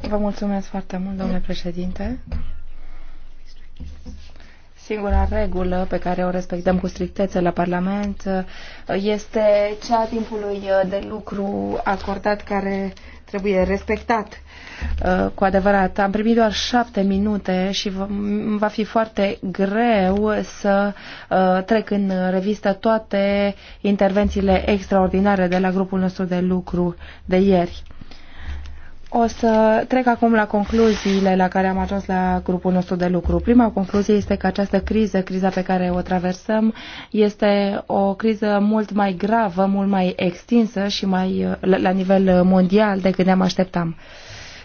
Vă mulțumesc foarte mult, domnule președinte. Singura regulă pe care o respectăm cu strictețe la Parlament este cea timpului de lucru acordat care trebuie respectat uh, cu adevărat. Am primit doar șapte minute și va fi foarte greu să uh, trec în revistă toate intervențiile extraordinare de la grupul nostru de lucru de ieri. O să trec acum la concluziile la care am ajuns la grupul nostru de lucru. Prima concluzie este că această criză, criza pe care o traversăm, este o criză mult mai gravă, mult mai extinsă și mai la nivel mondial decât ne-am așteptam.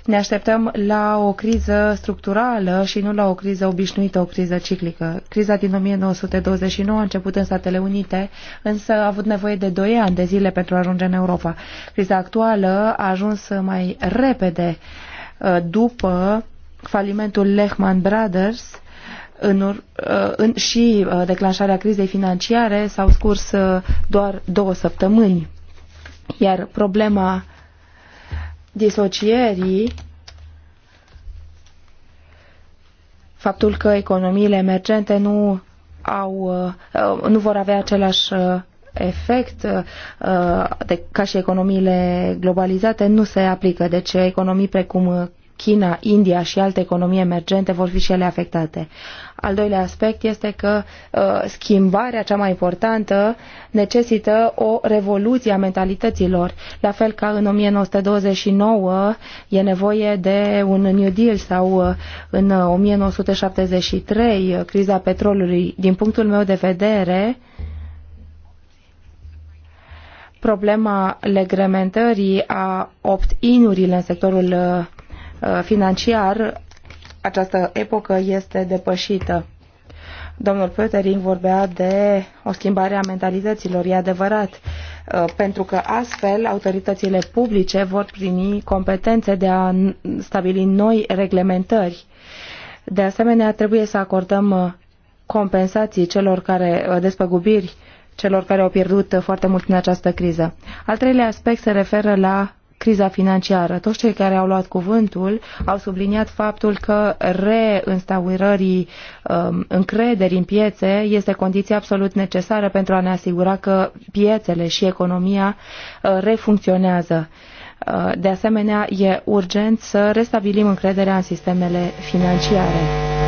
Ne așteptăm la o criză structurală și nu la o criză obișnuită, o criză ciclică. Criza din 1929 a început în Statele Unite, însă a avut nevoie de 2 ani de zile pentru a ajunge în Europa. Criza actuală a ajuns mai repede uh, după falimentul Lehman Brothers în, uh, în, și uh, declanșarea crizei financiare s-au scurs doar două săptămâni. Iar problema disocierii, faptul că economiile emergente nu, au, uh, nu vor avea același uh, efect uh, de, ca și economiile globalizate nu se aplică. Deci economii precum China, India și alte economii emergente vor fi și ele afectate. Al doilea aspect este că uh, schimbarea cea mai importantă necesită o revoluție a mentalităților. La fel ca în 1929 e nevoie de un New Deal sau uh, în 1973 uh, criza petrolului. Din punctul meu de vedere, problema reglementării a opt-inurilor în sectorul financiar această epocă este depășită. Domnul Pötering vorbea de o schimbare a mentalităților, e adevărat, uh, pentru că astfel autoritățile publice vor primi competențe de a stabili noi reglementări. De asemenea, trebuie să acordăm uh, compensații celor care uh, despăgubiri celor care au pierdut foarte mult în această criză. Al treilea aspect se referă la criza financiară. Toți cei care au luat cuvântul au subliniat faptul că reinstaurării um, încrederii în piețe este condiția absolut necesară pentru a ne asigura că piețele și economia uh, refuncționează. Uh, de asemenea, e urgent să restabilim încrederea în sistemele financiare.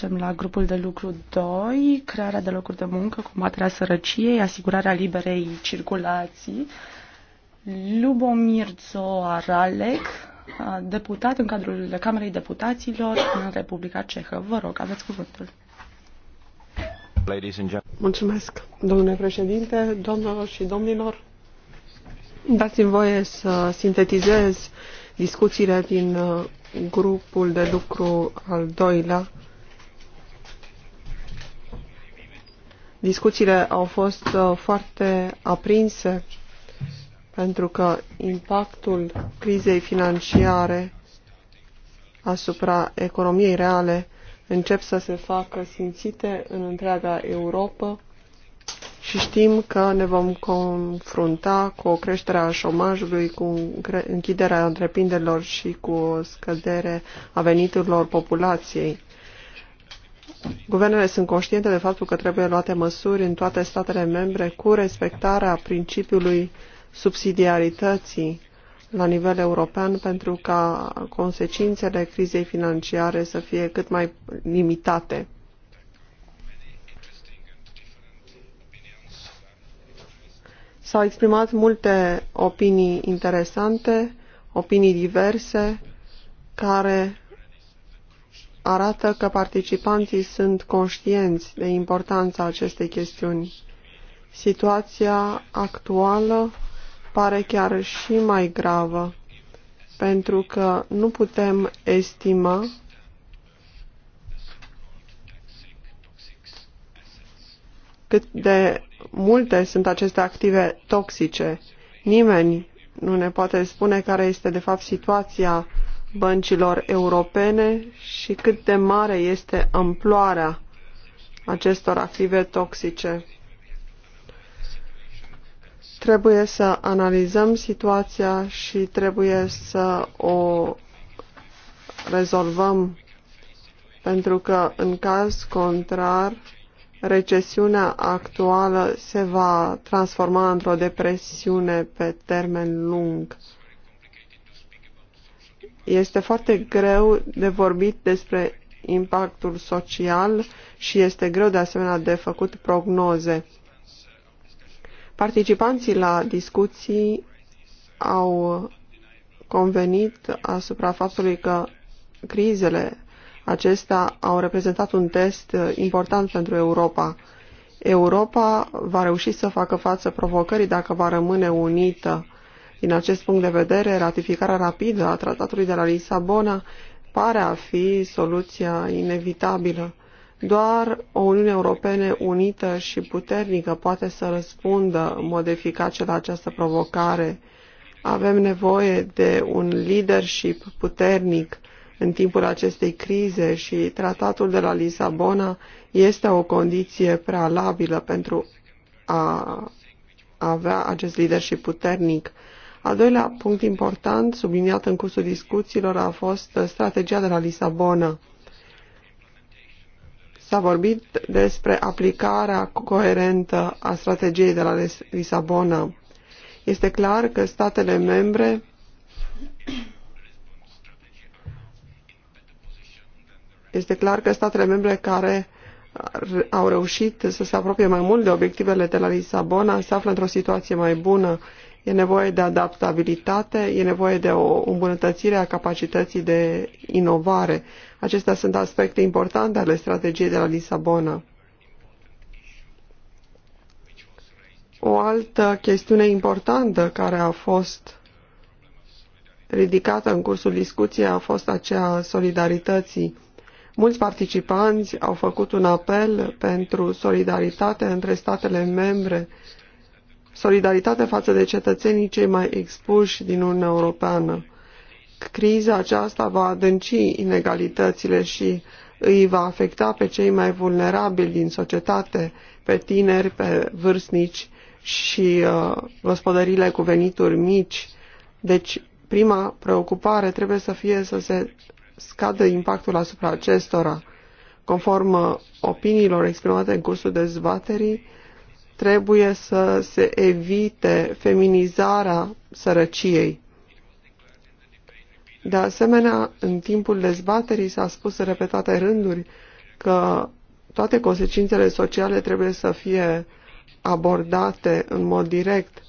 Trecem la grupul de lucru 2, crearea de locuri de muncă, combaterea sărăciei, asigurarea liberei circulații. Lubomir Zoaralec, deputat în cadrul Camerei Deputaților în Republica Cehă. Vă rog, aveți cuvântul. Mulțumesc, domnule președinte, domnilor și domnilor. Dați-mi voie să sintetizez discuțiile din uh, grupul de lucru al doilea Discuțiile au fost uh, foarte aprinse pentru că impactul crizei financiare asupra economiei reale încep să se facă simțite în întreaga Europa și știm că ne vom confrunta cu o creștere a șomajului, cu închiderea întreprinderilor și cu o scădere a veniturilor populației. Guvernele sunt conștiente de faptul că trebuie luate măsuri în toate statele membre cu respectarea principiului subsidiarității la nivel european pentru ca consecințele crizei financiare să fie cât mai limitate. S-au exprimat multe opinii interesante, opinii diverse, care arată că participanții sunt conștienți de importanța acestei chestiuni. Situația actuală pare chiar și mai gravă, pentru că nu putem estima cât de multe sunt aceste active toxice. Nimeni nu ne poate spune care este de fapt situația băncilor europene și cât de mare este amploarea acestor active toxice. Trebuie să analizăm situația și trebuie să o rezolvăm, pentru că, în caz contrar, recesiunea actuală se va transforma într-o depresiune pe termen lung. Este foarte greu de vorbit despre impactul social și este greu de asemenea de făcut prognoze. Participanții la discuții au convenit asupra faptului că crizele acestea au reprezentat un test important pentru Europa. Europa va reuși să facă față provocării dacă va rămâne unită. Din acest punct de vedere, ratificarea rapidă a tratatului de la Lisabona pare a fi soluția inevitabilă. Doar o Uniune Europene unită și puternică poate să răspundă în mod eficace la această provocare. Avem nevoie de un leadership puternic în timpul acestei crize și tratatul de la Lisabona este o condiție prealabilă pentru a avea acest leadership puternic. Al doilea punct important, subliniat în cursul discuțiilor, a fost strategia de la Lisabona. S-a vorbit despre aplicarea coerentă a strategiei de la Lisabona. Este clar că statele membre este clar că statele membre care au reușit să se apropie mai mult de obiectivele de la Lisabona se află într-o situație mai bună e nevoie de adaptabilitate, e nevoie de o îmbunătățire a capacității de inovare. Acestea sunt aspecte importante ale strategiei de la Lisabona. O altă chestiune importantă care a fost ridicată în cursul discuției a fost aceea solidarității. Mulți participanți au făcut un apel pentru solidaritate între statele membre solidaritate față de cetățenii cei mai expuși din Uniunea Europeană. Criza aceasta va adânci inegalitățile și îi va afecta pe cei mai vulnerabili din societate, pe tineri, pe vârstnici și uh, gospodările cu venituri mici. Deci, prima preocupare trebuie să fie să se scadă impactul asupra acestora. Conform uh, opiniilor exprimate în cursul dezbaterii, trebuie să se evite feminizarea sărăciei. De asemenea, în timpul dezbaterii s-a spus în repetate rânduri că toate consecințele sociale trebuie să fie abordate în mod direct.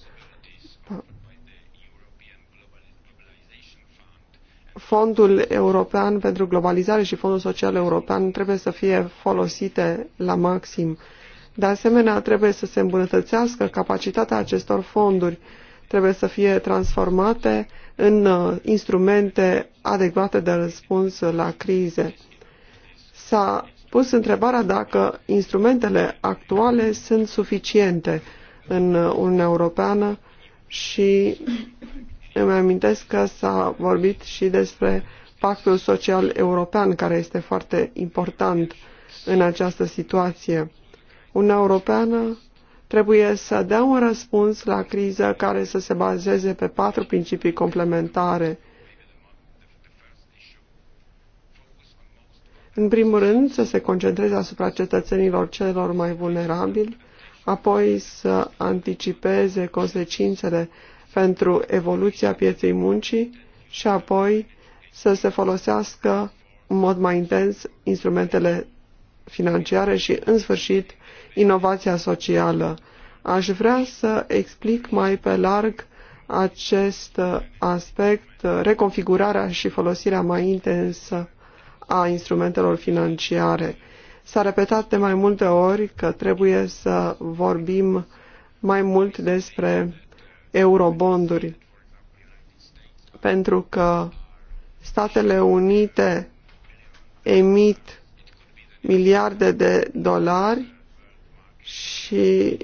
Fondul European pentru Globalizare și Fondul Social European trebuie să fie folosite la maxim. De asemenea, trebuie să se îmbunătățească capacitatea acestor fonduri. Trebuie să fie transformate în uh, instrumente adecvate de răspuns la crize. S-a pus întrebarea dacă instrumentele actuale sunt suficiente în Uniunea Europeană și îmi amintesc că s-a vorbit și despre pactul social european, care este foarte important în această situație. Uniunea Europeană trebuie să dea un răspuns la criză care să se bazeze pe patru principii complementare. În primul rând, să se concentreze asupra cetățenilor celor mai vulnerabili, apoi să anticipeze consecințele pentru evoluția pieței muncii și apoi să se folosească în mod mai intens instrumentele financiare și, în sfârșit, inovația socială. Aș vrea să explic mai pe larg acest aspect, reconfigurarea și folosirea mai intensă a instrumentelor financiare. S-a repetat de mai multe ori că trebuie să vorbim mai mult despre eurobonduri, pentru că Statele Unite emit miliarde de dolari și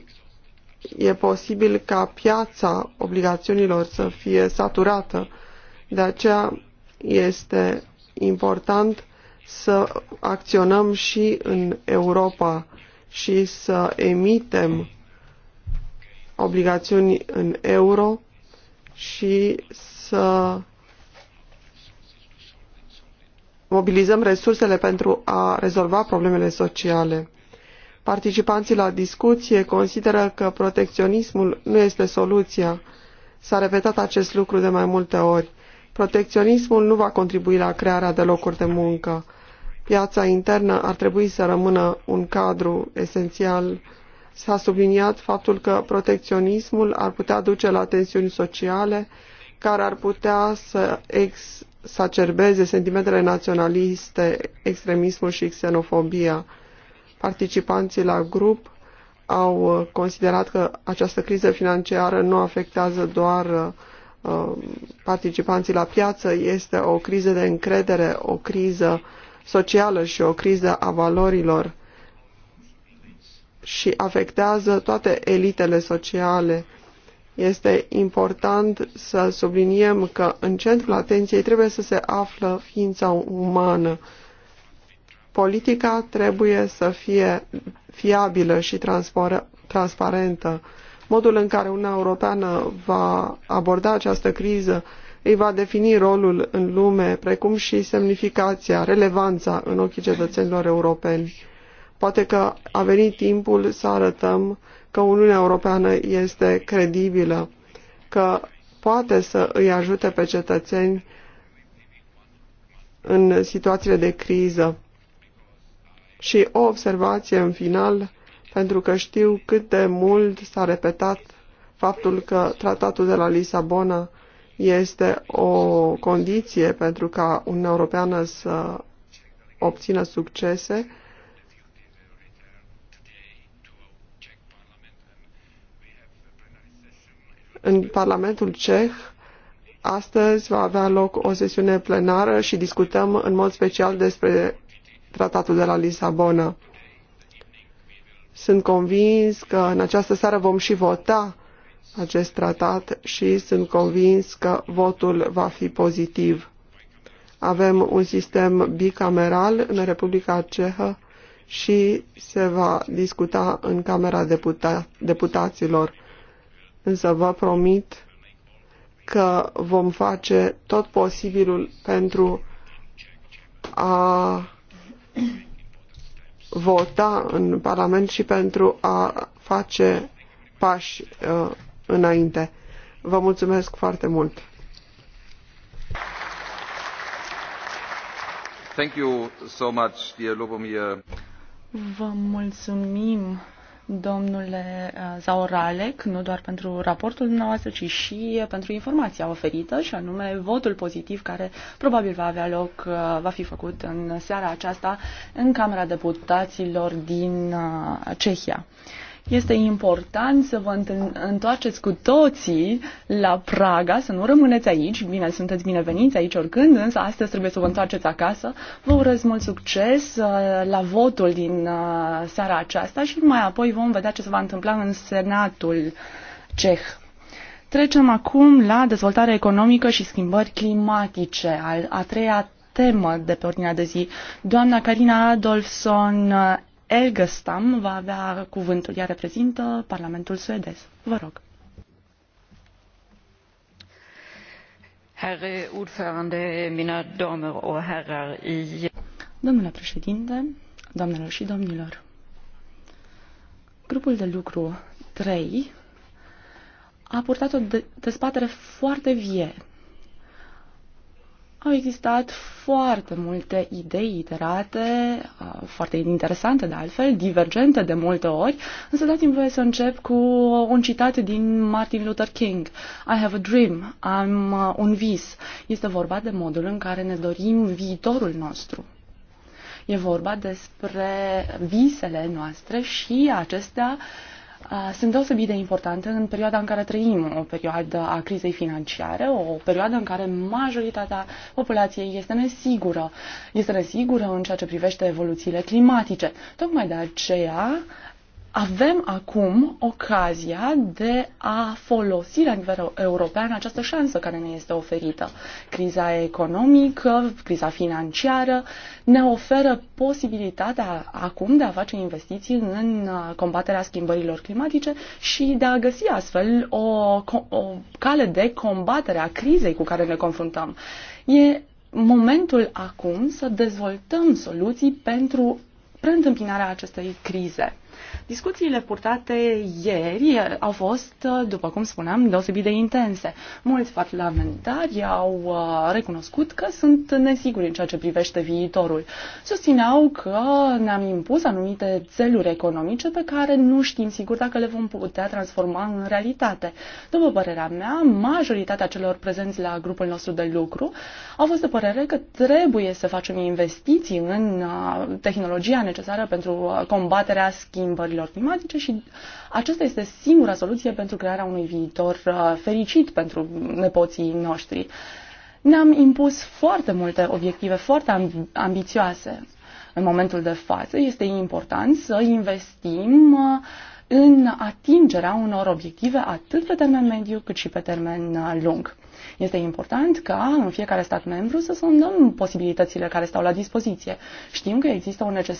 e posibil ca piața obligațiunilor să fie saturată. De aceea este important să acționăm și în Europa și să emitem obligațiuni în euro și să mobilizăm resursele pentru a rezolva problemele sociale. Participanții la discuție consideră că protecționismul nu este soluția. S-a repetat acest lucru de mai multe ori. Protecționismul nu va contribui la crearea de locuri de muncă. Piața internă ar trebui să rămână un cadru esențial. S-a subliniat faptul că protecționismul ar putea duce la tensiuni sociale care ar putea să exacerbeze sentimentele naționaliste, extremismul și xenofobia participanții la grup au uh, considerat că această criză financiară nu afectează doar uh, uh, participanții la piață, este o criză de încredere, o criză socială și o criză a valorilor și afectează toate elitele sociale. Este important să subliniem că în centrul atenției trebuie să se află ființa umană politica trebuie să fie fiabilă și transparentă. Modul în care Uniunea Europeană va aborda această criză îi va defini rolul în lume, precum și semnificația, relevanța în ochii cetățenilor europeni. Poate că a venit timpul să arătăm că Uniunea Europeană este credibilă, că poate să îi ajute pe cetățeni în situațiile de criză. Și o observație în final, pentru că știu cât de mult s-a repetat faptul că tratatul de la Lisabona este o condiție pentru ca Uniunea Europeană să obțină succese. În Parlamentul Ceh astăzi va avea loc o sesiune plenară și discutăm în mod special despre tratatul de la Lisabona. Sunt convins că în această seară vom și vota acest tratat și sunt convins că votul va fi pozitiv. Avem un sistem bicameral în Republica Cehă și se va discuta în Camera Deputa Deputaților. Însă vă promit că vom face tot posibilul pentru a vota în Parlament și pentru a face pași uh, înainte. Vă mulțumesc foarte mult! Thank you so much, dear Lubomir. Vă mulțumim, domnule uh, Zaoralec, nu doar pentru raportul dumneavoastră, ci și uh, pentru informația oferită, și anume votul pozitiv care probabil va avea loc, uh, va fi făcut în seara aceasta în Camera Deputaților din Cehia. Este important să vă întoarceți cu toții la Praga, să nu rămâneți aici. Bine, sunteți bineveniți aici oricând, însă astăzi trebuie să vă întoarceți acasă. Vă urez mult succes uh, la votul din uh, seara aceasta și mai apoi vom vedea ce se va întâmpla în Senatul Ceh. Trecem acum la dezvoltare economică și schimbări climatice, a treia temă de pe ordinea de zi. Doamna Carina Adolfson Elgestam va avea cuvântul. Ea reprezintă Parlamentul suedez. Vă rog. Herre ordförande, mina damer och herrar i... Domnule președinte, doamnelor și domnilor, grupul de lucru 3 a purtat o dezbatere foarte vie au existat foarte multe idei iterate, foarte interesante de altfel, divergente de multe ori, însă dați-mi voie să încep cu un citat din Martin Luther King. I have a dream, am un vis. Este vorba de modul în care ne dorim viitorul nostru. E vorba despre visele noastre și acestea uh, Uh, sunt deosebit de importante în perioada în care trăim o perioadă a crizei financiare, o perioadă în care majoritatea populației este nesigură, este nesigură în ceea ce privește evoluțiile climatice. Tocmai de aceea avem acum ocazia de a folosi la nivel european această șansă care ne este oferită. Criza economică, criza financiară ne oferă posibilitatea acum de a face investiții în combaterea schimbărilor climatice și de a găsi astfel o, o cale de combatere a crizei cu care ne confruntăm. E momentul acum să dezvoltăm soluții pentru preîntâmpinarea acestei crize. Discuțiile purtate ieri au fost, după cum spuneam, deosebit de intense. Mulți parlamentari au uh, recunoscut că sunt nesiguri în ceea ce privește viitorul. Susțineau că ne-am impus anumite țeluri economice pe care nu știm sigur dacă le vom putea transforma în realitate. După părerea mea, majoritatea celor prezenți la grupul nostru de lucru au fost de părere că trebuie să facem investiții în uh, tehnologia necesară pentru uh, combaterea schimbării schimbărilor climatice și aceasta este singura soluție pentru crearea unui viitor uh, fericit pentru nepoții noștri. Ne-am impus foarte multe obiective foarte ambițioase în momentul de față. Este important să investim uh, în atingerea unor obiective atât pe termen mediu cât și pe termen uh, lung. Este important ca în fiecare stat membru să sondăm posibilitățile care stau la dispoziție. Știm că există o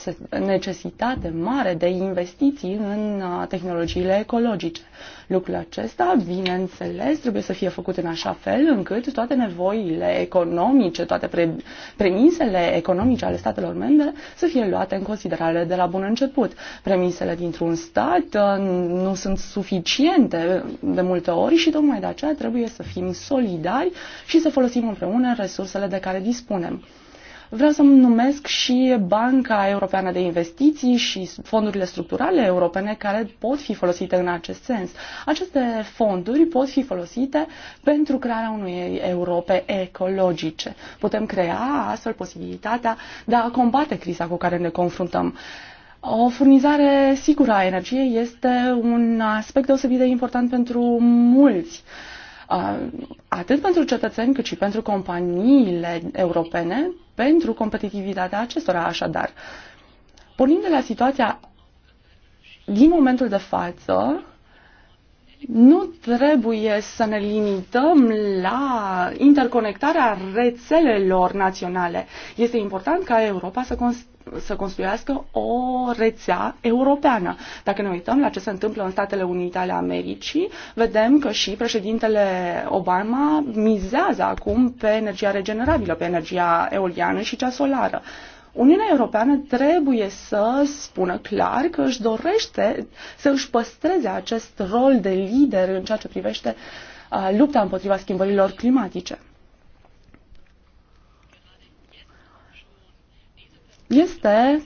necesitate mare de investiții în uh, tehnologiile ecologice. Lucrul acesta, bineînțeles, trebuie să fie făcut în așa fel încât toate nevoile economice, toate pre premisele economice ale statelor membre să fie luate în considerare de la bun început. Premisele dintr-un stat uh, nu sunt suficiente de multe ori și tocmai de aceea trebuie să fim solide solidari și să folosim împreună resursele de care dispunem. Vreau să numesc și Banca Europeană de Investiții și fondurile structurale europene care pot fi folosite în acest sens. Aceste fonduri pot fi folosite pentru crearea unei Europe ecologice. Putem crea astfel posibilitatea de a combate criza cu care ne confruntăm. O furnizare sigură a energiei este un aspect deosebit de important pentru mulți. Uh, atât pentru cetățeni cât și pentru companiile europene, pentru competitivitatea acestora așadar. Pornind de la situația din momentul de față, nu trebuie să ne limităm la interconectarea rețelelor naționale. Este important ca Europa să, să construiască o rețea europeană. Dacă ne uităm la ce se întâmplă în Statele Unite ale Americii, vedem că și președintele Obama mizează acum pe energia regenerabilă, pe energia eoliană și cea solară. Uniunea Europeană trebuie să spună clar că își dorește să își păstreze acest rol de lider în ceea ce privește uh, lupta împotriva schimbărilor climatice. Este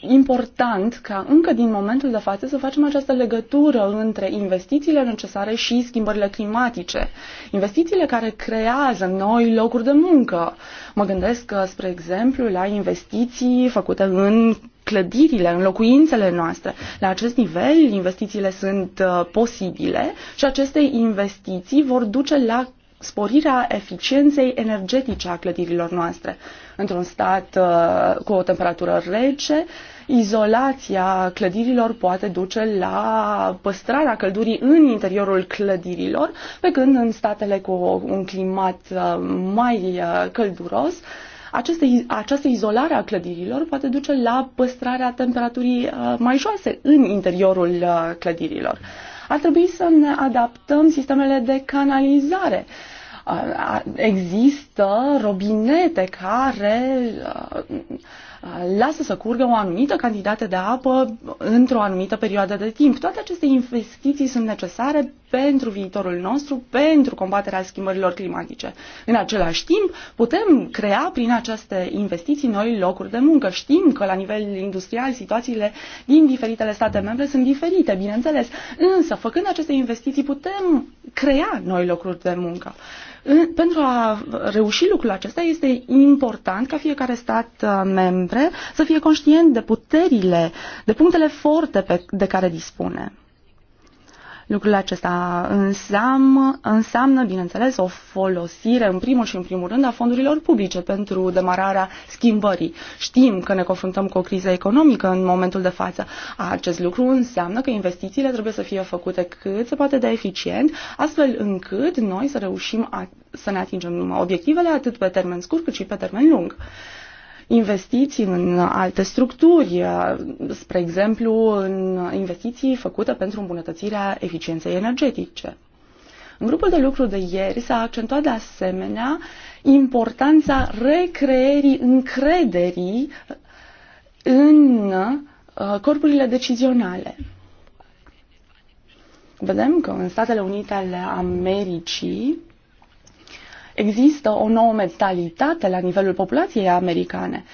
important ca încă din momentul de față să facem această legătură între investițiile necesare și schimbările climatice. Investițiile care creează noi locuri de muncă. Mă gândesc, uh, spre exemplu, la investiții făcute în clădirile, în locuințele noastre. La acest nivel, investițiile sunt uh, posibile și aceste investiții vor duce la sporirea eficienței energetice a clădirilor noastre. Într-un stat uh, cu o temperatură rece, izolația clădirilor poate duce la păstrarea căldurii în interiorul clădirilor, pe când în statele cu un climat uh, mai uh, călduros, aceste, această izolare a clădirilor poate duce la păstrarea temperaturii mai joase în interiorul clădirilor. Ar trebui să ne adaptăm sistemele de canalizare uh, Există robinete care lasă să curgă o anumită cantitate de apă într-o anumită perioadă de timp. Toate aceste investiții sunt necesare pentru viitorul nostru, pentru combaterea schimbărilor climatice. În același timp, putem crea prin aceste investiții noi locuri de muncă. Știm că la nivel industrial situațiile din diferitele state membre sunt diferite, bineînțeles, însă făcând aceste investiții putem crea noi locuri de muncă pentru a reuși lucrul acesta este important ca fiecare stat uh, membre să fie conștient de puterile, de punctele forte pe, de care dispune. Lucrul acesta înseamnă, înseamnă, bineînțeles, o folosire în primul și în primul rând a fondurilor publice pentru demararea schimbării. Știm că ne confruntăm cu o criză economică în momentul de față. Acest lucru înseamnă că investițiile trebuie să fie făcute cât se poate de eficient, astfel încât noi să reușim a, să ne atingem obiectivele atât pe termen scurt cât și pe termen lung investiții în alte structuri, uh, spre exemplu în investiții făcute pentru îmbunătățirea eficienței energetice. În grupul de lucru de ieri s-a accentuat de asemenea importanța recreerii încrederii în uh, corpurile decizionale. Vedem că în Statele Unite ale Americii Există o nouă mentalitate la nivelul populației americane.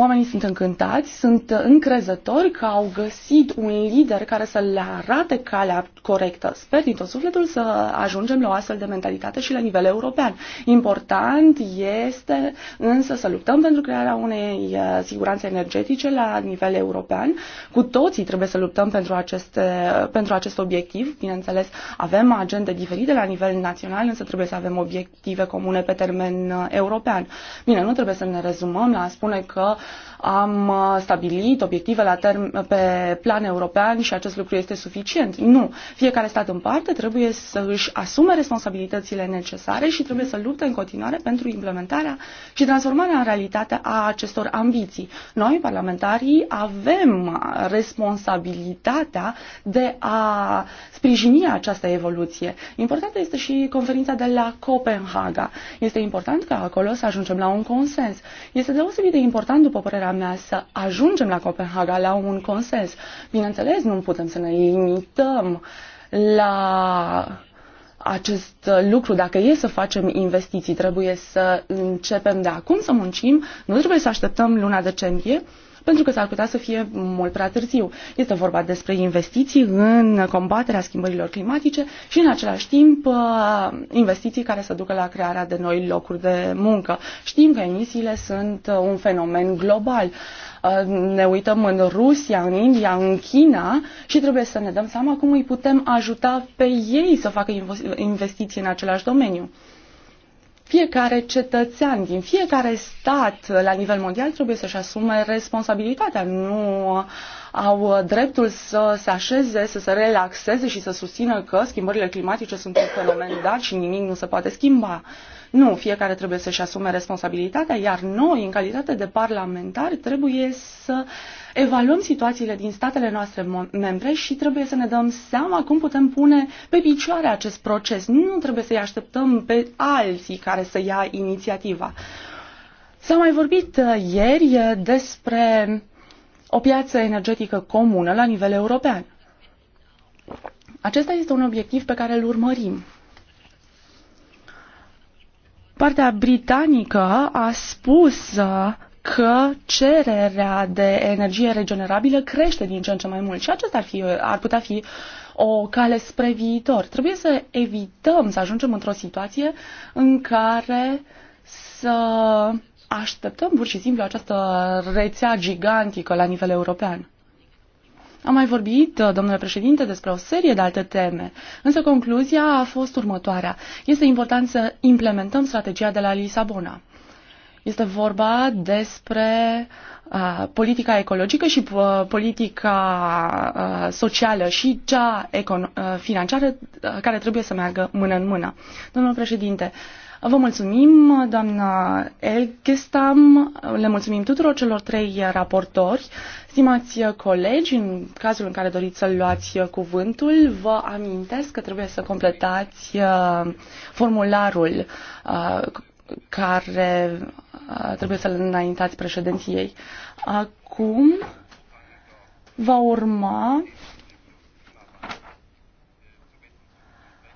Oamenii sunt încântați, sunt încrezători că au găsit un lider care să le arate calea corectă. Sper din tot sufletul să ajungem la o astfel de mentalitate și la nivel european. Important este însă să luptăm pentru crearea unei uh, siguranțe energetice la nivel european. Cu toții trebuie să luptăm pentru, aceste, pentru acest obiectiv. Bineînțeles, avem agende diferite la nivel național, însă trebuie să avem obiective comune pe termen uh, european. Bine, nu trebuie să ne rezumăm la a spune că am uh, stabilit obiective la term- pe plan european și acest lucru este suficient. Nu. Fiecare stat în parte trebuie să își asume responsabilitățile necesare și trebuie să lupte în continuare pentru implementarea și transformarea în realitate a acestor ambiții. Noi, parlamentarii, avem responsabilitatea de a sprijini această evoluție. Importantă este și conferința de la Copenhaga. Este important ca acolo să ajungem la un consens. Este deosebit de important după după părerea mea, să ajungem la Copenhaga la un consens. Bineînțeles, nu putem să ne limităm la acest lucru. Dacă e să facem investiții, trebuie să începem de acum să muncim, nu trebuie să așteptăm luna decembrie pentru că s-ar putea să fie mult prea târziu. Este vorba despre investiții în combaterea schimbărilor climatice și în același timp uh, investiții care să ducă la crearea de noi locuri de muncă. Știm că emisiile sunt uh, un fenomen global. Uh, ne uităm în Rusia, în India, în China și trebuie să ne dăm seama cum îi putem ajuta pe ei să facă investiții în același domeniu fiecare cetățean din fiecare stat la nivel mondial trebuie să-și asume responsabilitatea. Nu au dreptul să se așeze, să se relaxeze și să susțină că schimbările climatice sunt un fenomen dat și nimic nu se poate schimba. Nu, fiecare trebuie să-și asume responsabilitatea, iar noi, în calitate de parlamentari, trebuie să uh, evaluăm situațiile din statele noastre membre și trebuie să ne dăm seama cum putem pune pe picioare acest proces. Nu trebuie să-i așteptăm pe alții care să ia inițiativa. S-a mai vorbit uh, ieri uh, despre o piață energetică comună la nivel european. Acesta este un obiectiv pe care îl urmărim. Partea britanică a spus uh, că cererea de energie regenerabilă crește din ce în ce mai mult și acesta ar, fi, ar putea fi o cale spre viitor. Trebuie să evităm să ajungem într-o situație în care să așteptăm pur și simplu această rețea gigantică la nivel european. Am mai vorbit, domnule președinte, despre o serie de alte teme, însă concluzia a fost următoarea. Este important să implementăm strategia de la Lisabona. Este vorba despre uh, politica ecologică și uh, politica uh, socială și cea financiară care trebuie să meargă mână în mână. Domnul președinte, Vă mulțumim, doamna Elgestam, le mulțumim tuturor celor trei raportori. Stimați colegi, în cazul în care doriți să luați cuvântul, vă amintesc că trebuie să completați formularul care uh, trebuie să le înaintați președinției. Acum va urma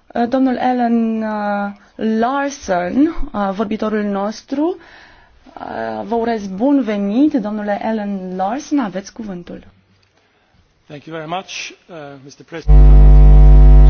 uh, domnul Ellen uh, Larson, vorbitorul nostru. Vă urez bun venit, domnule Ellen Larson, aveți cuvântul. Thank you very much, uh, Mr. President.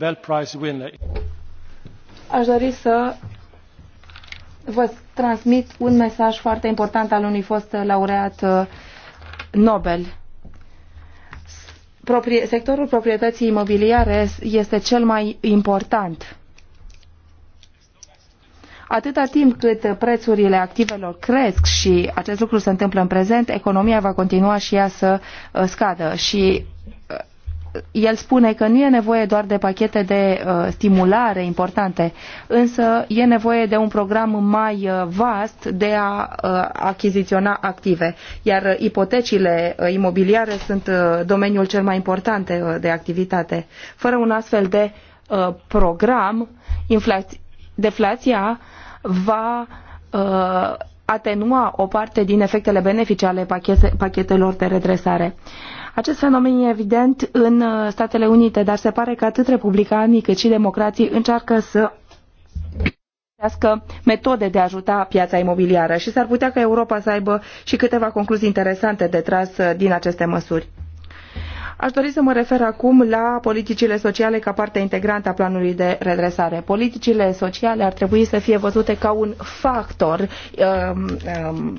Nobel Prize winner. Aș dori să vă transmit un mesaj foarte important al unui fost laureat uh, Nobel. sectorul proprietății imobiliare este cel mai important. Atâta timp cât prețurile activelor cresc și acest lucru se întâmplă în prezent, economia va continua și ea să uh, scadă și uh, el spune că nu e nevoie doar de pachete de uh, stimulare importante, însă e nevoie de un program mai uh, vast de a uh, achiziționa active, iar uh, ipotecile uh, imobiliare sunt uh, domeniul cel mai important uh, de activitate. Fără un astfel de uh, program, deflația va uh, atenua o parte din efectele benefice ale pachetelor de redresare. Uh, acest fenomen e evident în uh, Statele Unite, dar se pare că atât republicanii cât și democrații încearcă să metode de a ajuta piața imobiliară și s-ar putea ca Europa să aibă și câteva concluzii interesante de tras uh, din aceste măsuri. Aș dori să mă refer acum la politicile sociale ca parte integrantă a planului de redresare. Politicile sociale ar trebui să fie văzute ca un factor um, um,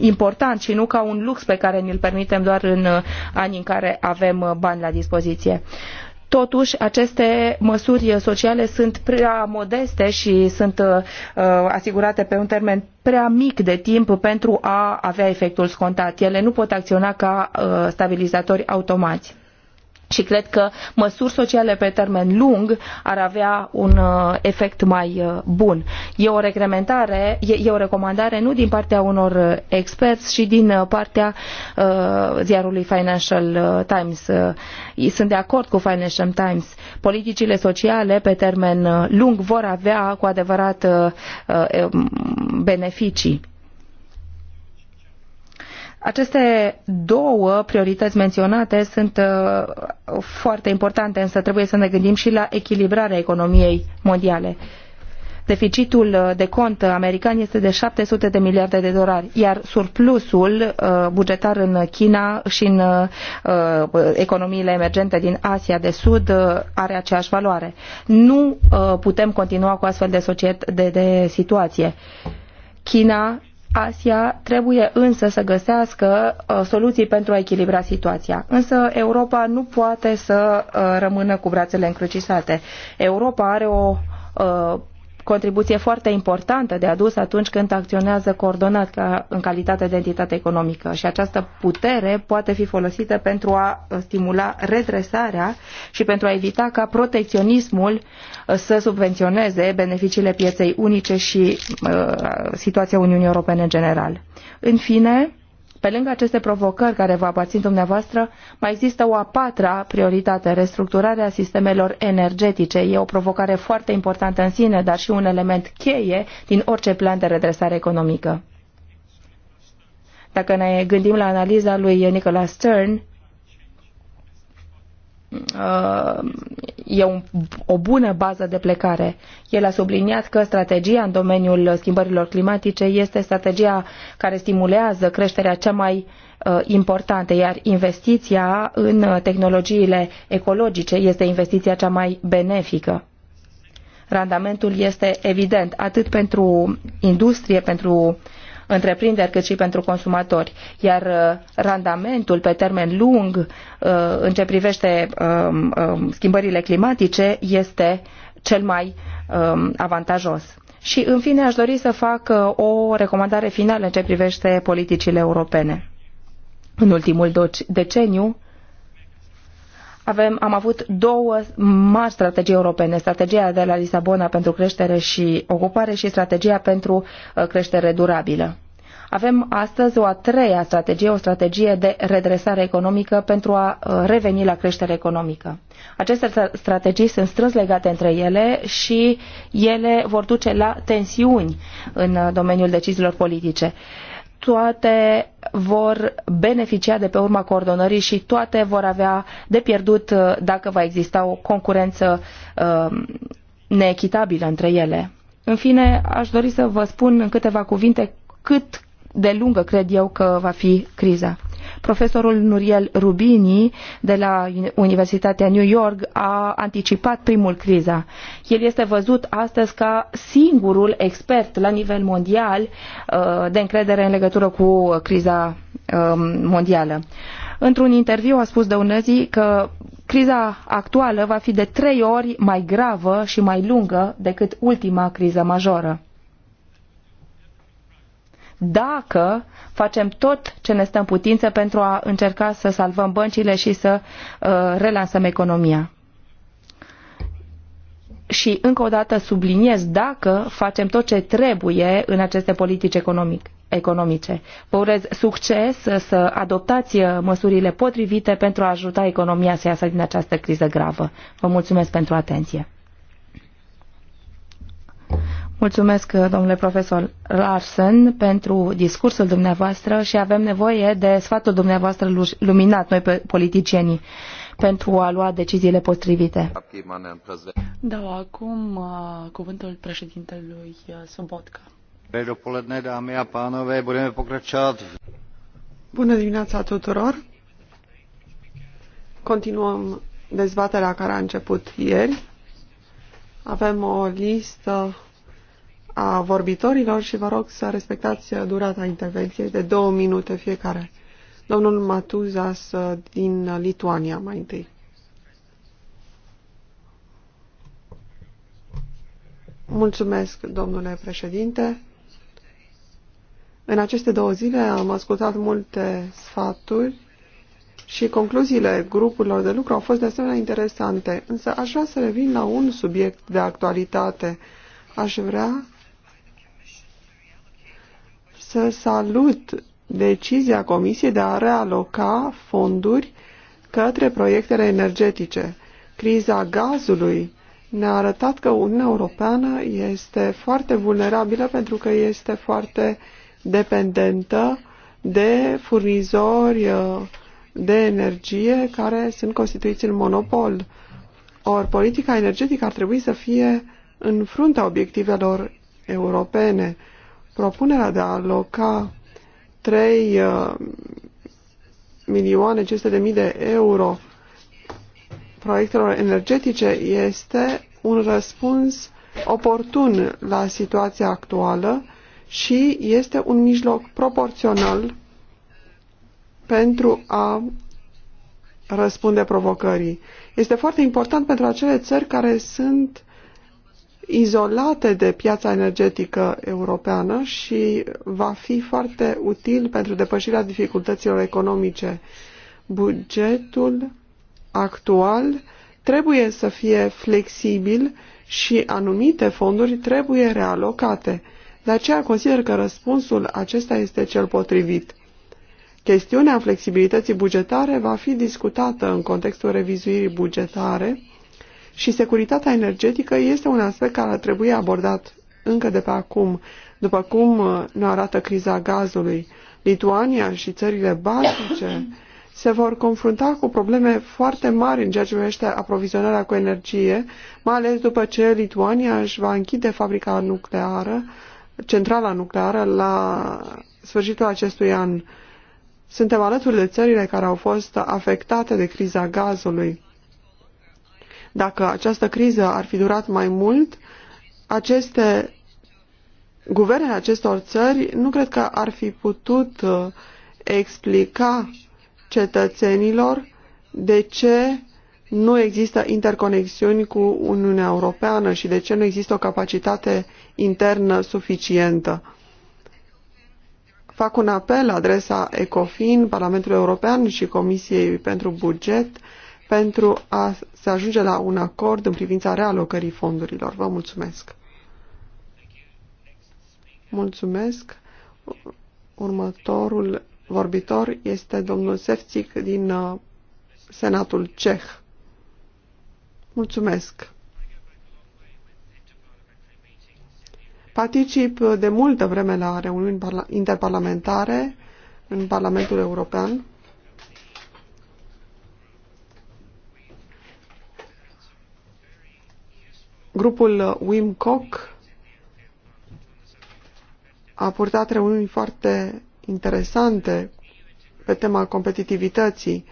important și nu ca un lux pe care ni-l permitem doar în anii în care avem bani la dispoziție. Uh, Totuși, aceste măsuri sociale sunt prea modeste și sunt uh, asigurate pe un termen prea mic de timp pentru a avea efectul scontat. Ele nu pot acționa ca uh, stabilizatori automați și cred că măsuri sociale pe termen lung ar avea un uh, efect mai uh, bun. E o reglementare, e, o recomandare nu din partea unor uh, experți, ci din partea uh, ziarului Financial Times. Sunt de acord cu Financial Times. Politicile sociale pe termen lung vor avea cu adevărat uh, um, beneficii aceste două priorități menționate sunt uh, foarte importante, însă trebuie să ne gândim și la echilibrarea economiei mondiale. Deficitul uh, de cont american este de 700 de miliarde de dolari, iar surplusul uh, bugetar în China și în economiile emergente din Asia de Sud are aceeași valoare. Nu putem continua cu astfel de, societ- de, de situație. China Asia trebuie însă să găsească uh, soluții pentru a echilibra situația. Însă Europa nu poate să uh, rămână cu brațele încrucișate. Europa are o uh, contribuție foarte importantă de adus atunci când acționează coordonat ca în calitate de entitate economică și această putere poate fi folosită pentru a uh, stimula redresarea și pentru a evita ca protecționismul uh, să subvenționeze beneficiile pieței unice și uh, situația Uniunii Europene în general. În fine, pe lângă aceste provocări care vă aparțin dumneavoastră, mai există o a patra prioritate, restructurarea sistemelor energetice. E o provocare foarte importantă în sine, dar și un element cheie din orice plan de redresare economică. Dacă ne gândim la analiza lui Nicholas Stern, Uh, e un, o bună bază de plecare. El a subliniat că strategia în domeniul schimbărilor climatice este strategia care stimulează creșterea cea mai uh, importantă, iar investiția în tehnologiile ecologice este investiția cea mai benefică. Randamentul este evident atât pentru industrie, pentru întreprinderi cât și pentru consumatori. Iar uh, randamentul pe termen lung uh, în ce privește um, um, schimbările climatice este cel mai um, avantajos. Și în fine aș dori să fac uh, o recomandare finală în ce privește politicile europene. În ultimul deceniu, avem, am avut două mari strategii europene, strategia de la Lisabona pentru creștere și ocupare și strategia pentru creștere durabilă. Avem astăzi o a treia strategie, o strategie de redresare economică pentru a uh, reveni la creștere economică. Aceste strategii sunt strâns legate între ele și ele vor duce la tensiuni în uh, domeniul deciziilor politice toate vor beneficia de pe urma coordonării și toate vor avea de pierdut uh, dacă va exista o concurență neechitabilă între ele. În fine, aș dori să vă spun în câteva cuvinte cât de lungă cred eu că va fi criza. Profesorul Nuriel Rubini de la Universitatea New York a anticipat primul criza. El este văzut astăzi ca singurul expert la nivel mondial uh, de încredere în legătură cu criza um, mondială. Într-un interviu a spus Dăunăzii că criza actuală va fi de trei ori mai gravă și mai lungă decât ultima criză majoră dacă facem tot ce ne stă în putință pentru a încerca să salvăm băncile și să uh, relansăm economia. Și încă o dată subliniez dacă facem tot ce trebuie în aceste politici economic, economice. Vă urez succes să adoptați măsurile potrivite pentru a ajuta economia să iasă din această criză gravă. Vă mulțumesc pentru atenție. Mulțumesc, domnule profesor Larsen, pentru discursul dumneavoastră și avem nevoie de sfatul dumneavoastră luminat, noi politicienii, pentru a lua deciziile potrivite. Dau acum uh, cuvântul președintelui uh, Sobotka. Bună dimineața tuturor! Continuăm dezbaterea care a început ieri. Avem o listă a vorbitorilor și vă rog să respectați durata intervenției de două minute fiecare. Domnul Matuzas din Lituania mai întâi. Mulțumesc, domnule președinte. În aceste două zile am ascultat multe sfaturi și concluziile grupurilor de lucru au fost de asemenea interesante, însă aș vrea să revin la un subiect de actualitate. Aș vrea să salut decizia Comisiei de a realoca fonduri către proiectele energetice. Criza gazului ne-a arătat că Uniunea Europeană este foarte vulnerabilă pentru că este foarte dependentă de furnizori uh, de energie care sunt constituiți în monopol. Ori politica energetică ar trebui să fie în fruntea obiectivelor europene propunerea de a aloca 3 uh, milioane 500 de mii de euro proiectelor energetice este un răspuns oportun la situația actuală și este un mijloc proporțional pentru a răspunde provocării. Este foarte important pentru acele țări care sunt izolate de piața energetică europeană și va fi foarte util pentru depășirea dificultăților economice. Bugetul actual trebuie să fie flexibil și anumite fonduri trebuie realocate. De aceea consider că răspunsul acesta este cel potrivit. Chestiunea flexibilității bugetare va fi discutată în contextul revizuirii bugetare și securitatea energetică este un aspect care ar trebui abordat încă de pe acum, după cum uh, ne arată criza gazului. Lituania și țările baltice se vor confrunta cu probleme foarte mari în ceea ce privește aprovizionarea cu energie, mai ales după ce Lituania își va închide fabrica nucleară, centrala nucleară, la sfârșitul acestui an. Suntem alături de țările care au fost afectate de criza gazului. Dacă această criză ar fi durat mai mult, aceste guverne acestor țări nu cred că ar fi putut uh, explica cetățenilor de ce nu există interconexiuni cu Uniunea Europeană și de ce nu există o capacitate internă suficientă. Fac un apel la adresa ECOFIN, Parlamentul European și Comisiei pentru Buget pentru a se ajunge la un acord în privința realocării fondurilor. Vă mulțumesc! Mulțumesc! Următorul vorbitor este domnul Sefțic din uh, Senatul Ceh. Mulțumesc! Particip de multă vreme la reuniuni interparlamentare în Parlamentul European Grupul uh, Wim Kok a purtat reuniuni foarte interesante pe tema competitivității.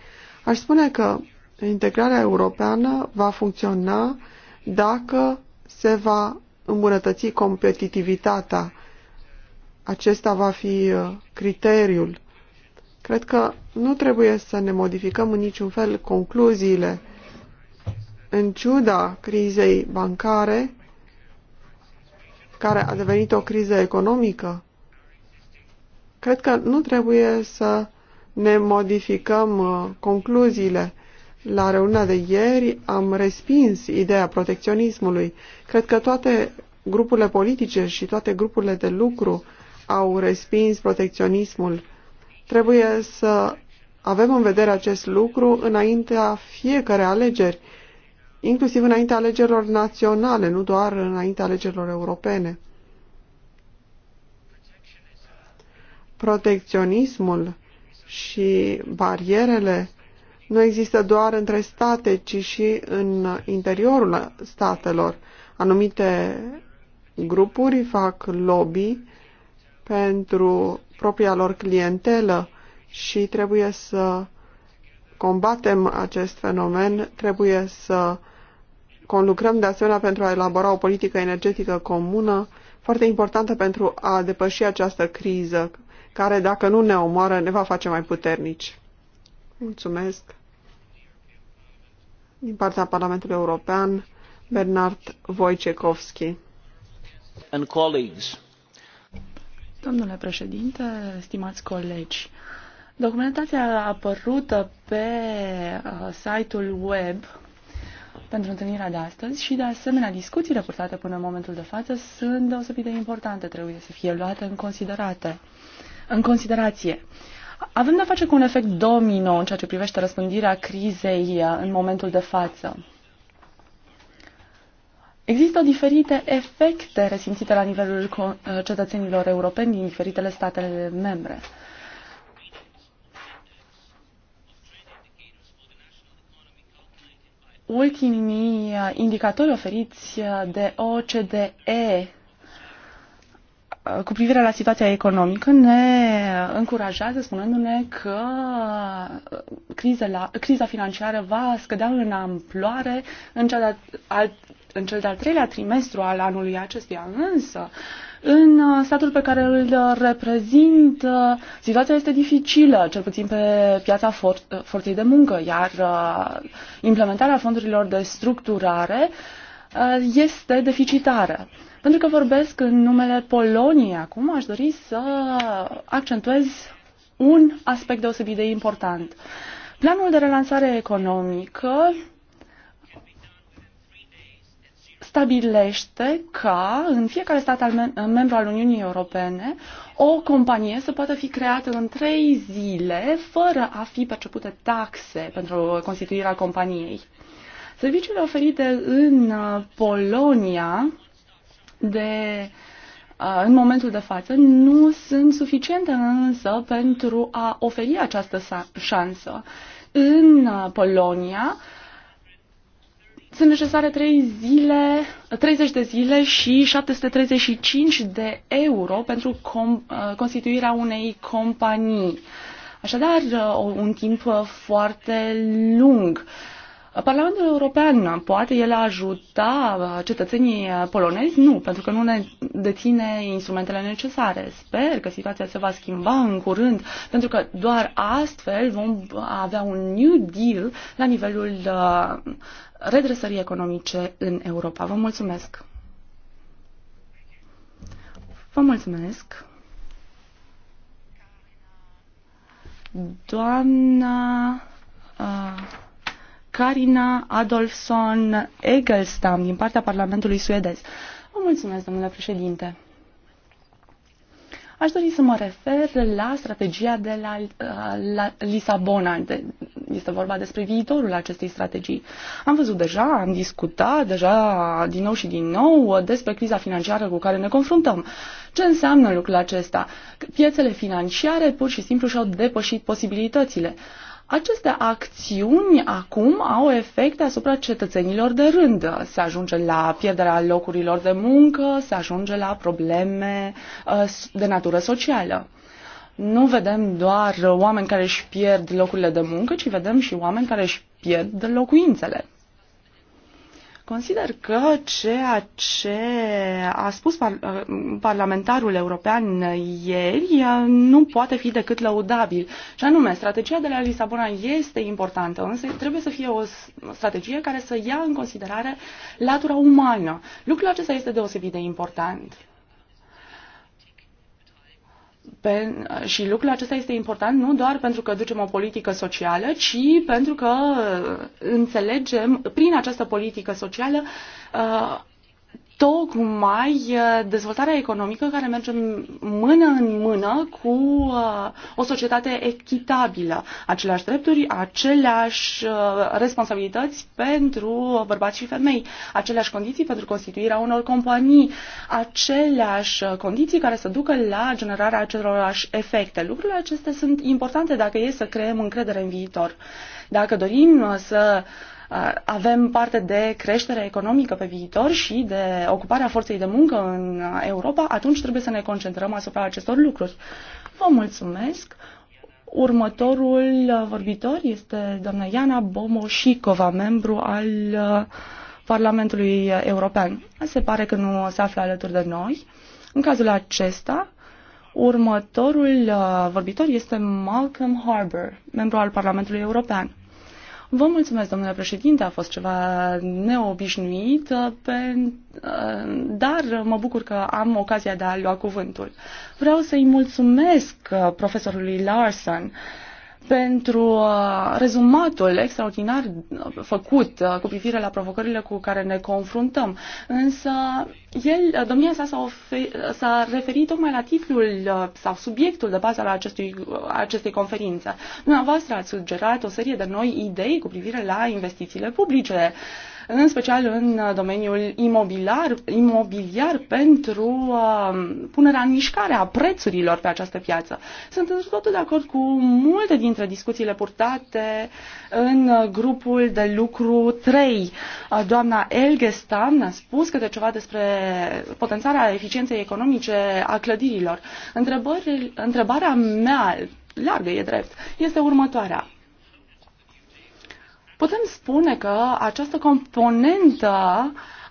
Aș spune că integrarea europeană va funcționa dacă se va îmbunătăți competitivitatea. Acesta va fi uh, criteriul. Cred că nu trebuie să ne modificăm în niciun fel concluziile în ciuda crizei bancare, care a devenit o criză economică, cred că nu trebuie să ne modificăm uh, concluziile. La reuniunea de ieri am respins ideea protecționismului. Cred că toate grupurile politice și toate grupurile de lucru au respins protecționismul. Trebuie să avem în vedere acest lucru înaintea fiecare alegeri inclusiv înaintea alegerilor naționale, nu doar înaintea alegerilor europene. Protecționismul și barierele nu există doar între state, ci și în interiorul statelor. Anumite grupuri fac lobby pentru propria lor clientelă și trebuie să combatem acest fenomen, trebuie să Conlucrăm de asemenea pentru a elabora o politică energetică comună foarte importantă pentru a depăși această criză care, dacă nu ne omoară, ne va face mai puternici. Mulțumesc. Din partea Parlamentului European, Bernard Wojciechowski. And colleagues. Domnule președinte, stimați colegi, documentația apărută pe uh, site-ul web pentru întâlnirea de astăzi și, de asemenea, discuțiile purtate până în momentul de față sunt deosebit de importante, trebuie să fie luate în, considerate, în considerație. Avem de-a face cu un efect domino în ceea ce privește răspândirea crizei uh, în momentul de față. Există diferite efecte resimțite la nivelul uh, cetățenilor europeni din diferitele statele membre. ultimii indicatori oferiți de OCDE uh, cu privire la situația economică ne încurajează spunându-ne că uh, criza, la, criza financiară va scădea în amploare în, cea de, al, în cel de-al treilea trimestru al anului acestuia. Însă, uh, în uh, statul pe care îl uh, reprezint, uh, situația este dificilă, cel puțin pe piața for- forței de muncă, iar implementarea fondurilor de structurare este deficitară. Pentru că vorbesc în numele Poloniei acum, aș dori să accentuez un aspect deosebit de important. Planul de relansare economică stabilește ca în fiecare stat membru al Uniunii Europene o companie să poată fi creată în trei zile fără a fi percepute taxe pentru constituirea companiei. Serviciile oferite în uh, Polonia de uh, în momentul de față nu sunt suficiente însă pentru a oferi această șansă. În uh, Polonia, sunt necesare 3 zile, 30 de zile și 735 de euro pentru com, uh, constituirea unei companii. Așadar, uh, un timp uh, foarte lung. Parlamentul European poate el ajuta cetățenii polonezi? Nu, pentru că nu ne deține instrumentele necesare. Sper că situația se va schimba în curând, pentru că doar astfel vom avea un New Deal la nivelul uh, redresării economice în Europa. Vă mulțumesc! Vă mulțumesc! Doamna... Uh, Karina Adolfsson Egelstam din partea Parlamentului suedez. Vă mulțumesc, domnule președinte. Aș dori să mă refer la strategia de la, la Lisabona. De, este vorba despre viitorul acestei strategii. Am văzut deja, am discutat deja din nou și din nou despre criza financiară cu care ne confruntăm. Ce înseamnă lucrul acesta? Piețele financiare pur și simplu și-au depășit posibilitățile. Uh, aceste acțiuni acum au efecte asupra cetățenilor de rând. Se ajunge la pierderea locurilor de muncă, se ajunge la probleme uh, de natură socială. Nu vedem doar oameni care își pierd locurile de muncă, ci vedem și oameni care își pierd locuințele. Consider că ceea ce a spus par uh, parlamentarul european ieri uh, nu poate fi decât lăudabil. Și anume, strategia de la Lisabona este importantă, însă trebuie să fie o strategie care să ia în considerare latura umană. Lucrul acesta este deosebit de important. Pe, și lucrul acesta este important nu doar pentru că ducem o politică socială, ci pentru că înțelegem prin această politică socială uh, tocmai uh, dezvoltarea economică care merge mână în mână cu uh, o societate echitabilă. Aceleași drepturi, aceleași uh, responsabilități pentru bărbați și femei, aceleași condiții pentru constituirea unor companii, aceleași condiții care să ducă la generarea acelorași efecte. Lucrurile acestea sunt importante dacă e să creăm încredere în viitor. Dacă dorim să Uh, avem parte de creștere economică pe viitor și de ocuparea forței de muncă în Europa, atunci trebuie să ne concentrăm asupra acestor lucruri. Vă mulțumesc! Următorul vorbitor este doamna Iana Bomoșicova, membru al uh, Parlamentului European. Se pare că nu se află alături de noi. În cazul acesta, următorul uh, vorbitor este Malcolm Harbour, membru al Parlamentului European. Vă mulțumesc, domnule președinte, a fost ceva neobișnuit, uh, pe, uh, dar mă bucur că am ocazia de a lua cuvântul. Vreau să-i mulțumesc uh, profesorului Larson pentru uh, rezumatul extraordinar uh, făcut uh, cu privire la provocările cu care ne confruntăm. Însă, el, domnia sa s-a, referit tocmai la titlul sau subiectul de bază al acestui, acestei conferințe. Dumneavoastră ați sugerat o serie de noi idei cu privire la investițiile publice. Uh, în special în uh, domeniul imobiliar, imobiliar pentru uh, punerea în mișcare a prețurilor pe această piață. Sunt în totul de acord cu multe dintre discuțiile purtate în uh, grupul de lucru 3. Doamna Elgestan a spus câte ceva despre potențarea eficienței economice a clădirilor. Întrebări, întrebarea mea largă, e drept, este următoarea putem spune că această componentă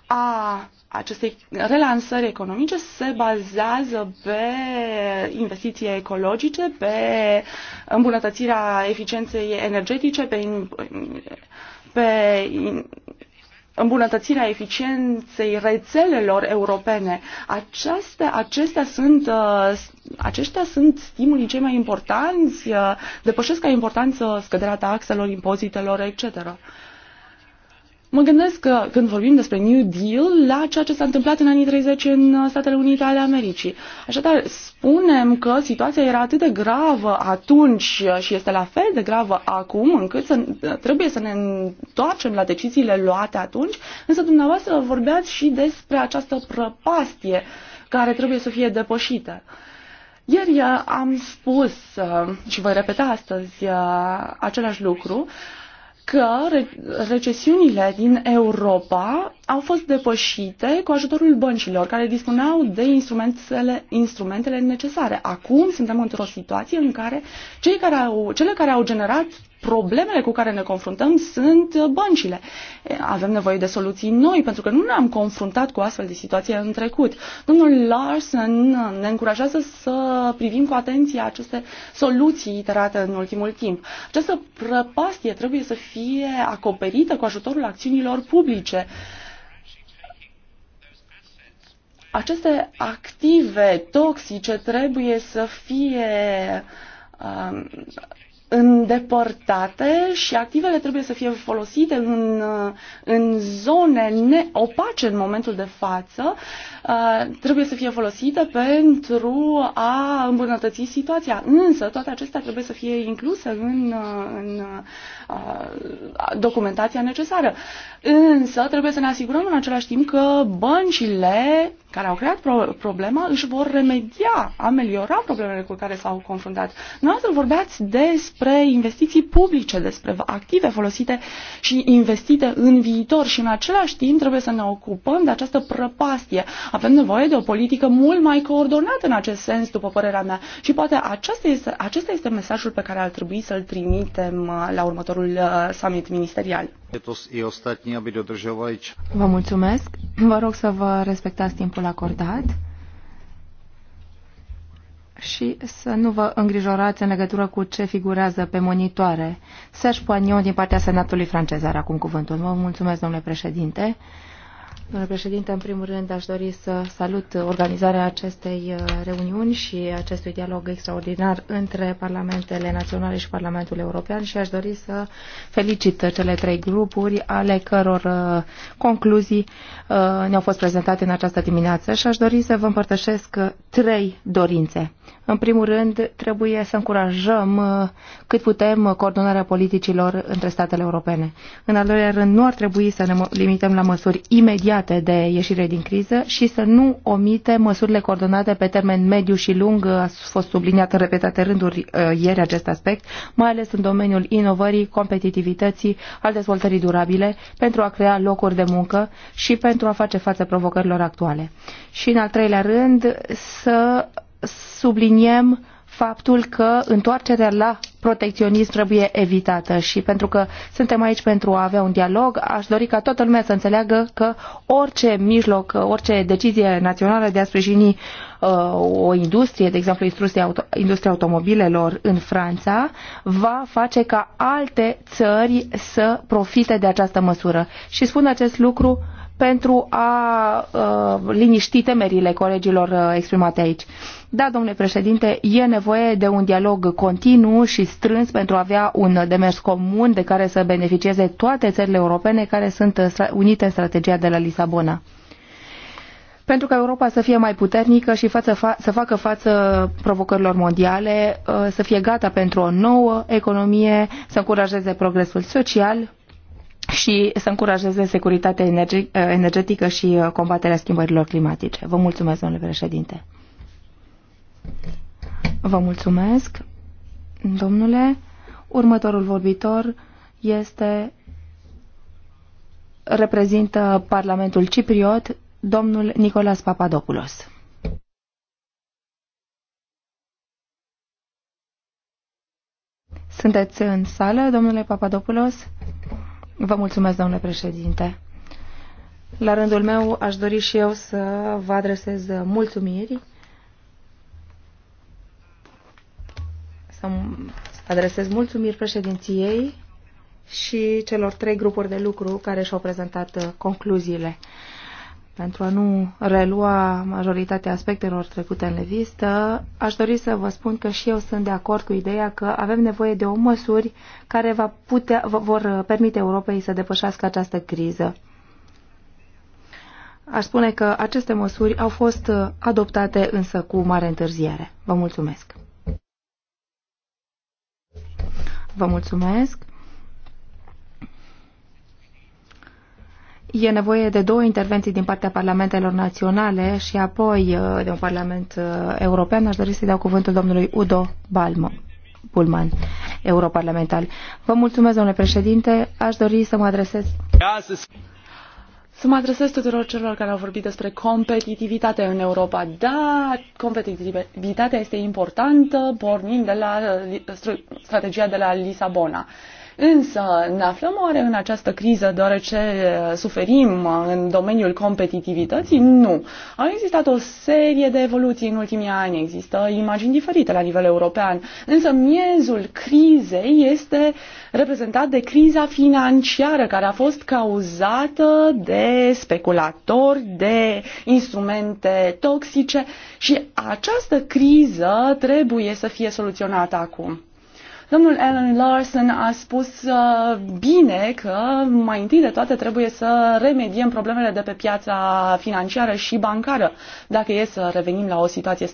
a acestei relansări economice se bazează pe investiții ecologice, pe îmbunătățirea eficienței energetice, pe, pe îmbunătățirea eficienței rețelelor europene. Aceste, acestea sunt, uh, aceștia sunt stimulii cei mai importanți, uh, depășesc ca importanță scăderea taxelor, impozitelor, etc. Mă gândesc că când vorbim despre New Deal la ceea ce s-a întâmplat în anii 30 în uh, Statele Unite ale Americii. Așadar, spunem că situația era atât de gravă atunci uh, și este la fel de gravă acum, încât să, uh, trebuie să ne întoarcem la deciziile luate atunci, însă dumneavoastră vorbeați și despre această prăpastie care trebuie să fie depășită. Ieri am spus și voi repeta astăzi același lucru, că recesiunile din Europa au fost depășite cu ajutorul băncilor care dispuneau de instrumentele, instrumentele necesare. Acum suntem într-o situație în care cei care au, cele care au generat problemele cu care ne confruntăm sunt uh, băncile. Avem nevoie de soluții noi, pentru că nu ne-am confruntat cu astfel de situații în trecut. Domnul Larsen uh, ne încurajează să privim cu atenție aceste soluții iterate în ultimul timp. Această prăpastie trebuie să fie acoperită cu ajutorul acțiunilor publice aceste active toxice trebuie să fie uh, îndepărtate și activele trebuie să fie folosite în, în zone neopace în momentul de față, uh, trebuie să fie folosite pentru a îmbunătăți situația. Însă toate acestea trebuie să fie incluse în, în uh, documentația necesară. Însă trebuie să ne asigurăm în același timp că băncile care au creat pro- problema își vor remedia, ameliora problemele cu care s-au confruntat. Noastră vorbeați despre investiții publice, despre active folosite și investite în viitor și în același timp trebuie să ne ocupăm de această prăpastie. Avem nevoie de o politică mult mai coordonată în acest sens, după părerea mea. Și poate acesta este, acesta este mesajul pe care ar trebui să-l trimitem uh, la următorul uh, summit ministerial. Vă mulțumesc. Vă rog să vă respectați timpul timpul acordat și să nu vă îngrijorați în legătură cu ce figurează pe monitoare. Serge Poignon din partea Senatului francez are acum cuvântul. Vă mulțumesc, domnule președinte. Domnule președinte, în primul rând aș dori să salut organizarea acestei uh, reuniuni și acestui dialog extraordinar între Parlamentele Naționale și Parlamentul European și aș dori să felicit cele trei grupuri ale căror uh, concluzii uh, ne-au fost prezentate în această dimineață și aș dori să vă împărtășesc trei dorințe. În primul rând, trebuie să încurajăm uh, cât putem uh, coordonarea politicilor între statele europene. În al doilea rând, nu ar trebui să ne limităm la măsuri imediate de ieșire din criză și să nu omite măsurile coordonate pe termen mediu și lung. Uh, a fost subliniat în repetate rânduri ieri acest aspect, mai ales în domeniul inovării, competitivității, al dezvoltării durabile, pentru a crea locuri de muncă și pentru a face față provocărilor actuale. Și în al treilea rând, să subliniem faptul că întoarcerea la protecționism trebuie evitată și pentru că suntem aici pentru a avea un dialog, aș dori ca toată lumea să înțeleagă că orice mijloc, orice decizie națională de a sprijini uh, o industrie, de exemplu industria, auto, industria automobilelor în Franța, va face ca alte țări să profite de această măsură. Și spun acest lucru uh, pentru a uh, liniști temerile colegilor uh, exprimate aici. Da, domnule președinte, e nevoie de un dialog continuu și strâns pentru a avea un demers comun de care să beneficieze toate țările europene care sunt uh, unite în strategia de la Lisabona pentru ca Europa să fie mai puternică și față, fa, să facă față provocărilor mondiale, uh, să fie gata pentru o nouă economie, să încurajeze progresul social, și să încurajeze securitatea uh, energetică și uh, combaterea schimbărilor climatice. Vă mulțumesc, domnule președinte. Vă mulțumesc, domnule. Următorul vorbitor este reprezintă Parlamentul Cipriot, domnul Nicolas Papadopoulos. Sunteți în sală, domnule Papadopoulos? Vă mulțumesc, domnule președinte. La rândul meu aș dori și eu să vă adresez mulțumiri, să adresez mulțumiri președinției și celor trei grupuri de lucru care și-au prezentat concluziile pentru a nu relua majoritatea aspectelor trecute în revistă, aș dori să vă spun că și eu sunt de acord cu ideea că avem nevoie de o măsuri care va putea, vor permite Europei să depășească această criză. Aș spune că aceste măsuri au fost adoptate însă cu mare întârziere. Vă mulțumesc! Vă mulțumesc! E nevoie de două intervenții din partea parlamentelor naționale și apoi uh, de un parlament uh, european. Aș dori să-i dau cuvântul domnului Udo Balmă. Bulman, europarlamentar. Vă mulțumesc, domnule președinte. Aș dori să mă adresez... Să mă adresez tuturor celor care au vorbit despre competitivitate în Europa. Da, competitivitatea este importantă pornind de la uh, strategia de la Lisabona. Însă ne aflăm oare în această criză deoarece uh, suferim uh, în domeniul competitivității? Nu. Au existat o serie de evoluții în ultimii ani, există imagini diferite la nivel european, însă miezul crizei este reprezentat de criza financiară care a fost cauzată de speculatori, de instrumente toxice și această criză trebuie să fie soluționată acum. Domnul Alan Larson a spus uh, bine că mai întâi de toate trebuie să remediem problemele de pe piața financiară și bancară, dacă e să revenim la o situație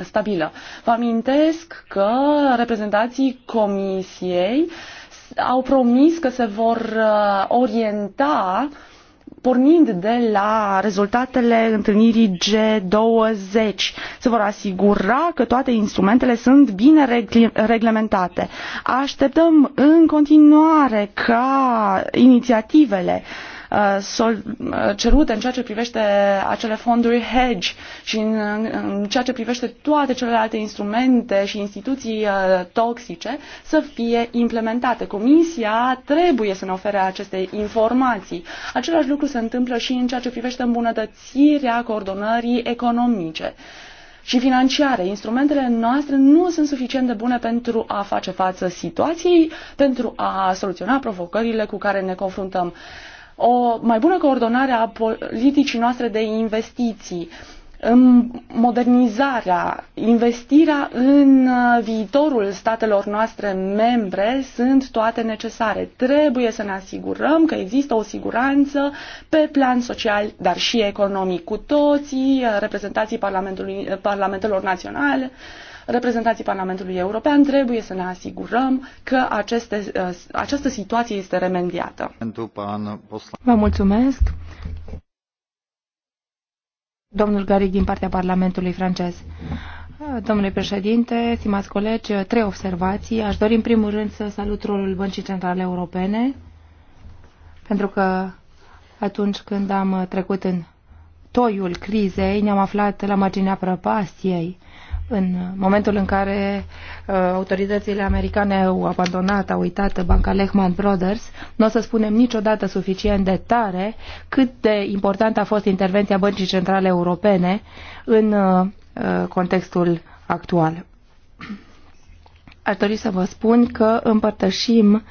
stabilă. Vă amintesc că reprezentații Comisiei au promis că se vor uh, orienta uh, pornind de la rezultatele întâlnirii G20. Se vor asigura că toate instrumentele sunt bine reglementate. Așteptăm în continuare ca inițiativele uh, Uh, uh, cerute în ceea ce privește acele fonduri hedge și în ceea ce privește toate celelalte instrumente și instituții uh, toxice să fie implementate. Comisia trebuie să ne ofere aceste informații. Același lucru se întâmplă și în ceea ce privește îmbunătățirea coordonării economice și financiare. Instrumentele noastre nu sunt suficient de bune pentru a face față situației, pentru a soluționa provocările cu care ne confruntăm o mai bună coordonare a politicii noastre de investiții, în modernizarea, investirea în uh, viitorul statelor noastre membre sunt toate necesare. Trebuie să ne asigurăm că există o siguranță pe plan social, dar și economic. Cu toții, uh, reprezentanții Parlamentului, uh, Parlamentelor Naționale, reprezentanții Parlamentului European trebuie să ne asigurăm că aceste, uh, această situație este remediată. Vă mulțumesc. Domnul Garig din partea Parlamentului francez. Domnule președinte, stimați colegi, trei observații. Aș dori în primul rând să salut rolul Băncii Centrale Europene, pentru că atunci când am trecut în toiul crizei, ne-am aflat la marginea prăpastiei în momentul în care uh, autoritățile americane au abandonat, au uitat banca Lehman Brothers, nu o să spunem niciodată suficient de tare cât de importantă a fost intervenția Băncii Centrale Europene în uh, uh contextul actual. Aș dori să vă spun că împărtășim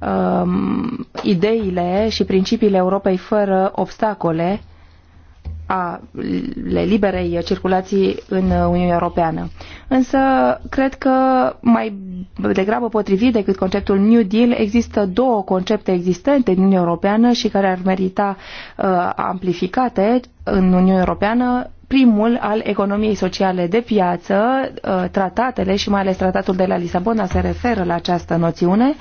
uh, ideile și principiile Europei fără obstacole le liberei circulații în Uniunea Europeană. Însă, cred că mai degrabă potrivit decât conceptul New Deal, există două concepte existente în Uniunea Europeană și care ar merita uh, amplificate în Uniunea Europeană, primul al economiei sociale de piață, uh, tratatele și mai ales tratatul de la Lisabona se referă la această noțiune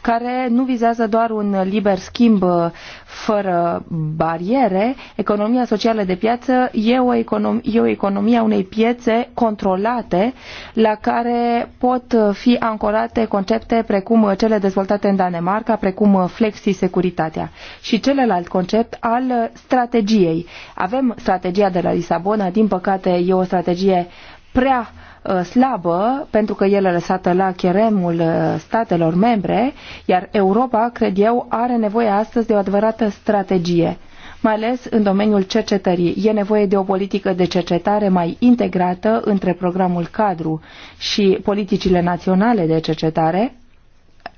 care nu vizează doar un liber schimb uh, fără bariere. Economia socială de piață e o, econom- e o economie a unei piețe controlate la care pot uh, fi ancorate concepte precum uh, cele dezvoltate în Danemarca, precum flexi-securitatea și celălalt concept al strategiei. Avem strategia de la Lisabona, din păcate e o strategie prea uh, Uh, slabă, pentru că el e lăsată la cheremul uh, statelor membre, iar Europa, cred eu, are nevoie astăzi de o adevărată strategie mai ales în domeniul cercetării. E nevoie de o politică de cercetare mai integrată între programul cadru și politicile naționale de cercetare.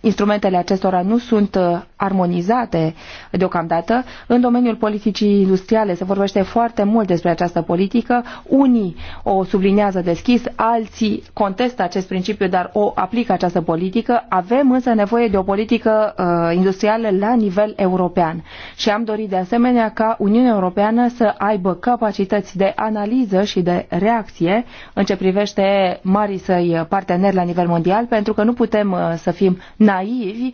Instrumentele acestora nu sunt uh, armonizate deocamdată. În domeniul politicii industriale se vorbește foarte mult despre această politică. Unii o sublinează deschis, alții contestă acest principiu, dar o aplică această politică. Avem însă nevoie de o politică uh, industrială la nivel european și am dorit de asemenea ca Uniunea Europeană să aibă capacități de analiză și de reacție în ce privește marii săi parteneri la nivel mondial, pentru că nu putem uh, să fim naivi,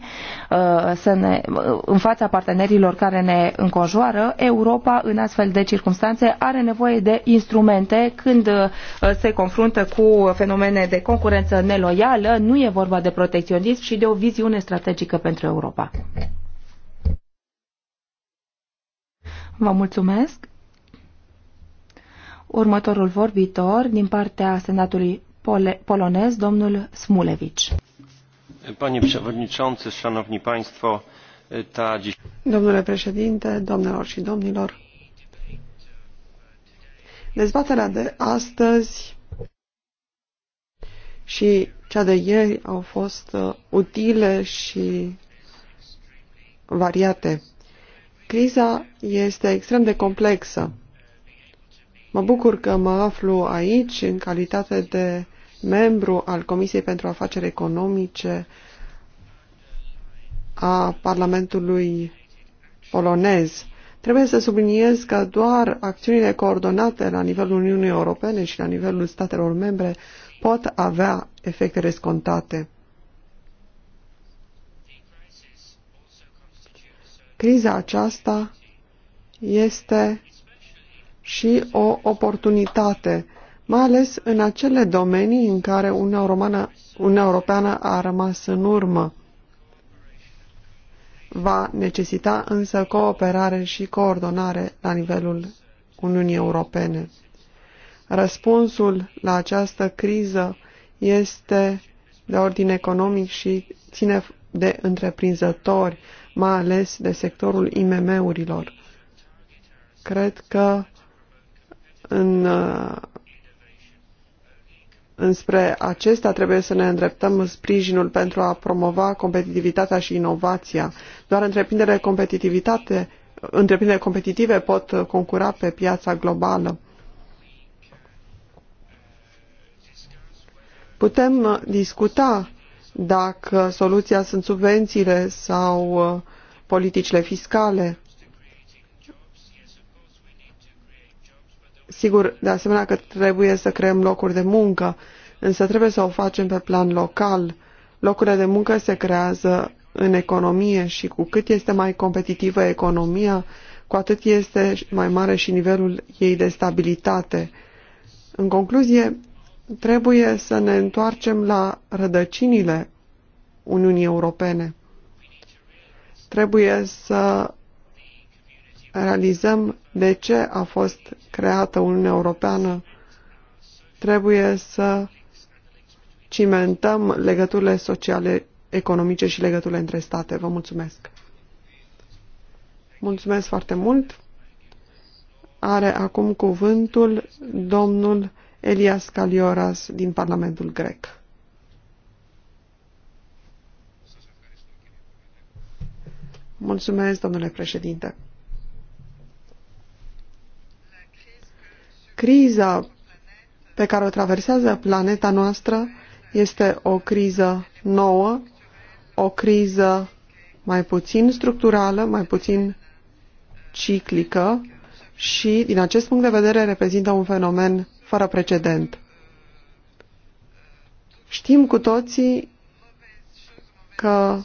uh, să ne în fața partenerilor care ne înconjoară, Europa în astfel de circunstanțe are nevoie de instrumente când uh, se confruntă cu fenomene de concurență neloială, nu e vorba de protecționism și de o viziune strategică pentru Europa. Vă mulțumesc. Următorul vorbitor din partea Senatului Pole polonez, domnul Smulevici. Panie przewodniczący, szanowni państwo, Domnule președinte, doamnelor și domnilor, dezbaterea de astăzi și cea de ieri au fost uh, utile și variate. Criza este extrem de complexă. Mă bucur că mă aflu aici în calitate de membru al Comisiei pentru Afaceri Economice a Parlamentului polonez. Trebuie să subliniez că doar acțiunile coordonate la nivelul Uniunii Europene și la nivelul statelor membre pot avea efecte rescontate. Criza aceasta este și o oportunitate, mai ales în acele domenii în care Uniunea Europeană, a rămas în urmă va necesita însă cooperare și coordonare la nivelul Uniunii Europene. Răspunsul la această criză este de ordin economic și ține de întreprinzători, mai ales de sectorul IMM-urilor. Cred că în Înspre acesta trebuie să ne îndreptăm sprijinul pentru a promova competitivitatea și inovația. Doar întreprindere competitivitate, întreprindere competitive pot concura pe piața globală. Putem discuta dacă soluția sunt subvențiile sau uh, politicile fiscale. Sigur, de asemenea că trebuie să creăm locuri de muncă, însă trebuie să o facem pe plan local. Locurile de muncă se creează în economie și cu cât este mai competitivă economia, cu atât este mai mare și nivelul ei de stabilitate. În concluzie, trebuie să ne întoarcem la rădăcinile Uniunii Europene. Trebuie să realizăm de ce a fost creată Uniunea Europeană, trebuie să cimentăm legăturile sociale, economice și legăturile între state. Vă mulțumesc! Mulțumesc foarte mult! Are acum cuvântul domnul Elias Calioras din Parlamentul grec. Mulțumesc, domnule președinte! Criza pe care o traversează planeta noastră este o criză nouă, o criză mai puțin structurală, mai puțin ciclică și, din acest punct de vedere, reprezintă un fenomen fără precedent. Știm cu toții că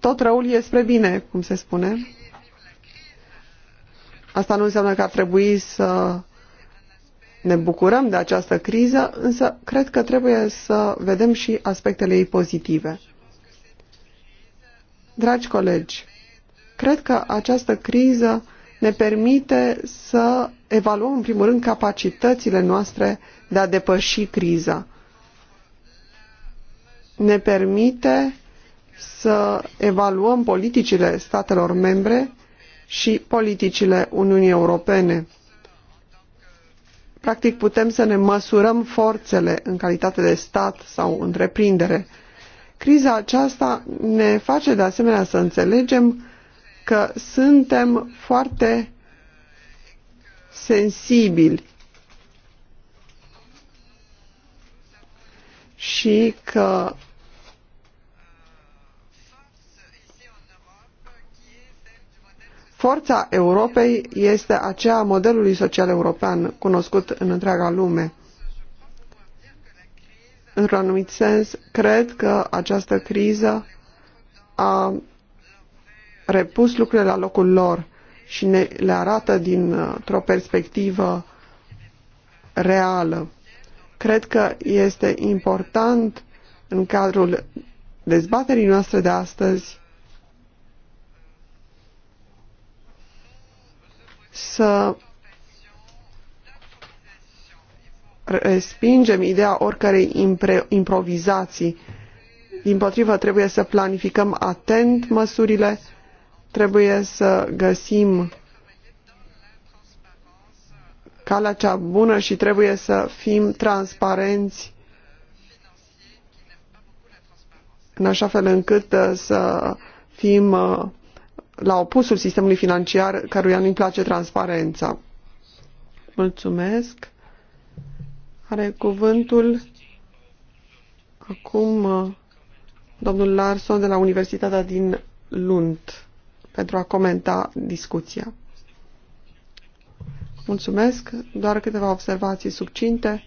tot răul e spre bine, cum se spune. Asta nu înseamnă că ar trebui să ne bucurăm de această criză, însă cred că trebuie să vedem și aspectele ei pozitive. Dragi colegi, cred că această criză ne permite să evaluăm, în primul rând, capacitățile noastre de a depăși criza. Ne permite să evaluăm politicile statelor membre și politicile Uniunii Europene. Practic putem să ne măsurăm forțele în calitate de stat sau întreprindere. Criza aceasta ne face de asemenea să înțelegem că suntem foarte sensibili și că Forța Europei este aceea a modelului social european cunoscut în întreaga lume. Într-un anumit sens, cred că această criză a repus lucrurile la locul lor și ne, le arată dintr-o perspectivă reală. Cred că este important în cadrul dezbaterii noastre de astăzi să respingem ideea oricărei improvizații. Din potrivă, trebuie să planificăm atent măsurile, trebuie să găsim calea cea bună și trebuie să fim transparenți în așa fel încât uh, să fim uh, la opusul sistemului financiar căruia nu-i place transparența. Mulțumesc. Are cuvântul acum uh, domnul Larson de la Universitatea din Lund pentru a comenta discuția. Mulțumesc. Doar câteva observații subcinte.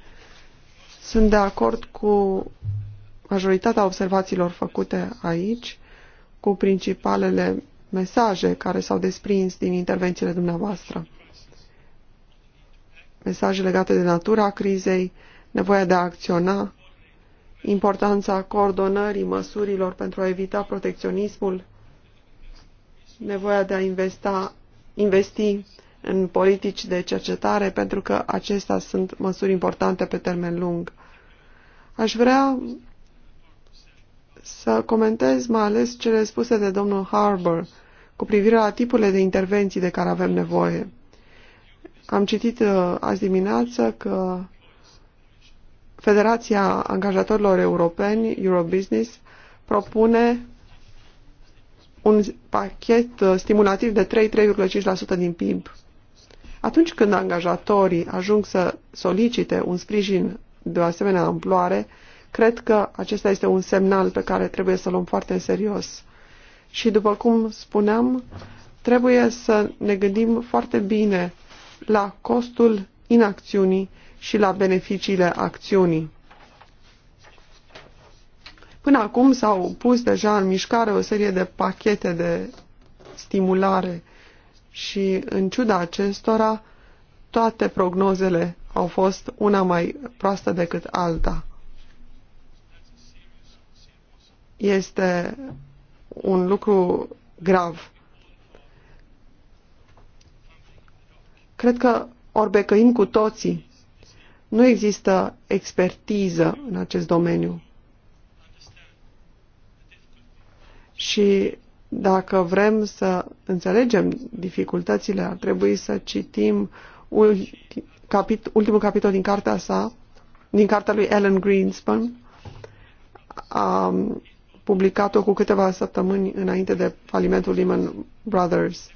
Sunt de acord cu majoritatea observațiilor făcute aici, cu principalele mesaje care s-au desprins din intervențiile dumneavoastră. Mesaje legate de natura crizei, nevoia de a acționa, importanța coordonării măsurilor pentru a evita protecționismul, nevoia de a investa, investi în politici de cercetare, pentru că acestea sunt măsuri importante pe termen lung. Aș vrea să comentez mai ales cele spuse de domnul Harbour cu privire la tipurile de intervenții de care avem nevoie. Am citit uh, azi dimineață că Federația Angajatorilor Europeni, Eurobusiness, propune un pachet uh, stimulativ de 3,5% din PIB. Atunci când angajatorii ajung să solicite un sprijin de o asemenea amploare, cred că acesta este un semnal pe care trebuie să-l luăm foarte în serios. Și după cum spuneam, trebuie să ne gândim foarte bine la costul inacțiunii și la beneficiile acțiunii. Până acum s-au pus deja în mișcare o serie de pachete de stimulare și, în ciuda acestora, toate prognozele au fost una mai proastă decât alta. Este un lucru grav. Cred că orbecăim cu toții. Nu există expertiză în acest domeniu. Și dacă vrem să înțelegem dificultățile, ar trebui să citim ulti, capit, ultimul capitol din cartea sa, din cartea lui Ellen Greenspan, um, publicat-o cu câteva săptămâni înainte de falimentul Lehman Brothers.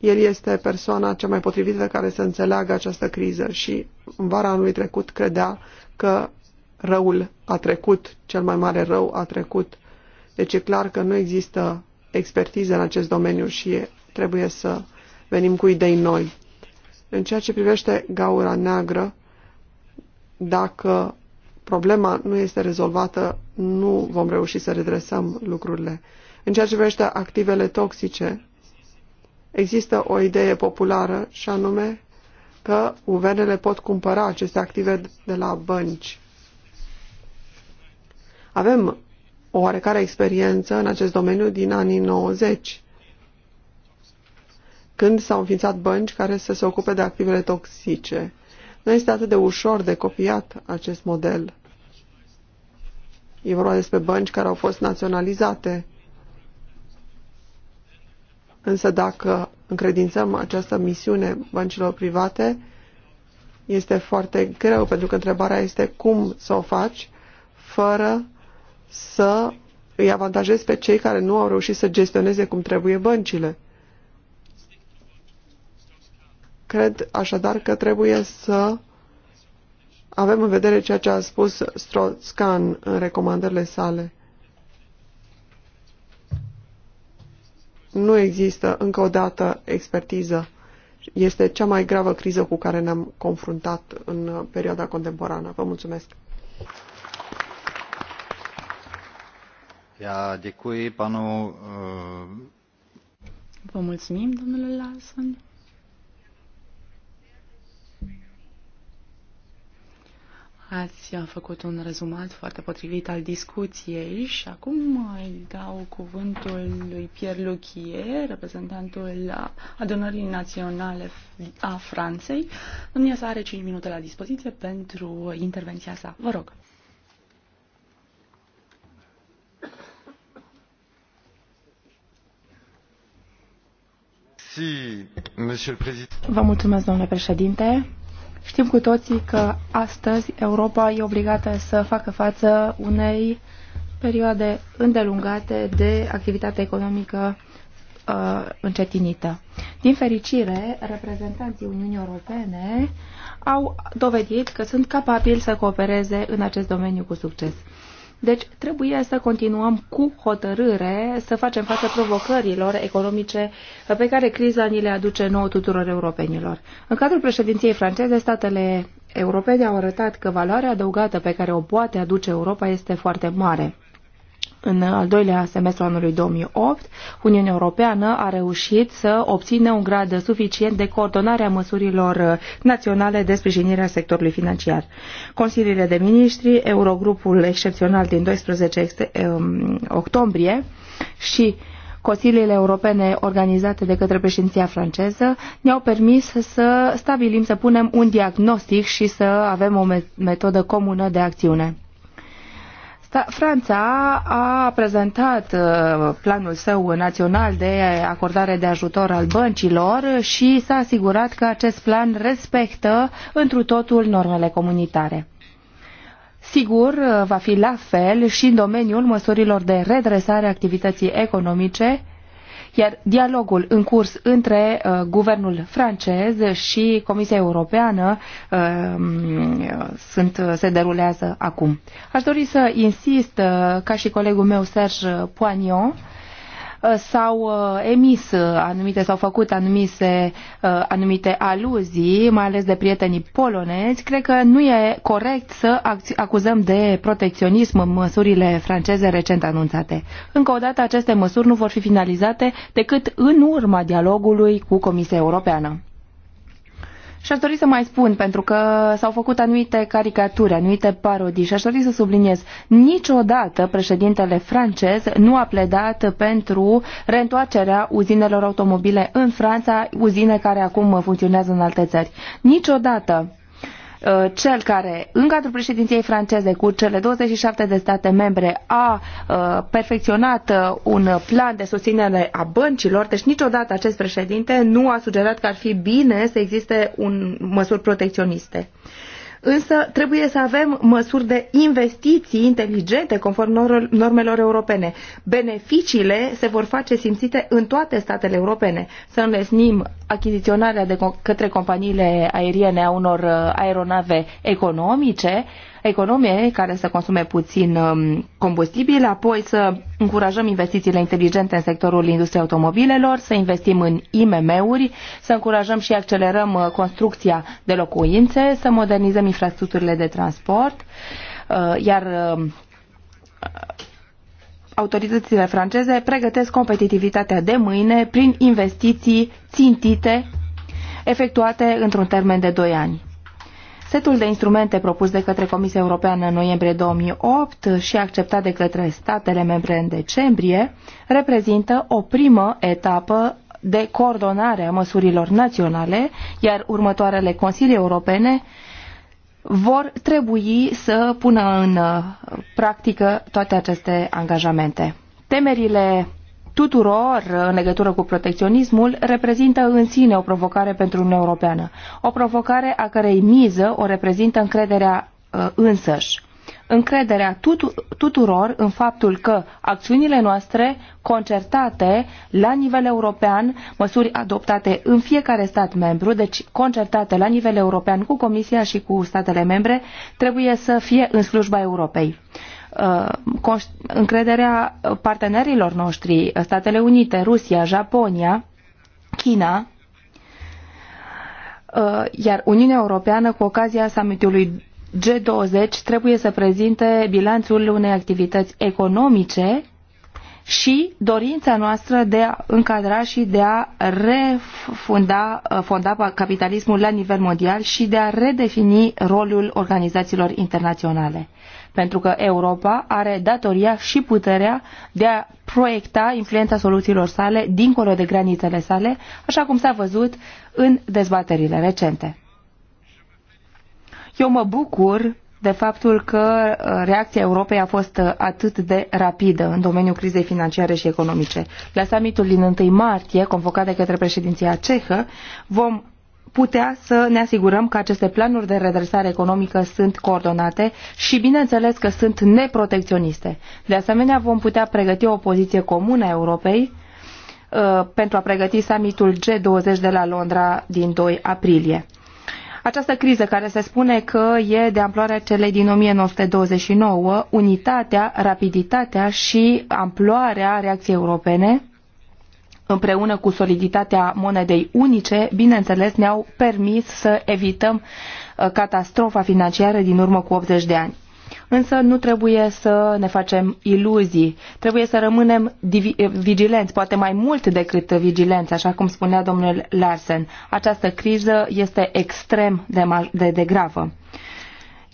El este persoana cea mai potrivită care să înțeleagă această criză și în vara anului trecut credea că răul a trecut, cel mai mare rău a trecut. Deci e clar că nu există expertiză în acest domeniu și trebuie să venim cu idei noi. În ceea ce privește gaura neagră, dacă problema nu este rezolvată, nu vom reuși să redresăm lucrurile. În ceea ce privește activele toxice, există o idee populară și anume că guvernele pot cumpăra aceste active de la bănci. Avem o oarecare experiență în acest domeniu din anii 90, când s-au înființat bănci care să se ocupe de activele toxice. Nu este atât de ușor de copiat acest model. E vorba despre bănci care au fost naționalizate. Însă dacă încredințăm această misiune băncilor private, este foarte greu, pentru că întrebarea este cum să o faci fără să îi avantajezi pe cei care nu au reușit să gestioneze cum trebuie băncile. Cred așadar că trebuie să avem în vedere ceea ce a spus Strotskan în recomandările sale. Nu există încă o dată expertiză. Este cea mai gravă criză cu care ne-am confruntat în perioada contemporană. Vă mulțumesc. Ja, děkuji panu... Eh, Vă mulțumim, domnule Larson. Ați făcut un rezumat foarte potrivit al discuției și acum îi dau cuvântul lui Pierre Luchie, reprezentantul Adunării Naționale a Franței. Domnia sa are 5 minute la dispoziție pentru intervenția sa. Vă rog. Vă mulțumesc, domnule președinte. Știm cu toții că astăzi Europa e obligată să facă față unei perioade îndelungate de activitate economică uh, încetinită. Din fericire, reprezentanții Uniunii Europene au dovedit că sunt capabili să coopereze în acest domeniu cu succes. Deci trebuie să continuăm cu hotărâre să facem față provocărilor economice pe care criza ni le aduce nouă tuturor europenilor. În cadrul președinției franceze, statele europene au arătat că valoarea adăugată pe care o poate aduce Europa este foarte mare. În al doilea semestru anului 2008, Uniunea Europeană a reușit să obțină un grad suficient de coordonare a măsurilor naționale de sprijinire a sectorului financiar. Consiliile de Ministri, Eurogrupul excepțional din 12 um, octombrie și Consiliile europene organizate de către președinția franceză ne-au permis să stabilim, să punem un diagnostic și să avem o metodă comună de acțiune. Da, Franța a prezentat uh, planul său național de acordare de ajutor al băncilor și s-a asigurat că acest plan respectă întru totul normele comunitare. Sigur, uh, va fi la fel și în domeniul măsurilor de redresare a activității economice, iar dialogul în curs între uh, guvernul francez și Comisia Europeană uh, sunt, se derulează acum. Aș dori să insist, uh, ca și colegul meu Serge Poignot, uh, Uh, s-au uh, emis uh, anumite, s-au făcut anumite, anumite aluzii, mai ales de prietenii polonezi. Cred că nu e corect să acuzăm de protecționism măsurile franceze recent anunțate. Încă o dată, aceste măsuri nu vor fi finalizate decât în urma dialogului cu Comisia Europeană. Și aș dori să mai spun, pentru că s-au făcut anumite caricaturi, anumite parodii și aș dori să subliniez, niciodată președintele francez nu a pledat pentru reîntoarcerea uzinelor automobile în Franța, uzine care acum funcționează în alte țări. Niciodată Uh, cel care, în cadrul președinției franceze, cu cele 27 de state membre, a uh, perfecționat uh, un plan de susținere a băncilor, deci niciodată acest președinte nu a sugerat că ar fi bine să existe un măsuri protecționiste însă trebuie să avem măsuri de investiții inteligente conform normelor europene. Beneficiile se vor face simțite în toate statele europene. Să înlesnim achiziționarea de către companiile aeriene a unor uh, aeronave economice, economie care să consume puțin um, combustibil, apoi să încurajăm investițiile inteligente în sectorul industriei automobilelor, să investim în IMM-uri, să încurajăm și accelerăm uh, construcția de locuințe, să modernizăm infrastructurile de transport, uh, iar autoritățile franceze pregătesc competitivitatea de mâine prin investiții țintite efectuate într-un termen de 2 ani. Setul de instrumente propus de către Comisia Europeană în noiembrie 2008 și acceptat de către statele membre în decembrie reprezintă o primă etapă de coordonare a măsurilor naționale, iar următoarele Consilii Europene vor trebui să pună în uh, practică toate aceste angajamente. Temerile tuturor în legătură cu protecționismul reprezintă în sine o provocare pentru Uniunea Europeană, o provocare a cărei miză o reprezintă încrederea uh, însăși încrederea tuturor în faptul că acțiunile noastre concertate la nivel european, măsuri adoptate în fiecare stat membru, deci concertate la nivel european cu Comisia și cu statele membre, trebuie să fie în slujba Europei uh, încrederea partenerilor noștri, Statele Unite, Rusia, Japonia, China, uh, iar Uniunea Europeană, cu ocazia summitului G20 trebuie să prezinte bilanțul unei activități economice și dorința noastră de a încadra și de a refunda uh, fonda capitalismul la nivel mondial și de a redefini rolul organizațiilor internaționale. Pentru că Europa are datoria și puterea de a proiecta influența soluțiilor sale dincolo de granițele sale, așa cum s-a văzut în dezbaterile recente. Eu mă bucur de faptul că uh, reacția Europei a fost uh, atât de rapidă în domeniul crizei financiare și economice. La summitul din 1 martie, convocat de către președinția cehă, vom putea să ne asigurăm că aceste planuri de redresare economică sunt coordonate și, bineînțeles, că sunt neprotecționiste. De asemenea, vom putea pregăti o poziție comună a Europei uh, pentru a pregăti summitul G20 de la Londra din 2 aprilie. Această criză care se spune că e de amploarea celei din 1929, unitatea, rapiditatea și amploarea reacției europene împreună cu soliditatea monedei unice, bineînțeles, ne-au permis să evităm uh, catastrofa financiară din urmă cu 80 de ani însă nu trebuie să ne facem iluzii. Trebuie să rămânem eh, vigilenți, poate mai mult decât vigilenți, așa cum spunea domnul Larsen. Această criză este extrem de, de, de gravă.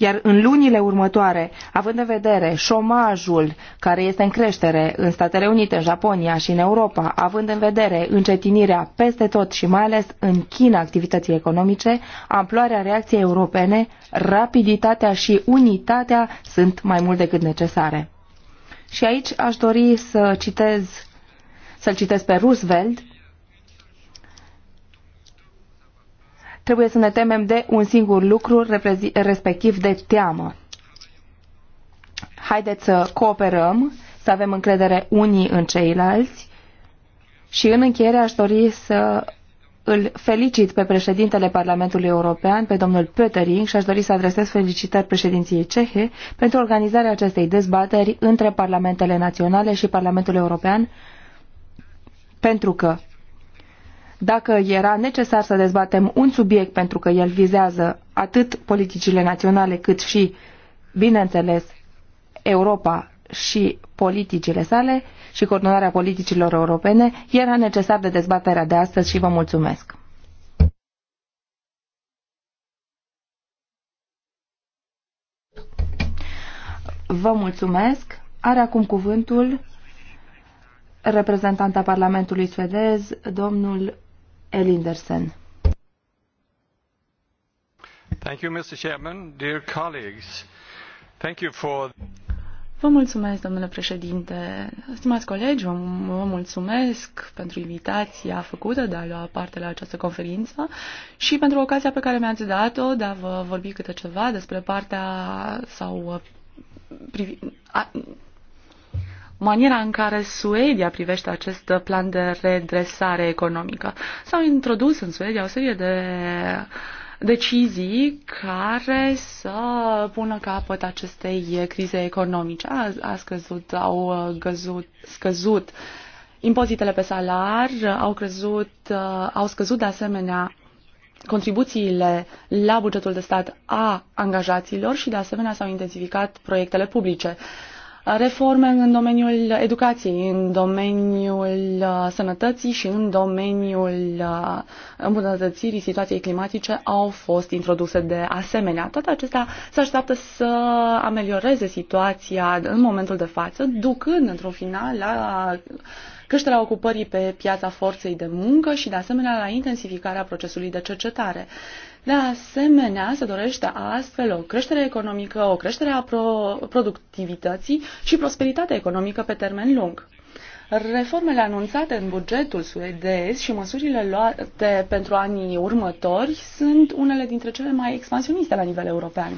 Iar în lunile următoare, având în vedere șomajul care este în creștere în Statele Unite, în Japonia și în Europa, având în vedere încetinirea peste tot și mai ales în China activității economice, amploarea reacției europene, rapiditatea și unitatea sunt mai mult decât necesare. Și aici aș dori să citez, să-l citez pe Roosevelt, trebuie să ne temem de un singur lucru, respectiv de teamă. Haideți să cooperăm, să avem încredere unii în ceilalți și în încheiere aș dori să îl felicit pe președintele Parlamentului European, pe domnul Pöttering, și aș dori să adresez felicitări președinției cehe pentru organizarea acestei dezbateri între Parlamentele Naționale și Parlamentul European, pentru că dacă era necesar să dezbatem un subiect pentru că el vizează atât politicile naționale cât și, bineînțeles, Europa și politicile sale și coordonarea politicilor europene, era necesar de dezbaterea de astăzi și vă mulțumesc. Vă mulțumesc. Are acum cuvântul reprezentanta Parlamentului suedez, domnul Elindersen. Thank you, Mr. Chairman. Dear colleagues, thank you for... Vă mulțumesc, domnule președinte. Stimați colegi, vă mulțumesc pentru invitația făcută de a lua parte la această conferință și pentru ocazia pe care mi-ați dat-o de a vă vorbi câte ceva despre partea sau uh, privi, a, maniera în care Suedia privește acest plan de redresare economică. S-au introdus în Suedia o serie de decizii care să pună capăt acestei crize economice. A, a scăzut, au găzut, scăzut impozitele pe salar, au, crezut, au scăzut de asemenea contribuțiile la bugetul de stat a angajaților și de asemenea s-au intensificat proiectele publice. Uh, reforme în domeniul educației, în domeniul uh, sănătății și în domeniul uh, îmbunătățirii situației climatice au fost introduse de asemenea. Toate acestea se așteaptă să amelioreze situația în momentul de față, ducând într-un final la creșterea ocupării pe piața forței de muncă și, de asemenea, la intensificarea procesului de cercetare. De asemenea, se dorește astfel o creștere economică, o creștere a pro- productivității și prosperitatea economică pe termen lung. Reformele anunțate în bugetul suedez și măsurile luate pentru anii următori sunt unele dintre cele mai expansioniste la nivel european.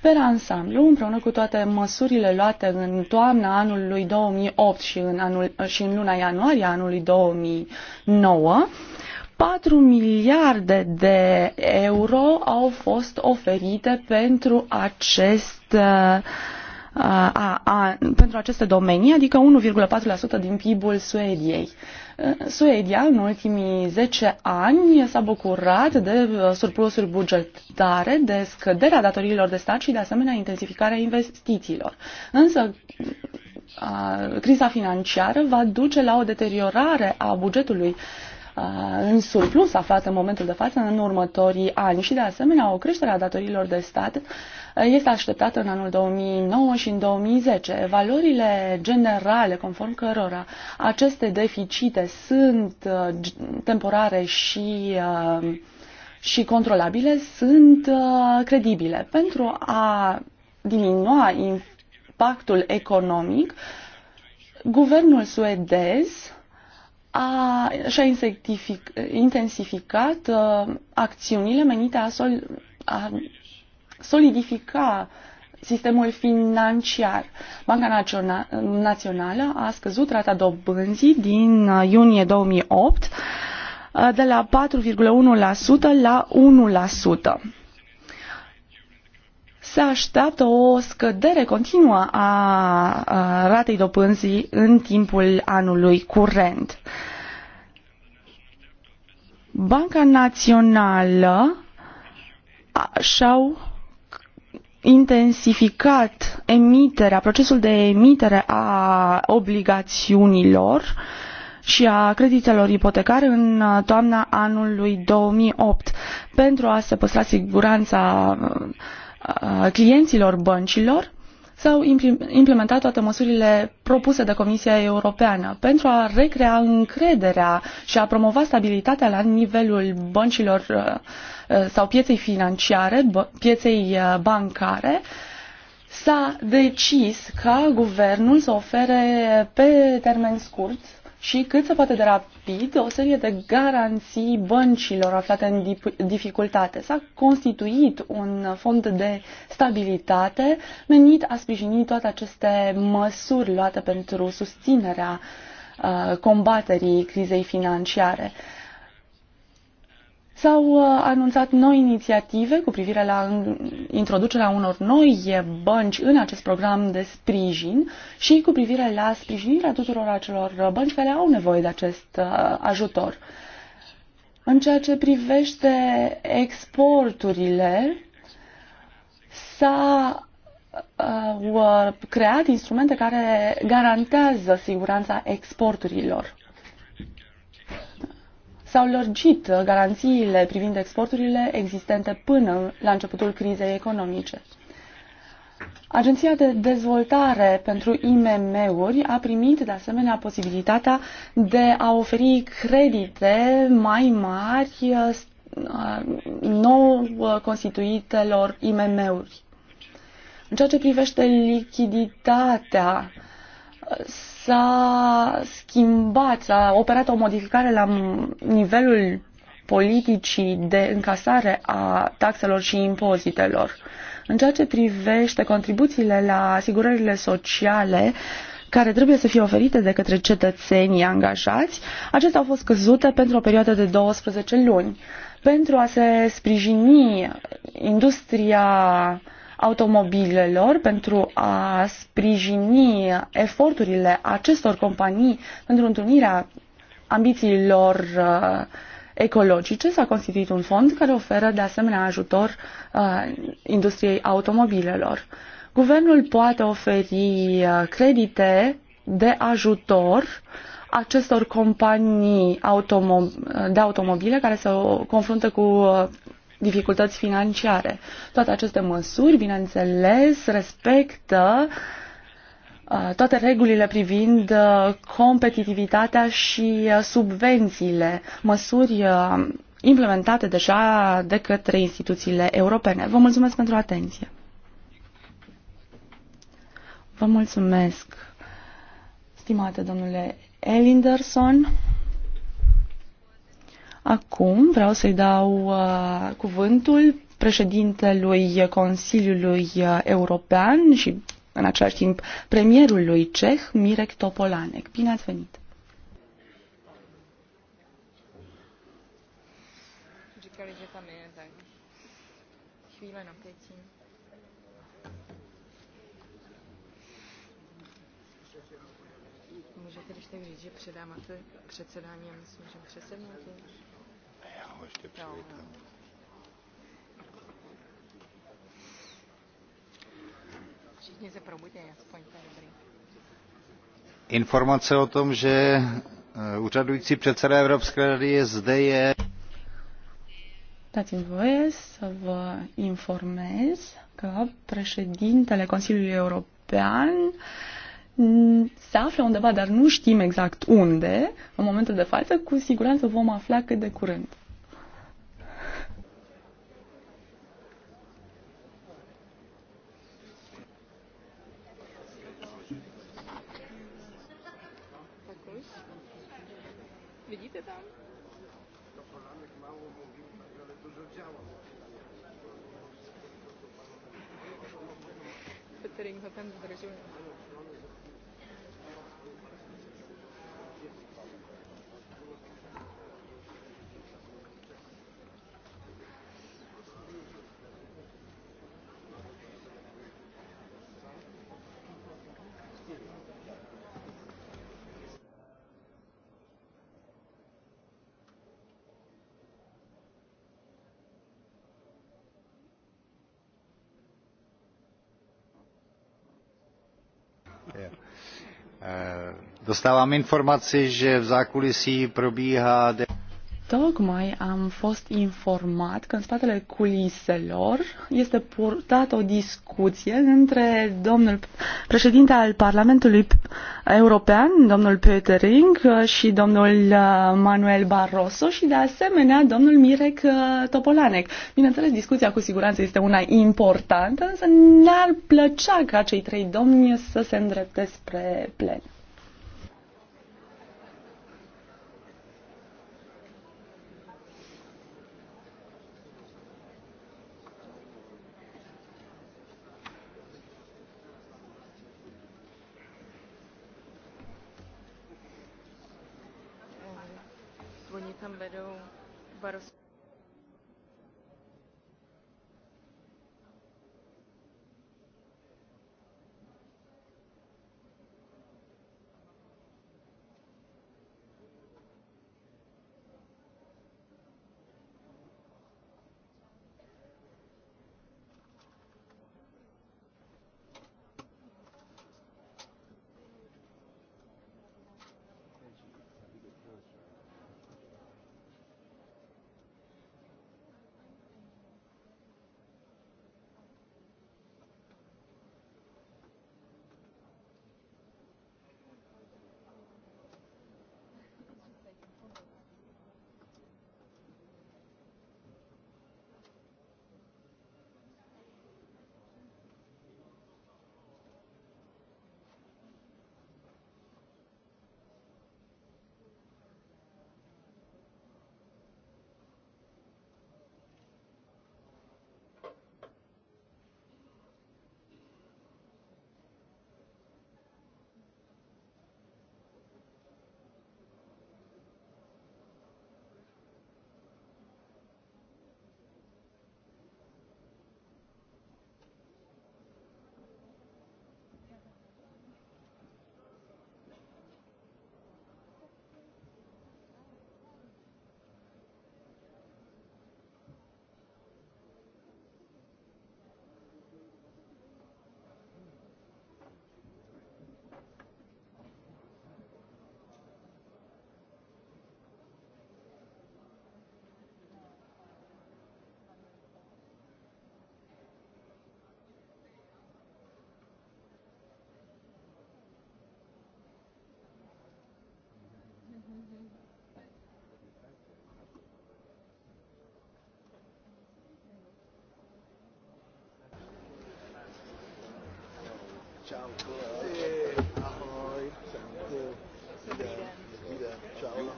Pe ansamblu, împreună cu toate măsurile luate în toamna anului 2008 și în, anul, și în luna ianuarie anului 2009, 4 miliarde de euro au fost oferite pentru acest uh, a, a, pentru aceste domenii, adică 1,4% din PIB-ul Suediei. Suedia în ultimii 10 ani s-a bucurat de uh, surplusuri bugetare, de scăderea datoriilor de stat și de asemenea intensificarea investițiilor. Însă a, uh, criza financiară va duce la o deteriorare a bugetului uh, Uh, în surplus aflat în momentul de față în următorii ani și de asemenea o creștere a datoriilor de stat uh, este așteptată în anul 2009 și în 2010. Valorile generale conform cărora aceste deficite sunt uh, temporare și și controlabile sunt credibile. Pentru a diminua impactul economic, guvernul suedez a, și-a intensificat uh, acțiunile menite a, sol, a solidifica sistemul financiar. Banca Naționa Națională a scăzut rata dobânzii din iunie 2008 de la 4,1% la 1% se așteaptă o scădere continuă a ratei dobânzii în timpul anului curent. Banca Națională și-au intensificat emiterea, procesul de emitere a obligațiunilor și a creditelor ipotecare în toamna anului 2008 pentru a se păstra siguranța clienților băncilor, s-au implementat toate măsurile propuse de Comisia Europeană pentru a recrea încrederea și a promova stabilitatea la nivelul băncilor uh, uh, sau pieței financiare, pieței uh, bancare, s-a decis ca guvernul să ofere pe termen scurt și cât se poate de rapid o serie de garanții băncilor aflate în dificultate. S-a constituit un fond de stabilitate menit a sprijini toate aceste măsuri luate pentru susținerea uh, combaterii crizei financiare. S-au uh, anunțat noi inițiative cu privire la introducerea unor noi bănci în acest program de sprijin și cu privire la sprijinirea tuturor acelor bănci care au nevoie de acest uh, ajutor. În ceea ce privește exporturile, s-a uh, creat instrumente care garantează siguranța exporturilor s-au lărgit garanțiile privind exporturile existente până la începutul crizei economice. Agenția de dezvoltare pentru IMM-uri a primit de asemenea posibilitatea de a oferi credite mai mari uh, nou uh, constituitelor IMM-uri. În ceea ce privește lichiditatea, s-a schimbat, s-a operat o modificare la nivelul politicii de încasare a taxelor și impozitelor. În ceea ce privește contribuțiile la asigurările sociale care trebuie să fie oferite de către cetățenii angajați, acestea au fost căzute pentru o perioadă de 12 luni. Pentru a se sprijini industria uh, automobilelor pentru a sprijini eforturile acestor companii pentru întâlnirea ambițiilor uh, ecologice s-a constituit un fond care oferă de asemenea ajutor uh, industriei automobilelor. Guvernul poate oferi uh, credite de ajutor acestor companii automo- de automobile care se confruntă cu dificultăți financiare. Toate aceste măsuri, bineînțeles, respectă uh, toate regulile privind uh, competitivitatea și uh, subvențiile, măsuri implementate deja de către instituțiile europene. Vă mulțumesc pentru atenție. Vă mulțumesc, stimate domnule Elinderson. Acum vreau să-i dau uh, cuvântul președintelui Consiliului uh, European și în același timp premierului ceh, Mirek Topolanek. Bine ați venit! Můžete, když tak říct, že předám a to předsedání, já myslím, že předsednu da. Informace o tom, že uh, úřadující předseda Evropské rady je zde, je Dați-mi voie să vă informez că președintele Consiliului European mm, se află undeva, dar nu știm exact unde. În momentul de față, cu siguranță vom afla cât de curând. chestiune. Dostávám informaci, že v zákulisí probíhá... De- Tocmai am fost informat că în spatele culiselor este purtată o discuție între domnul președinte al Parlamentului European, domnul Petering, și domnul uh, Manuel Barroso și de asemenea domnul Mirek uh, Topolanec. Bineînțeles, discuția cu siguranță este una importantă, însă ne-ar plăcea ca cei trei domni să se îndrepte spre plen.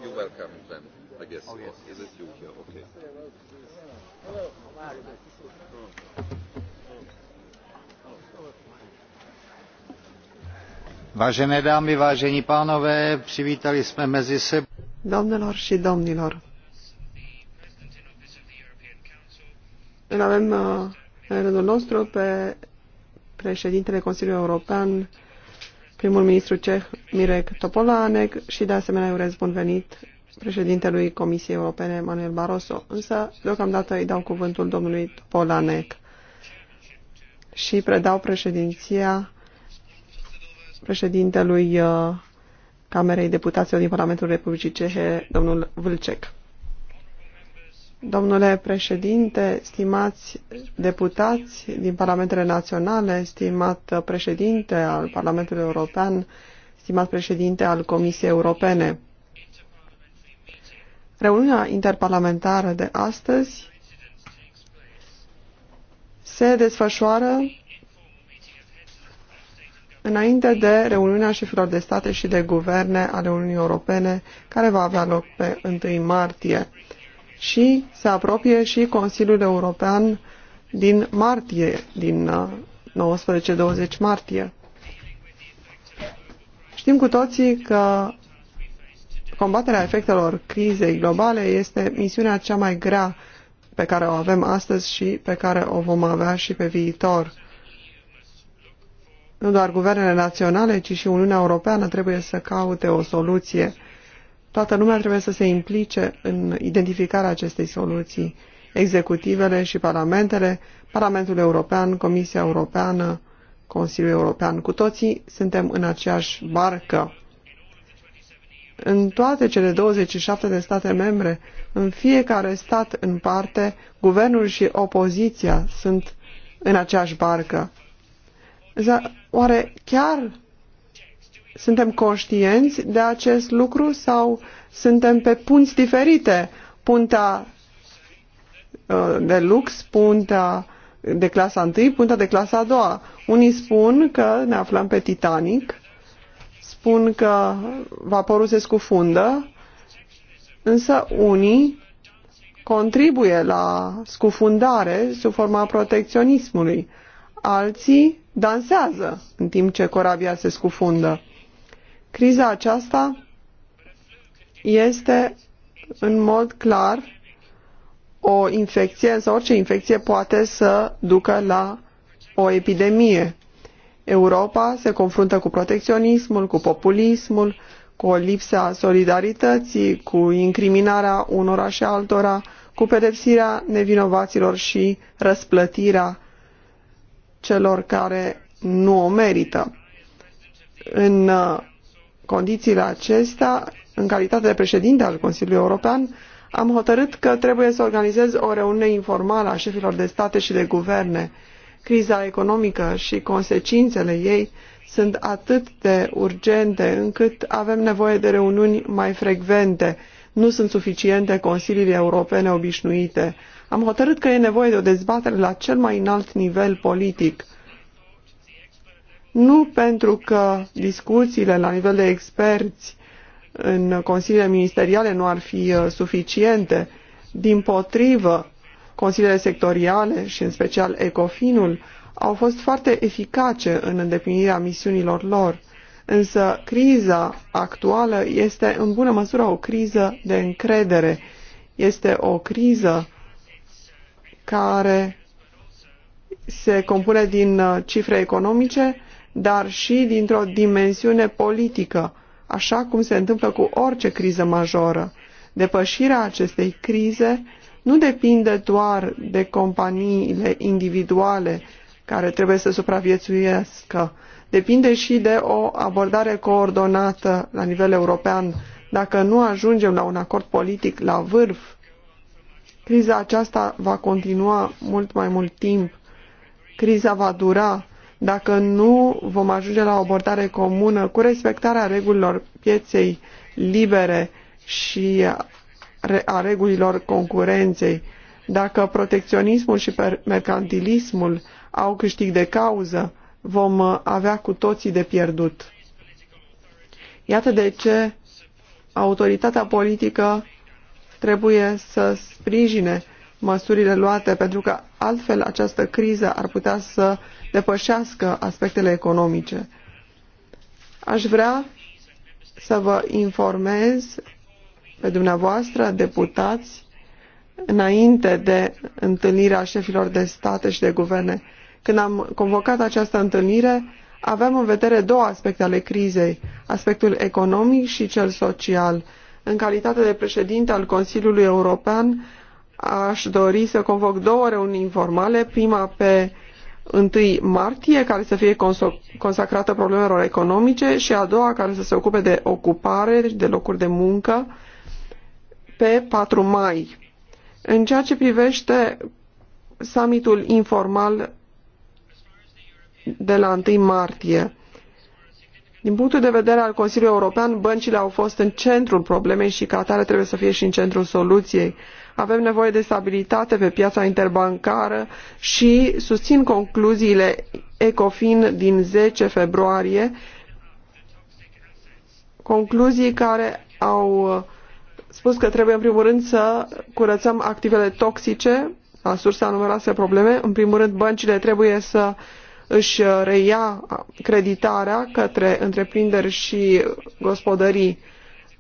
You, welcome them, I guess. Oh, yes. Is it you here? Okay. Vážené dámy, vážení pánové, přivítali jsme mezi sebou. Domnilor și domnilor, îl avem uh, în rândul nostru pe președintele Consiliului European, primul ministru ceh Mirek Topolanek și de asemenea urez bun venit președintelui Comisiei Europene Manuel Barroso. Însă, deocamdată îi dau cuvântul domnului Topolanek și predau președinția președintelui uh, Camerei Deputaților din Parlamentul Republicii Cehe, domnul Vâlcec. Domnule președinte, stimați deputați din Parlamentele Naționale, stimat președinte al Parlamentului European, stimat președinte al Comisiei Europene, reuniunea interparlamentară de astăzi se desfășoară înainte de reuniunea șefilor de state și de guverne ale Uniunii Europene, care va avea loc pe 1 martie și se apropie și Consiliul European din martie, din 19-20 uh, martie. Știm cu toții că combaterea efectelor crizei globale este misiunea cea mai grea pe care o avem astăzi și pe care o vom avea și pe viitor. Nu doar guvernele naționale, ci și Uniunea Europeană trebuie să caute o soluție. Toată lumea trebuie să se implice în identificarea acestei soluții. Executivele și parlamentele, Parlamentul European, Comisia Europeană, Consiliul European, cu toții suntem în aceeași barcă. În toate cele 27 de state membre, în fiecare stat în parte, guvernul și opoziția sunt în aceeași barcă. Oare chiar suntem conștienți de acest lucru sau suntem pe punți diferite? Punta uh, de lux, punta de clasa 1, punta de clasa 2. Unii spun că ne aflăm pe Titanic, spun că vaporul se scufundă, însă unii contribuie la scufundare sub forma protecționismului. Alții dansează în timp ce corabia se scufundă. Criza aceasta este în mod clar o infecție, însă orice infecție poate să ducă la o epidemie. Europa se confruntă cu protecționismul, cu populismul, cu o lipsă a solidarității, cu incriminarea unora și altora, cu pedepsirea nevinovaților și răsplătirea celor care nu o merită. În uh, condițiile acestea, în calitate de președinte al Consiliului European, am hotărât că trebuie să organizez o reuniune informală a șefilor de state și de guverne. Criza economică și consecințele ei sunt atât de urgente încât avem nevoie de reuniuni mai frecvente. Nu sunt suficiente consiliile europene obișnuite. Am hotărât că e nevoie de o dezbatere la cel mai înalt nivel politic nu pentru că discuțiile la nivel de experți în consiliile ministeriale nu ar fi uh, suficiente. Din potrivă, consiliile sectoriale și în special Ecofinul au fost foarte eficace în îndeplinirea misiunilor lor. Însă criza actuală este în bună măsură o criză de încredere. Este o criză care se compune din uh, cifre economice, dar și dintr-o dimensiune politică, așa cum se întâmplă cu orice criză majoră. Depășirea acestei crize nu depinde doar de companiile individuale care trebuie să supraviețuiască, depinde și de o abordare coordonată la nivel european. Dacă nu ajungem la un acord politic la vârf, criza aceasta va continua mult mai mult timp. Criza va dura dacă nu vom ajunge la o abordare comună cu respectarea regulilor pieței libere și a regulilor concurenței, dacă protecționismul și mercantilismul au câștig de cauză, vom avea cu toții de pierdut. Iată de ce autoritatea politică trebuie să sprijine măsurile luate, pentru că altfel această criză ar putea să depășească aspectele economice. Aș vrea să vă informez pe dumneavoastră, deputați, înainte de întâlnirea șefilor de state și de guverne. Când am convocat această întâlnire, aveam în vedere două aspecte ale crizei, aspectul economic și cel social. În calitate de președinte al Consiliului European, aș dori să convoc două reuniuni informale, prima pe 1 martie, care să fie consacrată problemelor economice și a doua care să se ocupe de ocupare, deci de locuri de muncă, pe 4 mai. În ceea ce privește summitul informal de la 1 martie, din punctul de vedere al Consiliului European, băncile au fost în centrul problemei și ca atare trebuie să fie și în centrul soluției. Avem nevoie de stabilitate pe piața interbancară și susțin concluziile ECOFIN din 10 februarie, concluzii care au spus că trebuie în primul rând să curățăm activele toxice la sursa numeroase probleme. În primul rând, băncile trebuie să uh, își uh, reia uh, creditarea către întreprinderi și gospodării.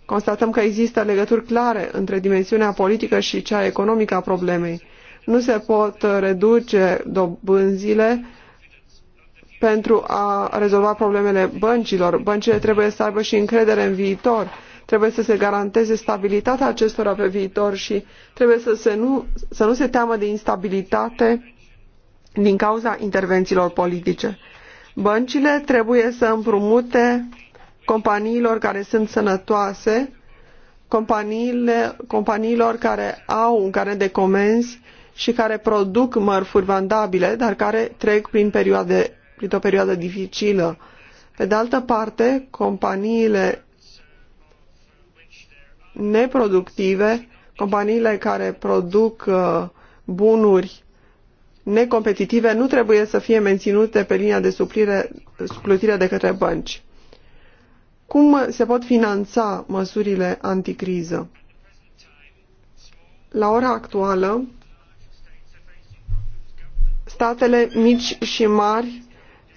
Constatăm că există legături clare între dimensiunea politică și cea economică a problemei. Nu se pot uh, reduce dobânzile pentru a rezolva problemele băncilor. Băncile trebuie să aibă și încredere în viitor. Trebuie să se garanteze stabilitatea acestora pe viitor și trebuie să, se nu, să nu se teamă de instabilitate din cauza intervențiilor politice. Băncile trebuie să împrumute companiilor care sunt sănătoase, companiile, companiilor care au un carnet de comenzi și care produc mărfuri vandabile, dar care trec prin perioade, prin o perioadă dificilă. Pe de altă parte, companiile neproductive, companiile care produc uh, bunuri necompetitive nu trebuie să fie menținute pe linia de suplire, suplutire de către bănci. Cum se pot finanța măsurile anticriză? La ora actuală, statele mici și mari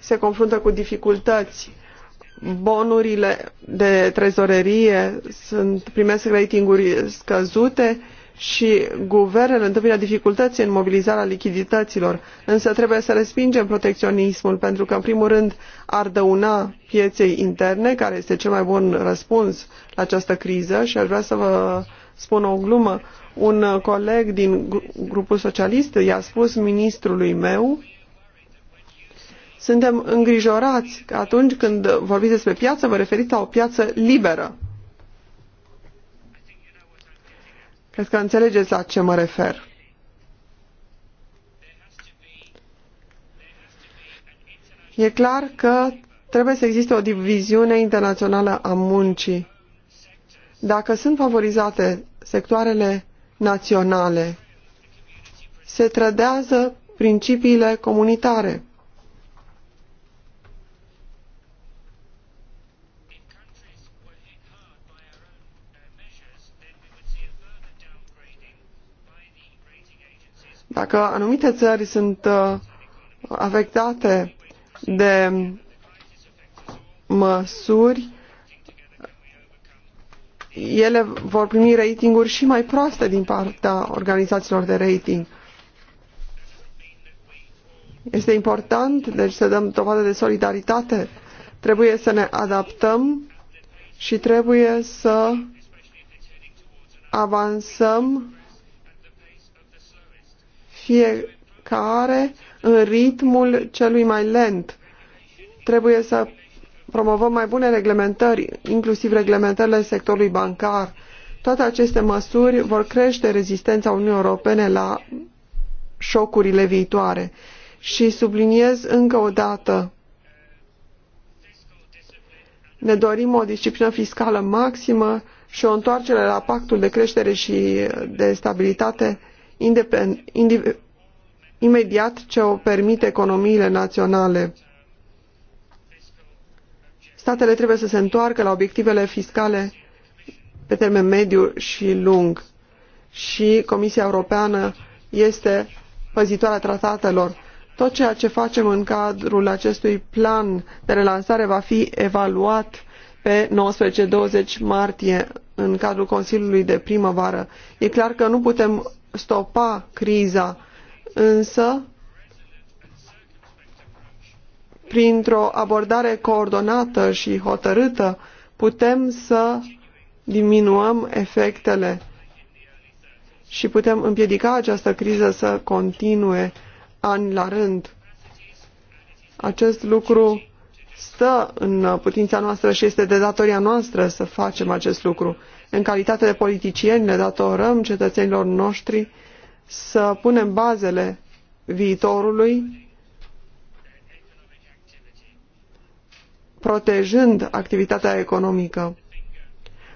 se confruntă cu dificultăți. Bonurile de trezorerie sunt, primesc ratinguri scăzute, și guvernele întâmpină dificultăți în mobilizarea lichidităților, însă trebuie să respingem protecționismul pentru că, în primul rând, ar dăuna pieței interne, care este cel mai bun răspuns la această criză și aș vrea să vă spun o glumă. Un coleg din grupul socialist i-a spus ministrului meu suntem îngrijorați că atunci când vorbiți despre piață, vă referiți la o piață liberă. Cred că înțelegeți la ce mă refer. E clar că trebuie să existe o diviziune internațională a muncii. Dacă sunt favorizate sectoarele naționale, se trădează principiile comunitare. Dacă anumite țări sunt uh, afectate de măsuri, ele vor primi ratinguri și mai proaste din partea organizațiilor de rating. Este important, deci, să dăm dovadă de solidaritate. Trebuie să ne adaptăm și trebuie să avansăm fiecare în ritmul celui mai lent. Trebuie să promovăm mai bune reglementări, inclusiv reglementările sectorului bancar. Toate aceste măsuri vor crește rezistența Uniunii Europene la șocurile viitoare. Și subliniez încă o dată, ne dorim o disciplină fiscală maximă și o întoarcere la pactul de creștere și de stabilitate imediat ce o permit economiile naționale. Statele trebuie să se întoarcă la obiectivele fiscale pe termen mediu și lung și Comisia Europeană este păzitoarea tratatelor. Tot ceea ce facem în cadrul acestui plan de relansare va fi evaluat pe 19-20 martie în cadrul Consiliului de primăvară. E clar că nu putem stopa criza, însă printr-o abordare coordonată și hotărâtă putem să diminuăm efectele și putem împiedica această criză să continue ani la rând. Acest lucru stă în putința noastră și este de datoria noastră să facem acest lucru. În calitate de politicieni le datorăm cetățenilor noștri să punem bazele viitorului protejând activitatea economică.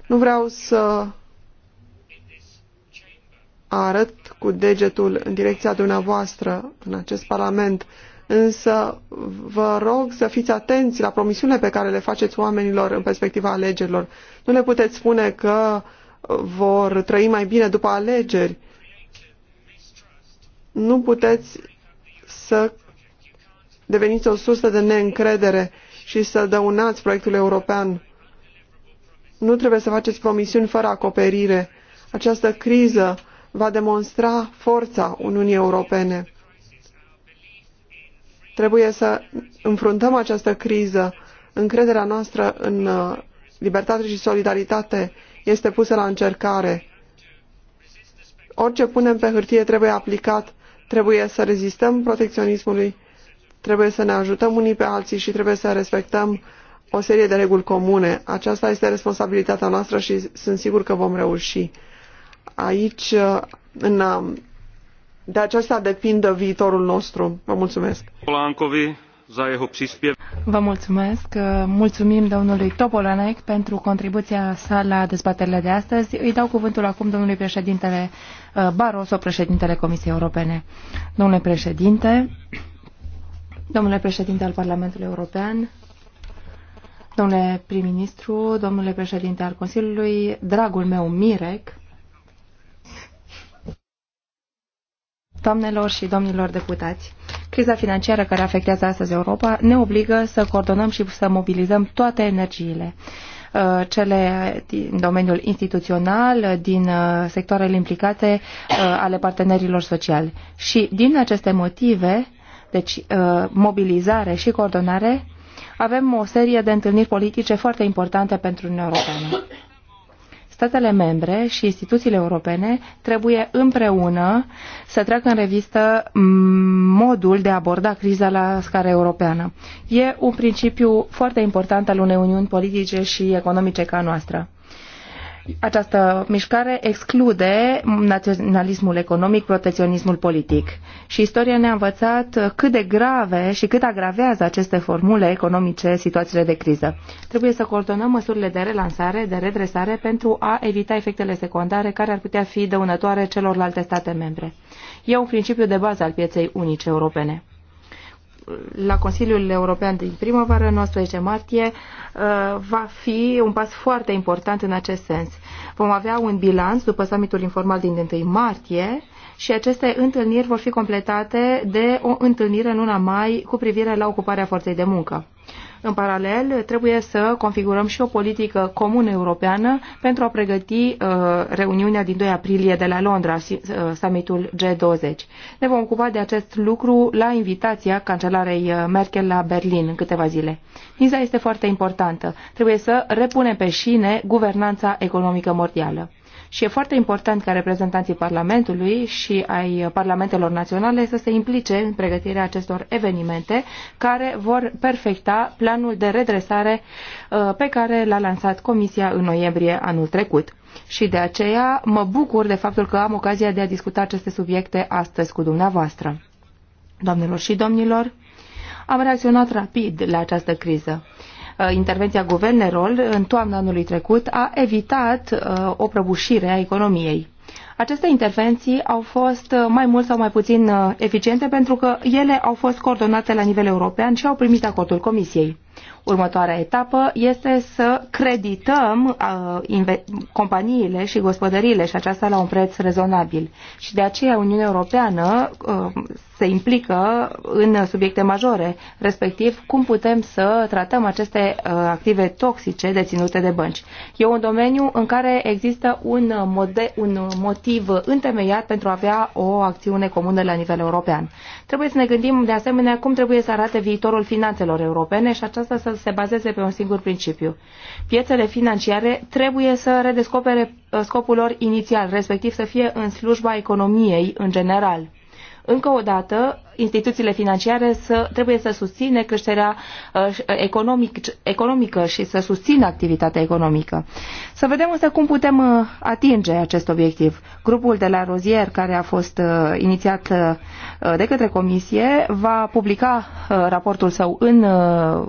Nu vreau să arăt cu degetul în direcția dumneavoastră în acest parlament, însă vă rog să fiți atenți la promisiunile pe care le faceți oamenilor în perspectiva alegerilor. Nu le puteți spune că vor trăi mai bine după alegeri. Nu puteți să deveniți o sursă de neîncredere și să dăunați proiectul european. Nu trebuie să faceți promisiuni fără acoperire. Această criză va demonstra forța Uniunii Europene. Trebuie să înfruntăm această criză. Încrederea noastră în uh, libertate și solidaritate este pusă la încercare. Orice punem pe hârtie trebuie aplicat. Trebuie să rezistăm protecționismului, trebuie să ne ajutăm unii pe alții și trebuie să respectăm o serie de reguli comune. Aceasta este responsabilitatea noastră și sunt sigur că vom reuși. Aici, uh, în uh, de aceasta depinde viitorul nostru. Vă mulțumesc. Polancovi. Vă mulțumesc. Mulțumim domnului Topolanec pentru contribuția sa la dezbaterile de astăzi. Îi dau cuvântul acum domnului președintele uh, Barroso, președintele Comisiei Europene. Domnule președinte, domnule președinte al Parlamentului European, domnule prim-ministru, domnule președinte al Consiliului, dragul meu Mirek, Doamnelor și domnilor deputați, criza financiară care afectează astăzi Europa ne obligă să coordonăm și să mobilizăm toate energiile uh, cele din domeniul instituțional, din uh, sectoarele implicate uh, ale partenerilor sociali. Și din aceste motive, deci mobilizare și coordonare, avem o serie de întâlniri politice foarte importante pentru Uniunea Europeană statele membre și instituțiile europene trebuie împreună să treacă în revistă modul de a aborda criza la scară europeană. E un principiu foarte important al unei uniuni politice și economice ca noastră. Această mișcare exclude naționalismul economic, protecționismul politic. Și istoria ne-a învățat cât de grave și cât agravează aceste formule economice situațiile de criză. Trebuie să coordonăm măsurile de relansare, de redresare, pentru a evita efectele secundare care ar putea fi dăunătoare celorlalte state membre. E un principiu de bază al pieței unice europene la Consiliul European din primăvară, 19 martie, uh, va fi un pas foarte important în acest sens. Vom avea un bilanț după summitul informal din 1 martie și aceste întâlniri vor fi completate de o întâlnire în luna mai cu privire la ocuparea forței de muncă. În paralel, trebuie să configurăm și o politică comună europeană pentru a pregăti uh, reuniunea din 2 aprilie de la Londra, uh, summitul G20. Ne vom ocupa de acest lucru la invitația cancelarei uh, Merkel la Berlin în câteva zile. Miza este foarte importantă. Trebuie să repunem pe șine guvernanța economică mondială și e foarte important ca reprezentanții Parlamentului și ai Parlamentelor Naționale să se implice în pregătirea acestor evenimente care vor perfecta planul de redresare uh, pe care l-a lansat Comisia în noiembrie anul trecut. Și de aceea mă bucur de faptul că am ocazia de a discuta aceste subiecte astăzi cu dumneavoastră. Doamnelor și domnilor, am reacționat rapid la această criză. Uh, intervenția guvernelor în toamna anului trecut a evitat uh, o prăbușire a economiei. Aceste intervenții au fost uh, mai mult sau mai puțin eficiente pentru că ele au fost coordonate la nivel european și au primit acordul Comisiei. Următoarea etapă este să credităm uh, companiile și gospodăriile și aceasta la un preț rezonabil. Și de aceea Uniunea Europeană uh, se implică în subiecte majore, respectiv cum putem să tratăm aceste uh, active toxice deținute de bănci. E un domeniu în care există un, uh, mode, un motiv întemeiat pentru a avea o acțiune comună la nivel european. Trebuie să ne gândim de asemenea cum trebuie să arate viitorul finanțelor europene și aceasta aceasta să se bazeze pe un singur principiu. Piețele financiare trebuie să redescopere uh, scopul lor inițial, respectiv să fie în slujba economiei în general. Încă o dată, instituțiile financiare să, trebuie să susține creșterea uh, economic, economică și să susțină activitatea economică. Să vedem însă cum putem uh, atinge acest obiectiv. Grupul de la Rozier, care a fost uh, inițiat de către Comisie, va publica raportul său în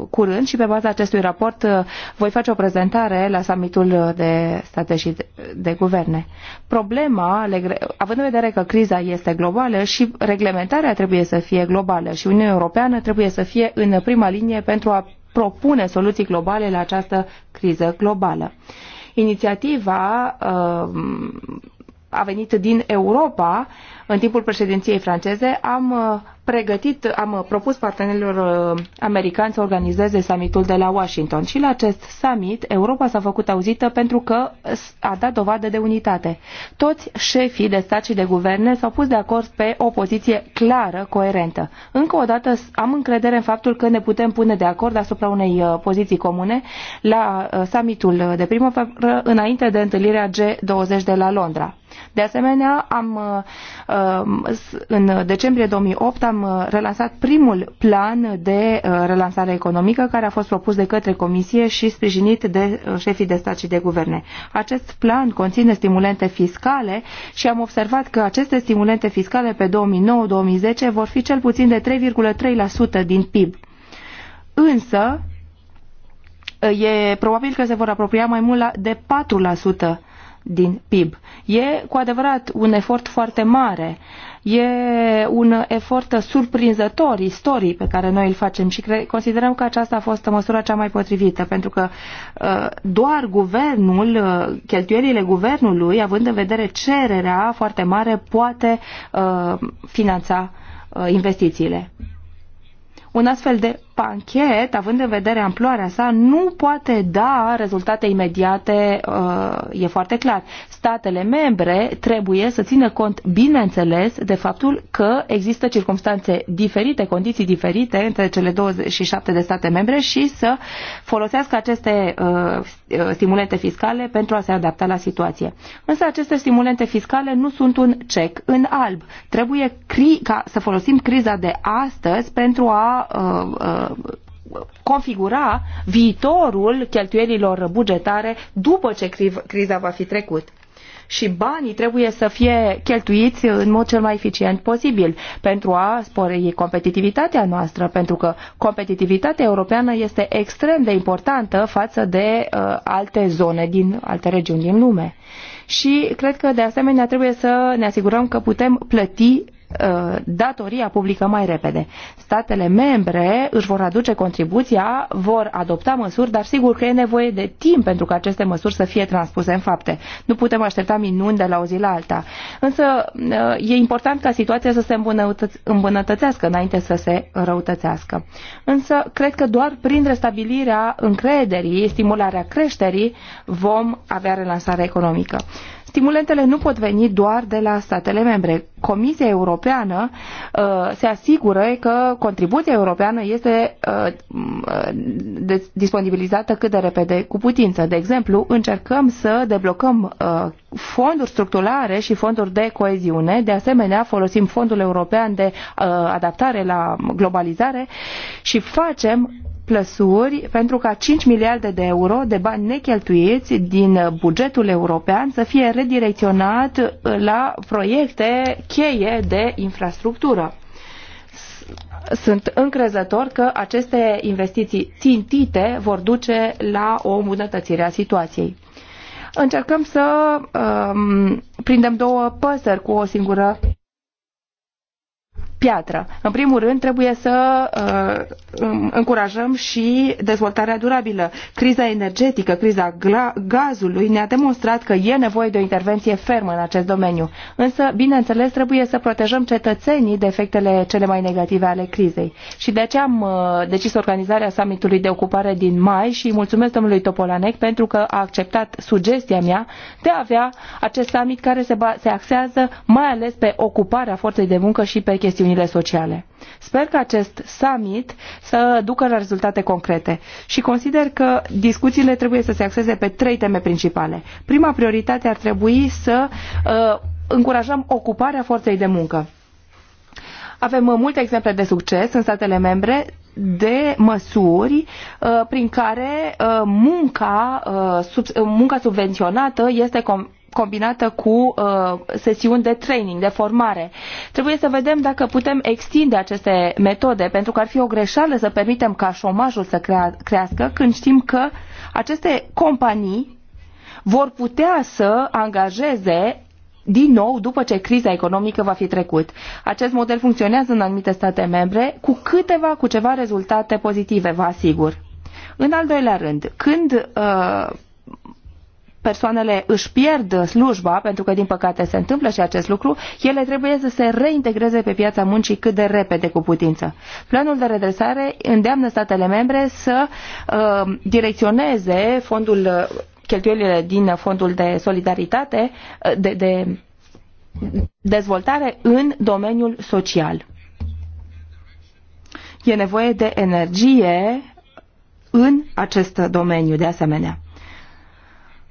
curând și pe baza acestui raport voi face o prezentare la summitul de state și de guverne. Problema, având în vedere că criza este globală și reglementarea trebuie să să fie globală și Uniunea Europeană trebuie să fie în prima linie pentru a propune soluții globale la această criză globală. Inițiativa uh, a venit din Europa în timpul președinției franceze, am uh, pregătit, am uh, propus partenerilor uh, americani să organizeze summitul de la Washington și la acest summit Europa s-a făcut auzită pentru că a dat dovadă de unitate. Toți șefii de stat și de guverne s-au pus de acord pe o poziție clară, coerentă. Încă o dată am încredere în faptul că ne putem pune de acord asupra unei poziții comune la summitul de primăvară înainte de întâlnirea G20 de la Londra. De asemenea, am în decembrie 2008 am uh, relansat primul plan de uh, relansare economică care a fost propus de către Comisie și sprijinit de uh, șefii de stat și de guverne. Acest plan conține stimulente fiscale și am observat că aceste stimulente fiscale pe 2009-2010 vor fi cel puțin de 3,3% din PIB. Însă, e probabil că se vor apropia mai mult de 4% din PIB. E cu adevărat un efort foarte mare, e un efort surprinzător, istoric, pe care noi îl facem și considerăm că aceasta a fost măsura cea mai potrivită, pentru că uh, doar guvernul, uh, cheltuielile guvernului, având în vedere cererea foarte mare, poate uh, finanța investițiile. Un astfel de panchet, având în vedere amploarea sa, nu poate da rezultate imediate, uh, e foarte clar. Statele membre trebuie să țină cont, bineînțeles, de faptul că există circunstanțe diferite, condiții diferite între cele 27 de state membre și să folosească aceste uh, stimulente fiscale pentru a se adapta la situație. Însă aceste stimulente fiscale nu sunt un cec în alb. Trebuie cri- ca să folosim criza de astăzi pentru a uh, configura viitorul cheltuielilor bugetare după ce criza va fi trecut și banii trebuie să fie cheltuiți în mod cel mai eficient posibil pentru a spori competitivitatea noastră, pentru că competitivitatea europeană este extrem de importantă față de uh, alte zone din alte regiuni din lume. Și cred că de asemenea trebuie să ne asigurăm că putem plăti Uh, datoria publică mai repede. Statele membre își vor aduce contribuția, vor adopta măsuri, dar sigur că e nevoie de timp pentru ca aceste măsuri să fie transpuse în fapte. Nu putem aștepta minuni de la o zi la alta. Însă uh, e important ca situația să se îmbunătățească înainte să se răutățească. Însă cred că doar prin restabilirea încrederii, stimularea creșterii, vom avea relansare economică. Stimulentele nu pot veni doar de la statele membre. Comisia Europeană uh, se asigură că contribuția europeană este uh, uh, disponibilizată cât de repede cu putință. De exemplu, încercăm să deblocăm fonduri structurale și fonduri de coeziune. De asemenea, folosim Fondul European de Adaptare la Globalizare și facem plăsuri pentru ca 5 miliarde de euro de bani necheltuiți din bugetul european să fie redirecționat la proiecte cheie de infrastructură sunt încrezător că aceste investiții țintite vor duce la o îmbunătățire a situației. Încercăm să um, prindem două păsări cu o singură piatră. În primul rând, trebuie să uh, încurajăm și dezvoltarea durabilă. Criza energetică, criza gazului ne-a demonstrat că e nevoie de o intervenție fermă în acest domeniu. Însă, bineînțeles, trebuie să protejăm cetățenii de efectele cele mai negative ale crizei. Și de aceea am uh, decis organizarea summitului de ocupare din mai și mulțumesc domnului Topolanec pentru că a acceptat sugestia mea de a avea acest summit care se, se axează mai ales pe ocuparea forței de muncă și pe chestiuni tensiunile sociale. Sper că acest summit să ducă la rezultate concrete și consider că discuțiile trebuie să se axeze pe trei teme principale. Prima prioritate ar trebui să uh, încurajăm ocuparea forței de muncă. Avem uh, multe exemple de succes în statele membre de măsuri uh, prin care uh, munca, uh, sub, uh, munca subvenționată este com combinată cu uh, sesiuni de training, de formare. Trebuie să vedem dacă putem extinde aceste metode, pentru că ar fi o greșeală să permitem ca șomajul să crească când știm că aceste companii vor putea să angajeze din nou după ce criza economică va fi trecut. Acest model funcționează în anumite state membre cu câteva, cu ceva rezultate pozitive, vă asigur. În al doilea rând, când uh, persoanele își pierd slujba, pentru că din păcate se întâmplă și acest lucru, ele trebuie să se reintegreze pe piața muncii cât de repede cu putință. Planul de redresare îndeamnă statele membre să uh, direcționeze fondul, uh, cheltuielile din fondul de solidaritate, uh, de, de dezvoltare în domeniul social. E nevoie de energie în acest domeniu, de asemenea.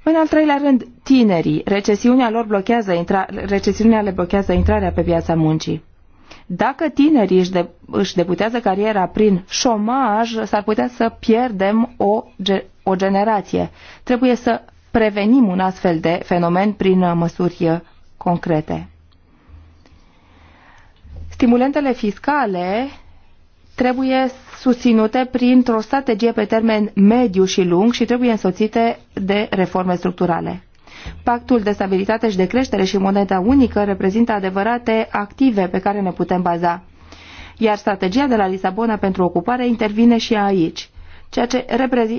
În al treilea rând, tinerii. Recesiunea lor blochează intra, recesiunea le blochează intrarea pe piața muncii. Dacă tinerii își, de, își debutează cariera prin șomaj, s-ar putea să pierdem o, o generație. Trebuie să prevenim un astfel de fenomen prin măsuri concrete. Stimulentele fiscale trebuie susținute printr-o strategie pe termen mediu și lung și trebuie însoțite de reforme structurale. Pactul de stabilitate și de creștere și moneda unică reprezintă adevărate active pe care ne putem baza. Iar strategia de la Lisabona pentru ocupare intervine și aici ceea ce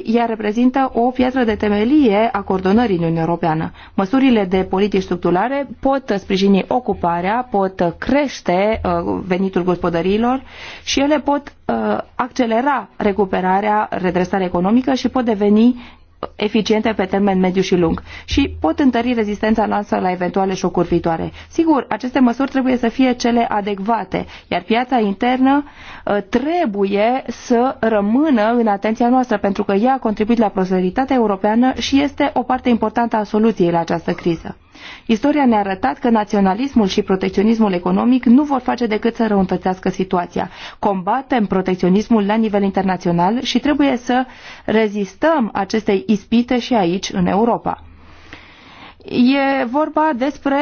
ea reprezintă o piatră de temelie a coordonării în Uniunea Europeană. Măsurile de politici structurale pot sprijini ocuparea, pot crește uh, venitul gospodăriilor și ele pot uh, accelera recuperarea, redresarea economică și pot deveni eficiente pe termen mediu și lung și pot întări rezistența noastră la eventuale șocuri viitoare. Sigur, aceste măsuri trebuie să fie cele adecvate, iar piața internă uh, trebuie să rămână în atenția noastră pentru că ea a contribuit la prosperitatea europeană și este o parte importantă a soluției la această criză. Istoria ne-a arătat că naționalismul și protecționismul economic nu vor face decât să răuntățească situația. Combatem protecționismul la nivel internațional și trebuie să rezistăm acestei ispite și aici, în Europa. E vorba despre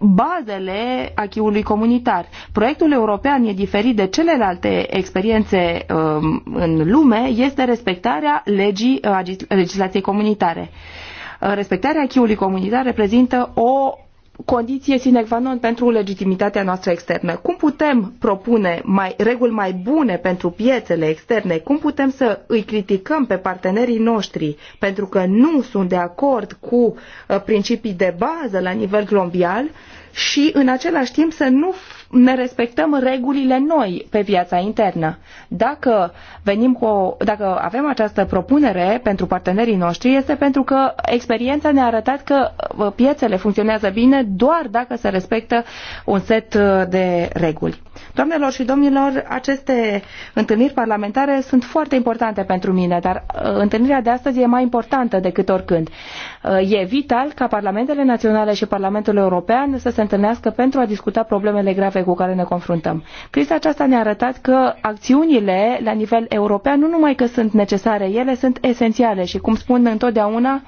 bazele achiului comunitar. Proiectul european e diferit de celelalte experiențe um, în lume, este respectarea legii uh, legislației comunitare. Uh, respectarea acquis comunitar reprezintă o condiție sine qua non pentru legitimitatea noastră externă. Cum putem propune mai, reguli mai bune pentru piețele externe? Cum putem să îi criticăm pe partenerii noștri pentru că nu sunt de acord cu uh, principii de bază la nivel global și în același timp să nu ne respectăm regulile noi pe piața internă. Dacă, venim cu o, dacă avem această propunere pentru partenerii noștri, este pentru că experiența ne-a arătat că uh, piețele funcționează bine doar dacă se respectă un set uh, de reguli. Doamnelor și domnilor, aceste întâlniri parlamentare sunt foarte importante pentru mine, dar uh, întâlnirea de astăzi e mai importantă decât oricând. E vital ca parlamentele naționale și Parlamentul European să se întâlnească pentru a discuta problemele grave cu care ne confruntăm. Criza aceasta ne-a arătat că acțiunile la nivel european nu numai că sunt necesare, ele sunt esențiale și, cum spun întotdeauna,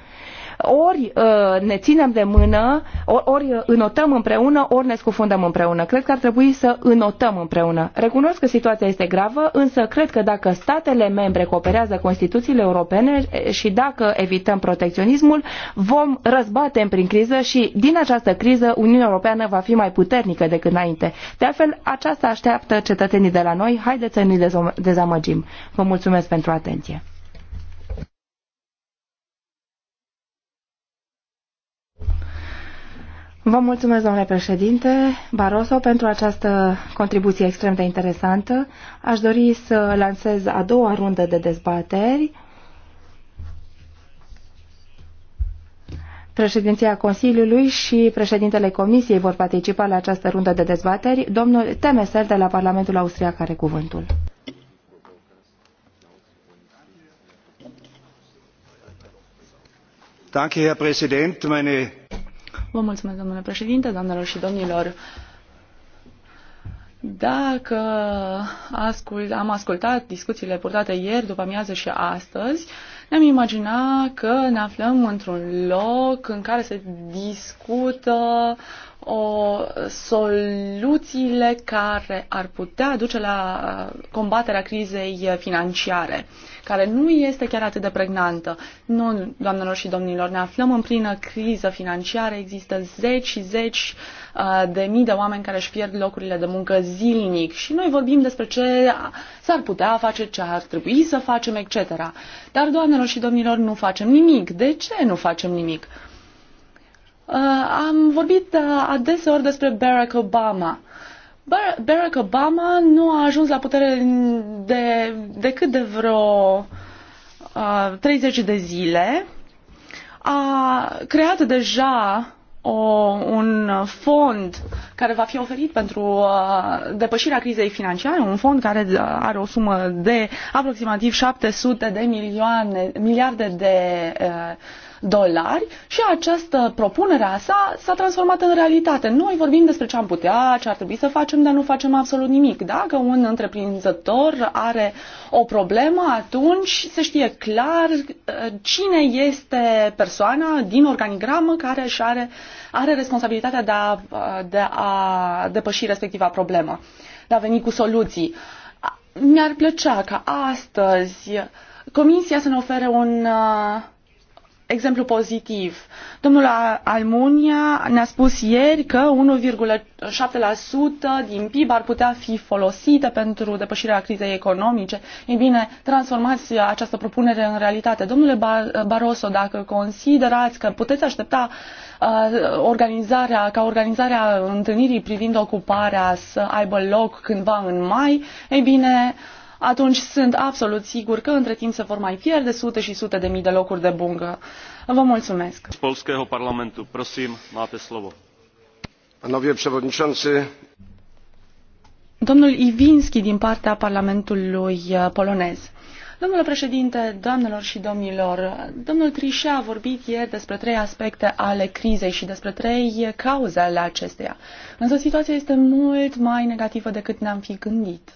ori uh, ne ținem de mână, ori uh, înotăm împreună, ori ne scufundăm împreună. Cred că ar trebui să înotăm împreună. Recunosc că situația este gravă, însă cred că dacă statele membre cooperează cu Constituțiile europene și dacă evităm protecționismul, vom răzbate prin criză și din această criză Uniunea Europeană va fi mai puternică decât înainte. De altfel, aceasta așteaptă cetățenii de la noi. Haideți să nu-i dezamăgim. Vă mulțumesc pentru atenție. Vă mulțumesc, domnule președinte Barroso, pentru această contribuție extrem de interesantă. Aș dori să lansez a doua rundă de dezbateri. Președinția Consiliului și președintele Comisiei vor participa la această rundă de dezbateri. Domnul Temesel de la Parlamentul Austriac are cuvântul. Danke, Herr Präsident, meine Vă mulțumesc, domnule președinte, doamnelor și domnilor. Dacă ascult, am ascultat discuțiile purtate ieri, după amiază și astăzi, ne-am imaginat că ne aflăm într-un loc în care se discută o, soluțiile care ar putea duce la combaterea crizei financiare. Uh, care nu este chiar atât de pregnantă. Nu, doamnelor și domnilor, ne aflăm în plină criză financiară, există zeci și zeci uh, de mii de oameni care își pierd locurile de muncă zilnic și noi vorbim despre ce s-ar putea face, ce ar trebui să facem, etc. Dar, doamnelor și domnilor, nu facem nimic. De ce nu facem nimic? Uh, am vorbit uh, adeseori despre Barack Obama. Barack Obama nu a ajuns la putere de, decât de vreo uh, 30 de zile. A creat deja o, un fond care va fi oferit pentru uh, depășirea crizei financiare, un fond care are o sumă de aproximativ 700 de milioane, miliarde de uh, dolari și această propunere a sa s-a transformat în realitate. Noi vorbim despre ce am putea, ce ar trebui să facem, dar nu facem absolut nimic. Dacă un întreprinzător are o problemă, atunci se știe clar uh, cine este persoana din organigramă care își are, are responsabilitatea de a, uh, de a depăși respectiva problemă, de a veni cu soluții. Mi-ar plăcea ca astăzi Comisia să ne ofere un uh, exemplu pozitiv. Domnul Almunia ne-a spus ieri că 1,7% din PIB ar putea fi folosită pentru depășirea crizei economice. Ei bine, transformați această propunere în realitate. Domnule Barroso, dacă considerați că puteți aștepta uh, organizarea, ca organizarea întâlnirii privind ocuparea să aibă loc cândva în mai, ei bine, atunci sunt absolut sigur că între timp se vor mai pierde sute și sute de mii de locuri de muncă. Vă mulțumesc. Polskiego parlamentu, prosim, mate slovo. Panowie przewodniczący. Domnul Iwinski din partea Parlamentului polonez. Domnule președinte, doamnelor și domnilor, domnul Trichet a vorbit ieri despre trei aspecte ale crizei și despre trei cauze ale acesteia. Însă situația este mult mai negativă decât ne-am fi gândit.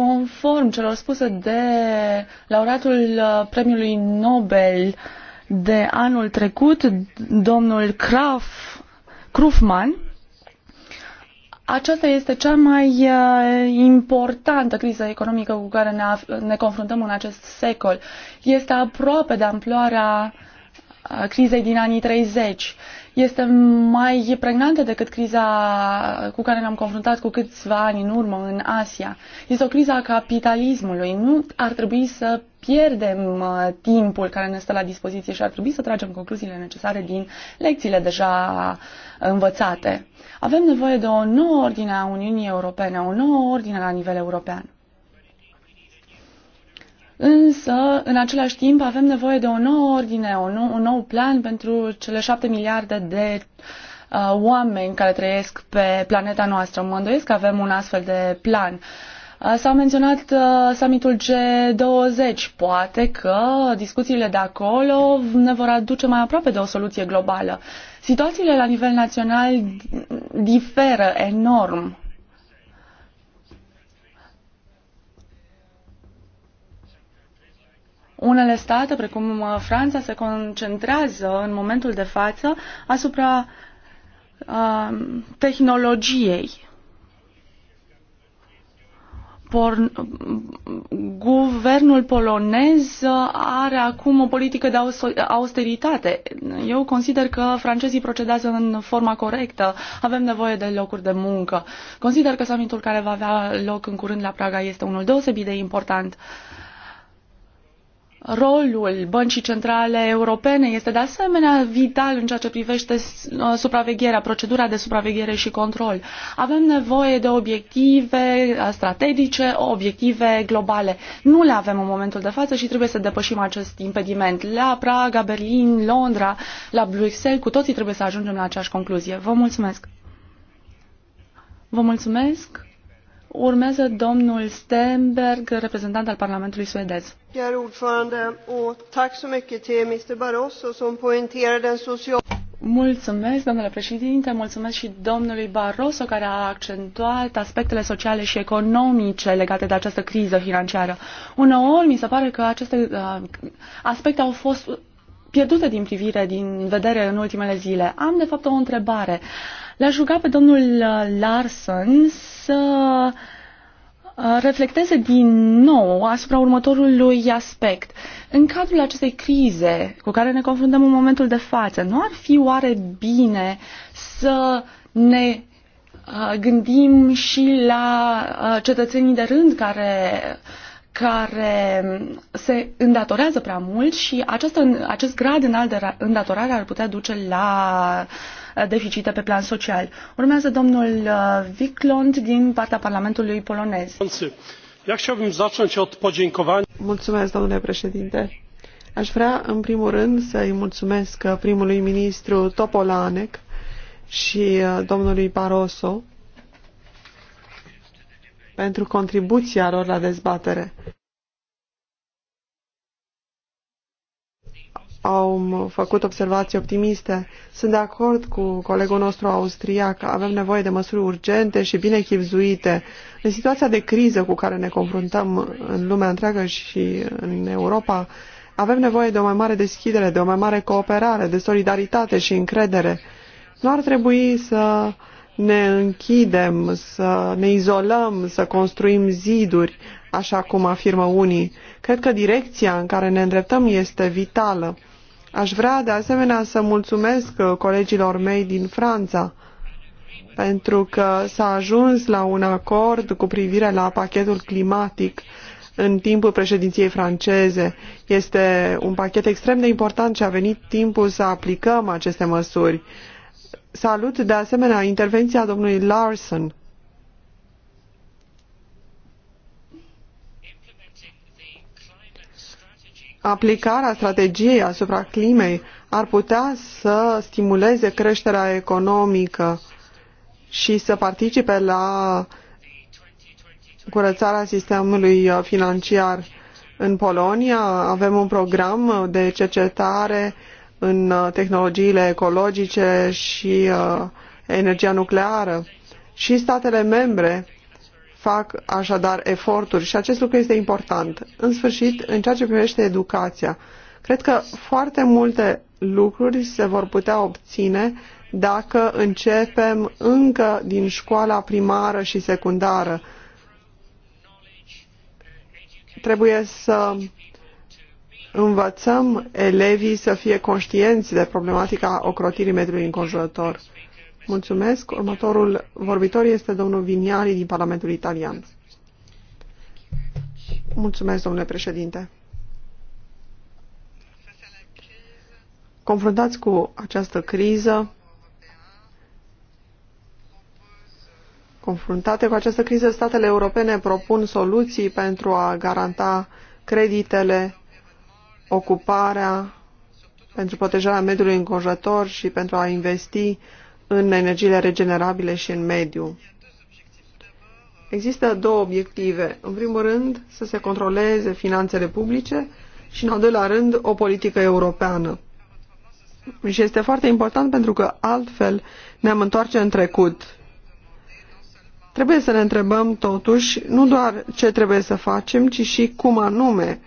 conform celor spuse de laureatul uh, premiului Nobel de anul trecut, domnul Kraf, Krufman, aceasta este cea mai uh, importantă criză economică cu care ne, ne confruntăm în acest secol. Este aproape de amploarea uh, crizei din anii 30 este mai pregnantă decât criza cu care ne-am confruntat cu câțiva ani în urmă în Asia. Este o criză a capitalismului. Nu ar trebui să pierdem uh, timpul care ne stă la dispoziție și ar trebui să tragem concluziile necesare din lecțiile deja învățate. Avem nevoie de o nouă ordine a Uniunii Europene, o nouă ordine la nivel european. Însă, în același timp, avem nevoie de o nouă ordine, un nou, un nou plan pentru cele șapte miliarde de uh, oameni care trăiesc pe planeta noastră. Mă îndoiesc că avem un astfel de plan. Uh, S-a menționat uh, summitul G20. Poate că discuțiile de acolo ne vor aduce mai aproape de o soluție globală. Situațiile la nivel național diferă enorm Unele state, precum uh, Franța, se concentrează în momentul de față asupra uh, tehnologiei. Por- Guvernul polonez uh, are acum o politică de austeritate. Eu consider că francezii procedează în forma corectă. Avem nevoie de locuri de muncă. Consider că summitul care va avea loc în curând la Praga este unul deosebit de important. Uh, Rolul Băncii Centrale Europene este de asemenea vital în ceea ce privește uh, supravegherea, procedura de supraveghere și control. Avem nevoie de obiective uh, strategice, obiective globale. Nu le avem în momentul de față și trebuie să depășim acest impediment. La Praga, Berlin, Londra, la Bruxelles, cu toții trebuie să ajungem la aceeași concluzie. Vă mulțumesc! Vă mulțumesc! Urmează domnul Stenberg, reprezentant al Parlamentului suedez. Mulțumesc, domnule președinte, mulțumesc și domnului Barroso, care a accentuat aspectele sociale și economice legate de această criză financiară. Uneori, mi se pare că aceste uh, aspecte au fost pierdute din privire, din vedere în ultimele zile. Am, de fapt, o întrebare. L-aș ruga pe domnul uh, Larson să uh, reflecteze din nou asupra următorului aspect. În cadrul acestei crize cu care ne confruntăm în momentul de față, nu ar fi oare bine să ne uh, gândim și la cetățenii de rând care care se îndatorează prea mult și această, acest grad înalt de îndatorare ar putea duce la Uh, deficite pe plan social. Urmează domnul uh, Wiklund din partea Parlamentului polonez. Mulțumesc, domnule președinte. Aș vrea, în primul rând, să-i mulțumesc uh, primului ministru Topolanec și domnului Barroso pentru contribuția lor la dezbatere. au făcut observații optimiste. Sunt de acord cu colegul nostru austriac. Avem nevoie de măsuri urgente și bine chipzuite. În situația de criză cu care ne confruntăm în lumea întreagă și în Europa, avem nevoie de o mai mare deschidere, de o mai mare cooperare, de solidaritate și încredere. Nu ar trebui să ne închidem, să ne izolăm, să construim ziduri, așa cum afirmă unii. Cred că direcția în care ne îndreptăm este vitală. Aș vrea de asemenea să mulțumesc uh, colegilor mei din Franța pentru că s-a ajuns la un acord cu privire la pachetul climatic în timpul președinției franceze. Este un pachet extrem de important și a venit timpul să aplicăm aceste măsuri. Salut de asemenea intervenția domnului Larson aplicarea strategiei asupra climei ar putea să stimuleze creșterea economică și să participe la curățarea sistemului financiar. În Polonia avem un program de cercetare în uh, tehnologiile ecologice și uh, energia nucleară și statele membre fac așadar eforturi și acest lucru este important. În sfârșit, în ceea ce privește educația, cred că foarte multe lucruri se vor putea obține dacă începem încă din școala primară și secundară. Trebuie să învățăm elevii să fie conștienți de problematica ocrotirii mediului înconjurător. Mulțumesc. Următorul vorbitor este domnul Vignali din Parlamentul Italian. Mulțumesc, domnule președinte. Confruntați cu această criză, confruntate cu această criză, statele europene propun soluții pentru a garanta creditele, ocuparea, pentru protejarea mediului înconjător și pentru a investi în energiile regenerabile și în mediu. Există două obiective. În primul rând, să se controleze finanțele publice și, în al doilea rând, o politică europeană. Și este foarte important pentru că altfel ne-am întoarce în trecut. Trebuie să ne întrebăm totuși nu doar ce trebuie să facem, ci și cum anume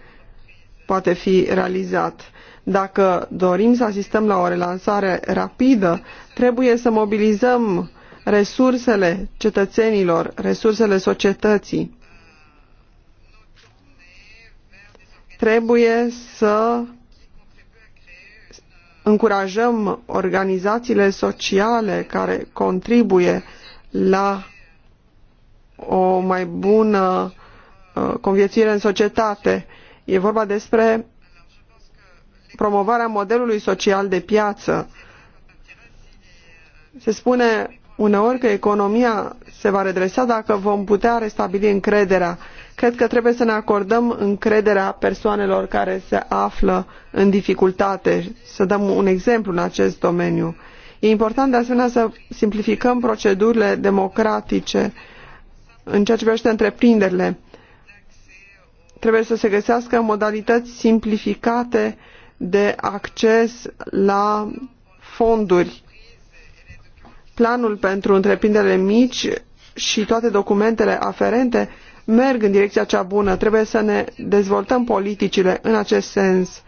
poate fi realizat. Dacă dorim să asistăm la o relansare rapidă, trebuie să mobilizăm resursele cetățenilor, resursele societății. Trebuie să încurajăm organizațiile sociale care contribuie la o mai bună uh, conviețuire în societate. E vorba despre promovarea modelului social de piață. Se spune uneori că economia se va redresa dacă vom putea restabili încrederea. Cred că trebuie să ne acordăm încrederea persoanelor care se află în dificultate. Să dăm un exemplu în acest domeniu. E important de asemenea să simplificăm procedurile democratice în ceea ce privește întreprinderile. Trebuie să se găsească modalități simplificate uh, de acces la fonduri. Planul pentru întreprinderile mici și toate documentele aferente merg în direcția cea bună. Trebuie să ne dezvoltăm politicile în acest sens.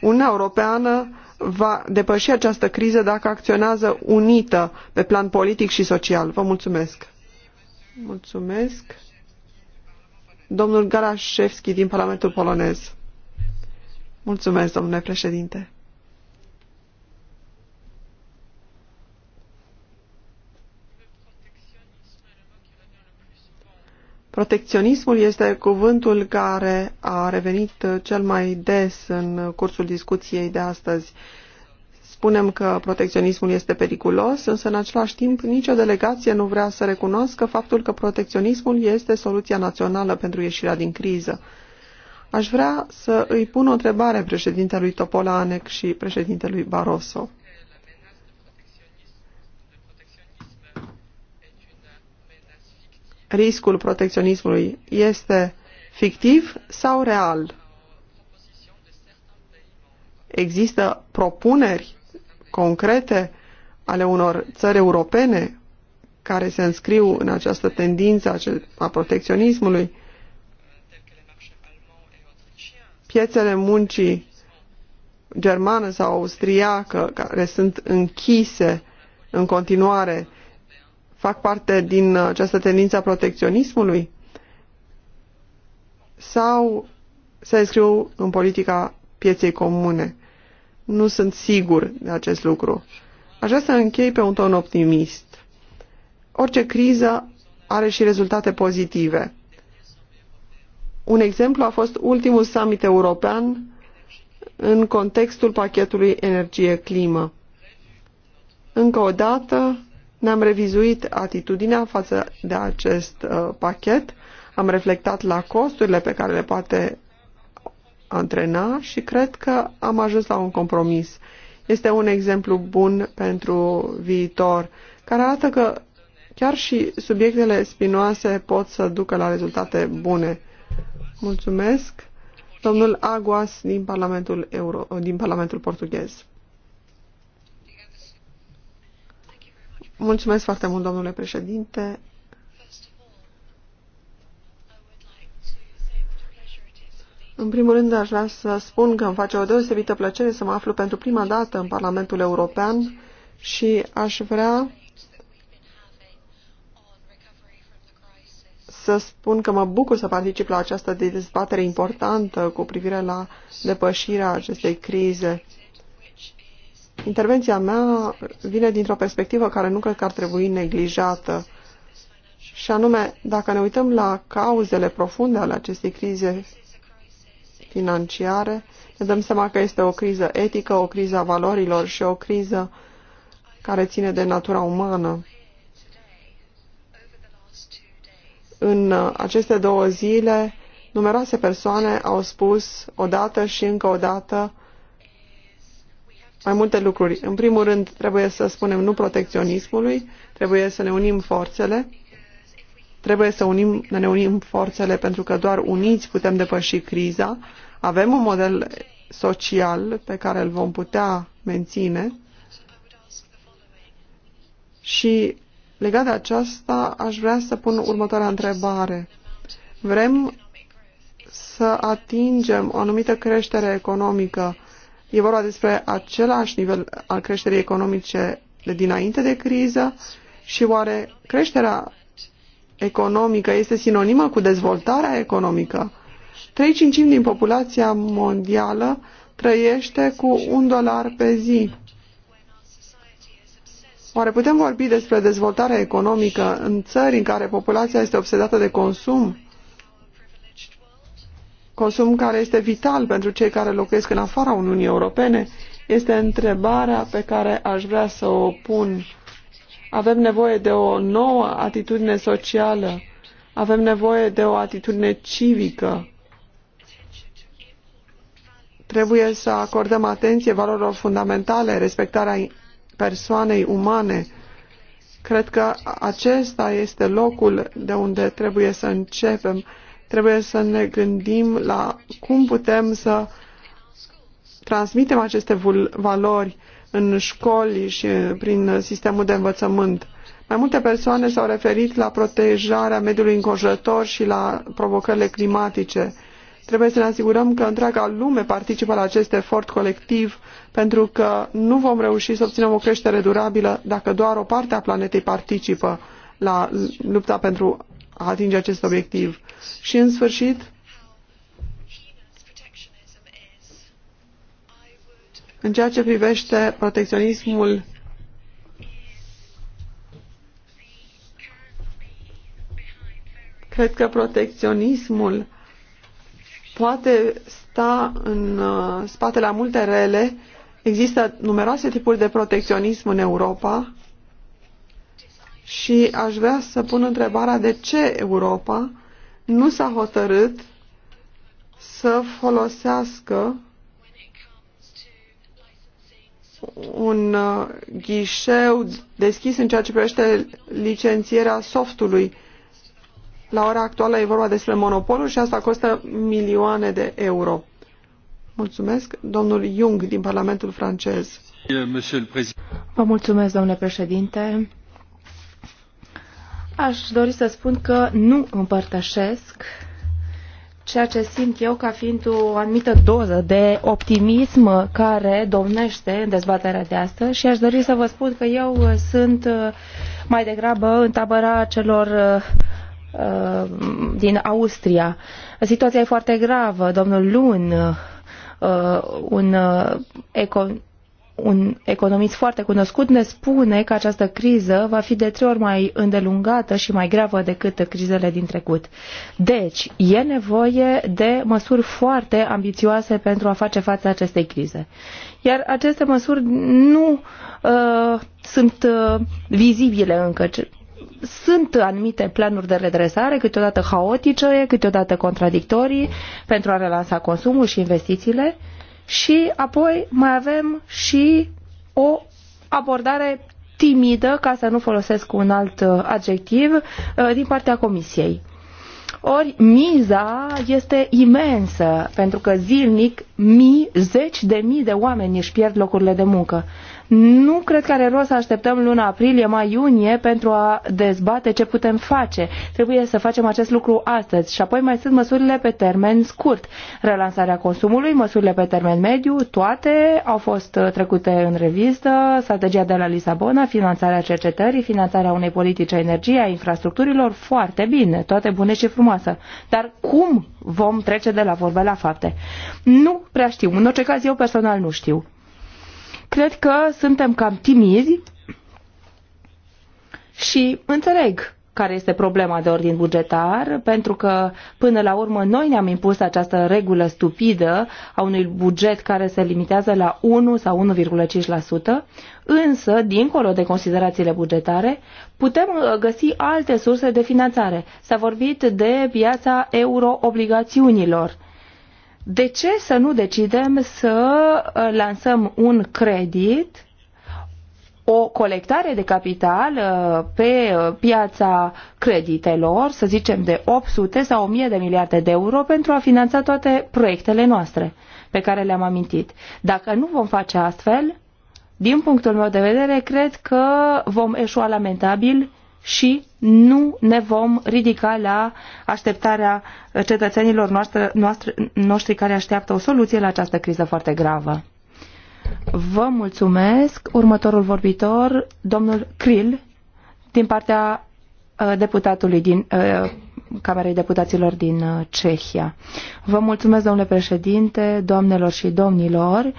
Uniunea Europeană va depăși această criză dacă acționează unită pe plan politic și social. Vă mulțumesc! Mulțumesc! Domnul Garașevski din Parlamentul Polonez. Mulțumesc, domnule președinte. Protecționismul este cuvântul care a revenit cel mai des în cursul discuției de astăzi. Spunem că protecționismul este periculos, însă în același timp nicio delegație nu vrea să recunoască faptul că protecționismul este soluția națională pentru ieșirea din criză. Aș vrea să îi pun o întrebare președintelui Topolanec și președintelui Barroso. Riscul protecționismului este fictiv sau real? Există propuneri concrete ale unor țări europene care se înscriu în această tendință a protecționismului? piețele muncii germană sau austriacă, care sunt închise în continuare, fac parte din această tendință a protecționismului? Sau se înscriu în politica pieței comune? Nu sunt sigur de acest lucru. Aș vrea să închei pe un ton optimist. Orice criză are și rezultate pozitive. Un exemplu a fost ultimul summit european în contextul pachetului energie-climă. Încă o dată ne-am revizuit atitudinea față de acest uh, pachet, am reflectat la costurile pe care le poate antrena și cred că am ajuns la un compromis. Este un exemplu bun pentru viitor, care arată că chiar și subiectele spinoase pot să ducă la rezultate bune. Mulțumesc. Domnul Aguas din Parlamentul, Euro, din Parlamentul Portughez. Mulțumesc foarte mult, domnule președinte. În primul rând, aș vrea să spun că îmi face o deosebită plăcere să mă aflu pentru prima dată în Parlamentul European și aș vrea să spun că mă bucur să particip la această dezbatere importantă cu privire la depășirea acestei crize. Intervenția mea vine dintr-o perspectivă care nu cred că ar trebui neglijată, și anume, dacă ne uităm la cauzele profunde ale acestei crize financiare, ne dăm seama că este o criză etică, o criză a valorilor și o criză care ține de natura umană. În aceste două zile, numeroase persoane au spus odată și încă o dată mai multe lucruri. În primul rând, trebuie să spunem nu protecționismului, trebuie să ne unim forțele, trebuie să unim, ne unim forțele pentru că doar uniți putem depăși criza. Avem un model social pe care îl vom putea menține și Legat de aceasta, aș vrea să pun următoarea întrebare. Vrem să atingem o anumită creștere economică. E vorba despre același nivel al creșterii economice de dinainte de criză și oare creșterea economică este sinonimă cu dezvoltarea economică? 3 cincimi din populația mondială trăiește cu un dolar pe zi. Oare putem vorbi despre dezvoltare economică în țări în care populația este obsedată de consum? Consum care este vital pentru cei care locuiesc în afara Uniunii Europene? Este întrebarea pe care aș vrea să o pun. Avem nevoie de o nouă atitudine socială. Avem nevoie de o atitudine civică. Trebuie să acordăm atenție valorilor fundamentale, respectarea persoanei umane. Cred că acesta este locul de unde trebuie să începem. Trebuie să ne gândim la cum putem să transmitem aceste valori în școli și prin sistemul de învățământ. Mai multe persoane s-au referit la protejarea mediului înconjurător și la provocările climatice. Trebuie să ne asigurăm că întreaga lume participă la acest efort colectiv, pentru că nu vom reuși să obținem o creștere durabilă dacă doar o parte a planetei participă la lupta pentru a atinge acest obiectiv. Și în sfârșit, în ceea ce privește protecționismul cred că protecționismul poate sta în uh, spatele a multe rele. Există numeroase tipuri de protecționism în Europa și aș vrea să pun întrebarea de ce Europa nu s-a hotărât să folosească un uh, ghișeu deschis în ceea ce privește licențierea softului la ora actuală e vorba despre monopolul și asta costă milioane de euro. Mulțumesc, domnul Jung din Parlamentul francez. Vă mulțumesc, domnule președinte. Aș dori să spun că nu împărtășesc ceea ce simt eu ca fiind o anumită doză de optimism care domnește în dezbaterea de astăzi și aș dori să vă spun că eu sunt mai degrabă în tabăra celor Uh, din Austria. Situația e foarte gravă. Domnul Lun, uh, un, uh, econ, un economist foarte cunoscut, ne spune că această criză va fi de trei ori mai îndelungată și mai gravă decât crizele din trecut. Deci, e nevoie de măsuri foarte ambițioase pentru a face față acestei crize. Iar aceste măsuri nu uh, sunt uh, vizibile încă sunt anumite planuri de redresare, câteodată haotice, câteodată contradictorii, pentru a relansa consumul și investițiile. Și apoi mai avem și o abordare timidă, ca să nu folosesc un alt uh, adjectiv, uh, din partea Comisiei. Ori miza este imensă, pentru că zilnic mii, zeci de mii de oameni își pierd locurile de muncă. Nu cred că are rost să așteptăm luna aprilie, mai iunie pentru a dezbate ce putem face. Trebuie să facem acest lucru astăzi și apoi mai sunt măsurile pe termen scurt. Relansarea consumului, măsurile pe termen mediu, toate au fost uh, trecute în revistă, strategia de la Lisabona, finanțarea cercetării, finanțarea unei politici a energiei, a infrastructurilor, foarte bine, toate bune și frumoase. Dar cum vom trece de la vorbe la fapte? Nu prea știu. În orice caz, eu personal nu știu. Cred că suntem cam timizi și înțeleg care este problema de ordin bugetar, pentru că până la urmă noi ne-am impus această regulă stupidă a unui buget care se limitează la 1 sau 1,5%, însă, dincolo de considerațiile bugetare, putem uh, găsi alte surse de finanțare. S-a vorbit de piața euro-obligațiunilor de ce să nu decidem să uh, lansăm un credit, o colectare de capital uh, pe uh, piața creditelor, să zicem de 800 sau 1000 de miliarde de euro pentru a finanța toate proiectele noastre pe care le-am amintit. Dacă nu vom face astfel, din punctul meu de vedere, cred că vom eșua lamentabil și nu ne vom ridica la așteptarea cetățenilor noastre, noastre, noștri care așteaptă o soluție la această criză foarte gravă. Vă mulțumesc. Următorul vorbitor, domnul Krill, din partea uh, deputatului din uh, Camerei Deputaților din uh, Cehia. Vă mulțumesc, domnule președinte, doamnelor și domnilor.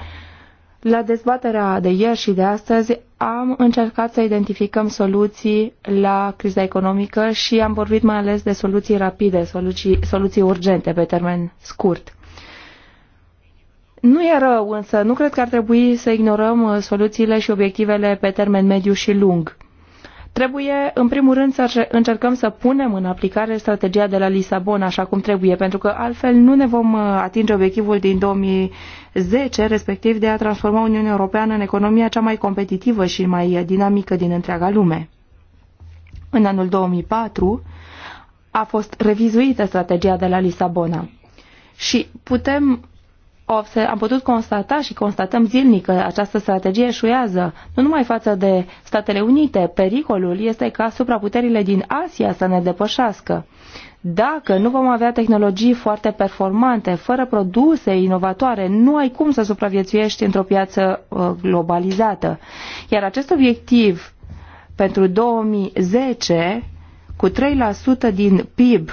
La dezbaterea de ieri și de astăzi am încercat să identificăm soluții la criza economică și am vorbit mai ales de soluții rapide, soluții, soluții urgente pe termen scurt. Nu e rău, însă nu cred că ar trebui să ignorăm uh, soluțiile și obiectivele pe termen mediu și lung. Trebuie, în primul rând, să încercăm să punem în aplicare strategia de la Lisabona așa cum trebuie, pentru că altfel nu ne vom uh, atinge obiectivul din 2000 10, respectiv de a transforma Uniunea Europeană în economia cea mai competitivă și mai dinamică din întreaga lume. În anul 2004 a fost revizuită strategia de la Lisabona și putem am putut constata și constatăm zilnic că această strategie eșuează, nu numai față de Statele Unite. Pericolul este ca supraputerile din Asia să ne depășească. Dacă nu vom avea tehnologii foarte performante, fără produse inovatoare, nu ai cum să supraviețuiești într-o piață uh, globalizată. Iar acest obiectiv pentru 2010, cu 3% din PIB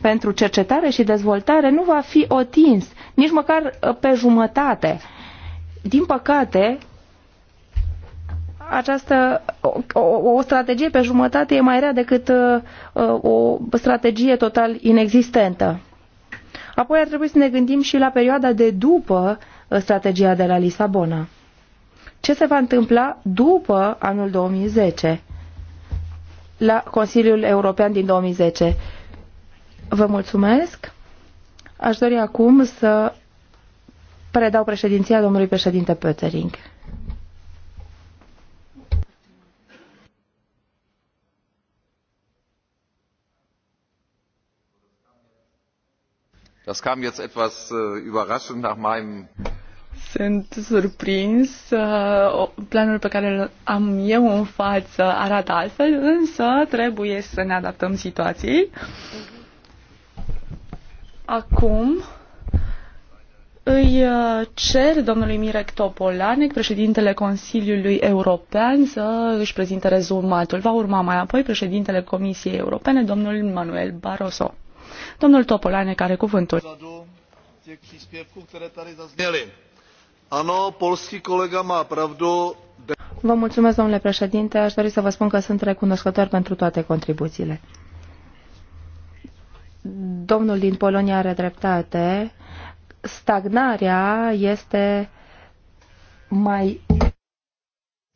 pentru cercetare și dezvoltare, nu va fi atins, nici măcar uh, pe jumătate. Din păcate, această o, o strategie pe jumătate e mai rea decât uh, o strategie total inexistentă. Apoi ar trebui să ne gândim și la perioada de după uh, strategia de la Lisabona. Ce se va întâmpla după anul 2010 la Consiliul European din 2010? Vă mulțumesc. Aș dori acum să predau președinția domnului președinte Pöttering. Das kam jetzt etwas äh, überraschend nach meinem sunt surprins. Uh, planul pe care îl am eu în față arată altfel, însă trebuie să ne adaptăm situației. Acum îi uh, cer domnului Mirek Topolanec, președintele Consiliului European, să își prezinte rezumatul. Va urma mai apoi președintele Comisiei Europene, domnul Manuel Barroso. Domnul Topolanek are cuvântul. Vă mulțumesc, domnule președinte. Aș dori să vă spun că sunt recunoscător pentru toate contribuțiile. Domnul din Polonia are dreptate. Stagnarea este mai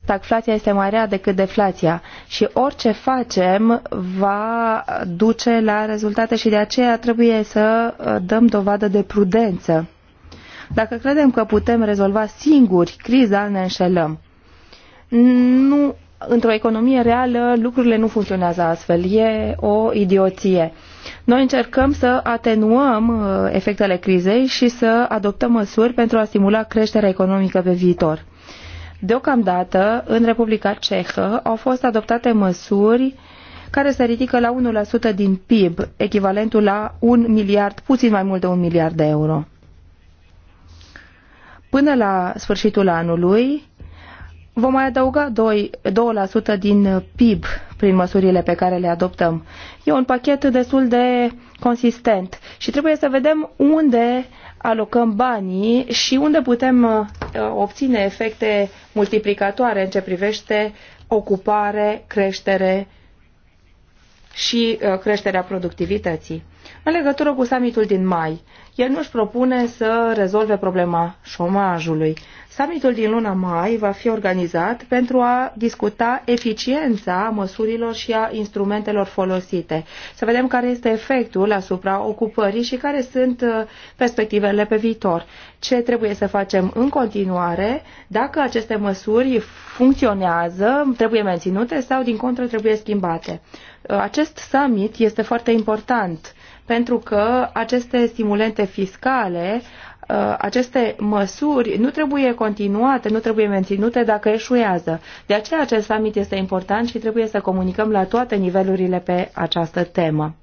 Stagflația este mai rea decât deflația și orice facem va duce la rezultate și de aceea trebuie să uh, dăm dovadă de prudență. Dacă credem că putem rezolva singuri criza, ne înșelăm. Nu, într-o economie reală lucrurile nu funcționează astfel. E o idioție. Noi încercăm să atenuăm uh, efectele crizei și să adoptăm măsuri pentru a stimula creșterea economică pe viitor. Deocamdată, în Republica Cehă au fost adoptate măsuri care se ridică la 1% din PIB, echivalentul la un miliard, puțin mai mult de un miliard de euro. Până la sfârșitul anului, vom mai adăuga 2, 2% din PIB prin măsurile pe care le adoptăm. E un pachet destul de consistent și trebuie să vedem unde alocăm banii și unde putem uh, obține efecte multiplicatoare în ce privește ocupare, creștere și uh, creșterea productivității. În legătură cu summitul din mai, el nu își propune să rezolve problema șomajului, Summitul din luna mai va fi organizat pentru a discuta eficiența măsurilor și a instrumentelor folosite. Să vedem care este efectul asupra ocupării și care sunt uh, perspectivele pe viitor. Ce trebuie să facem în continuare, dacă aceste măsuri funcționează, trebuie menținute sau din contră trebuie schimbate. Uh, acest summit este foarte important pentru că aceste stimulente fiscale Uh, aceste măsuri nu trebuie continuate, nu trebuie menținute dacă eșuează. De aceea acest summit este important și trebuie să comunicăm la toate nivelurile pe această temă.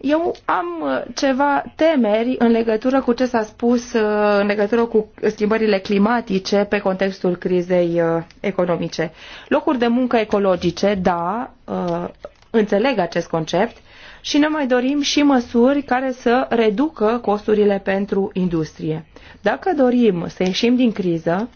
Eu am uh, ceva temeri în legătură cu ce s-a spus uh, în legătură cu schimbările climatice pe contextul crizei economice. Locuri de muncă ecologice, da, înțeleg acest concept, și ne mai dorim și măsuri care să reducă costurile pentru industrie. Dacă dorim să ieșim din criză,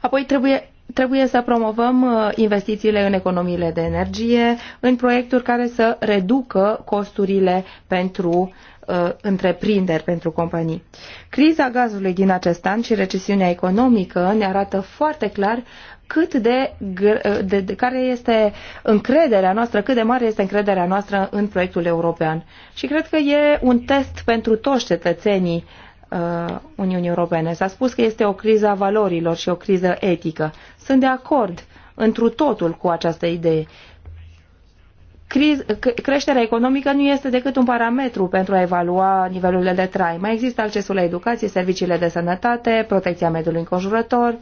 apoi trebuie trebuie să promovăm uh, investițiile în economiile de energie, în proiecturi care să reducă costurile pentru Uh, întreprinderi pentru companii. Criza gazului din acest an și recesiunea economică ne arată foarte clar cât de, uh, de, de care este încrederea noastră, cât de mare este încrederea noastră în proiectul european. Și cred că e un test pentru toți cetățenii uh, Uniunii Europene. S-a spus că este o criză a valorilor și o criză etică. Sunt de acord întru totul cu această idee creșterea economică nu este decât un parametru pentru a evalua nivelurile de trai. Mai există accesul la educație, serviciile de sănătate, protecția mediului înconjurător.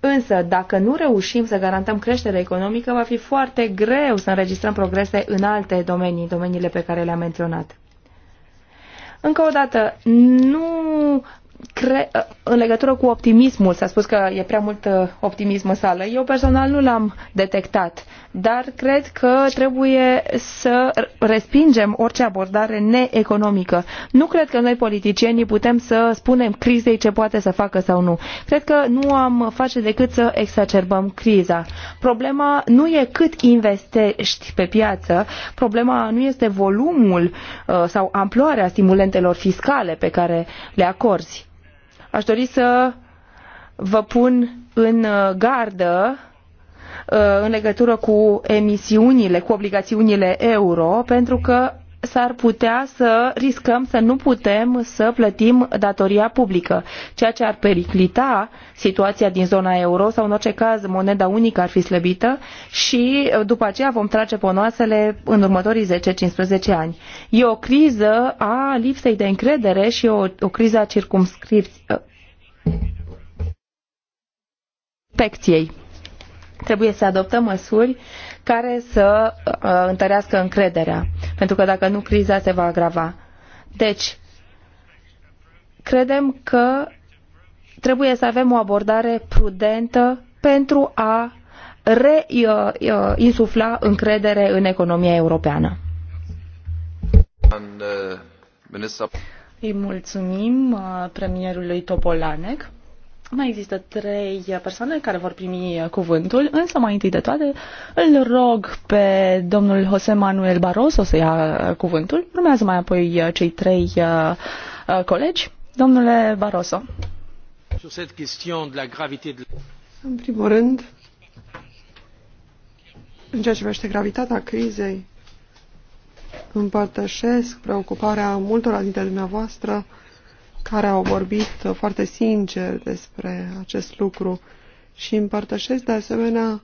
Însă, dacă nu reușim să garantăm creștere economică, va fi foarte greu să înregistrăm progrese în alte domenii, domeniile pe care le-am menționat. Încă o dată, nu cre- în legătură cu optimismul, s-a spus că e prea mult uh, optimism în sală. Eu personal nu l-am detectat, dar cred că trebuie să respingem orice abordare neeconomică. Nu cred că noi politicienii putem să spunem crizei ce poate să facă sau nu. Cred că nu am face decât să exacerbăm criza. Problema nu e cât investești pe piață, problema nu este volumul uh, sau amploarea stimulentelor fiscale pe care le acorzi Aș dori să vă pun în uh, gardă uh, în legătură cu emisiunile, cu obligațiunile euro, pentru că s-ar putea să riscăm să nu putem să plătim datoria publică, ceea ce ar periclita situația din zona euro sau în orice caz moneda unică ar fi slăbită și uh, după aceea vom trage ponoasele în următorii 10-15 ani. E o criză a lipsei de încredere și o, o criză a circumscripției. Uh, Trebuie să adoptăm măsuri care să uh, întărească încrederea, pentru că dacă nu, criza se va agrava. Deci, credem că trebuie să avem o abordare prudentă pentru a reinsufla uh, uh, încredere în economia europeană. Îi mulțumim premierului Topolanec. Mai există trei persoane care vor primi cuvântul, însă mai întâi de toate îl rog pe domnul Jose Manuel Barroso să ia cuvântul. Urmează mai apoi cei trei uh, uh, colegi. Domnule Barroso. În primul rând, în ceea ce vește gravitatea crizei, împărtășesc preocuparea multora dintre dumneavoastră care au vorbit foarte sincer despre acest lucru și împărtășesc de asemenea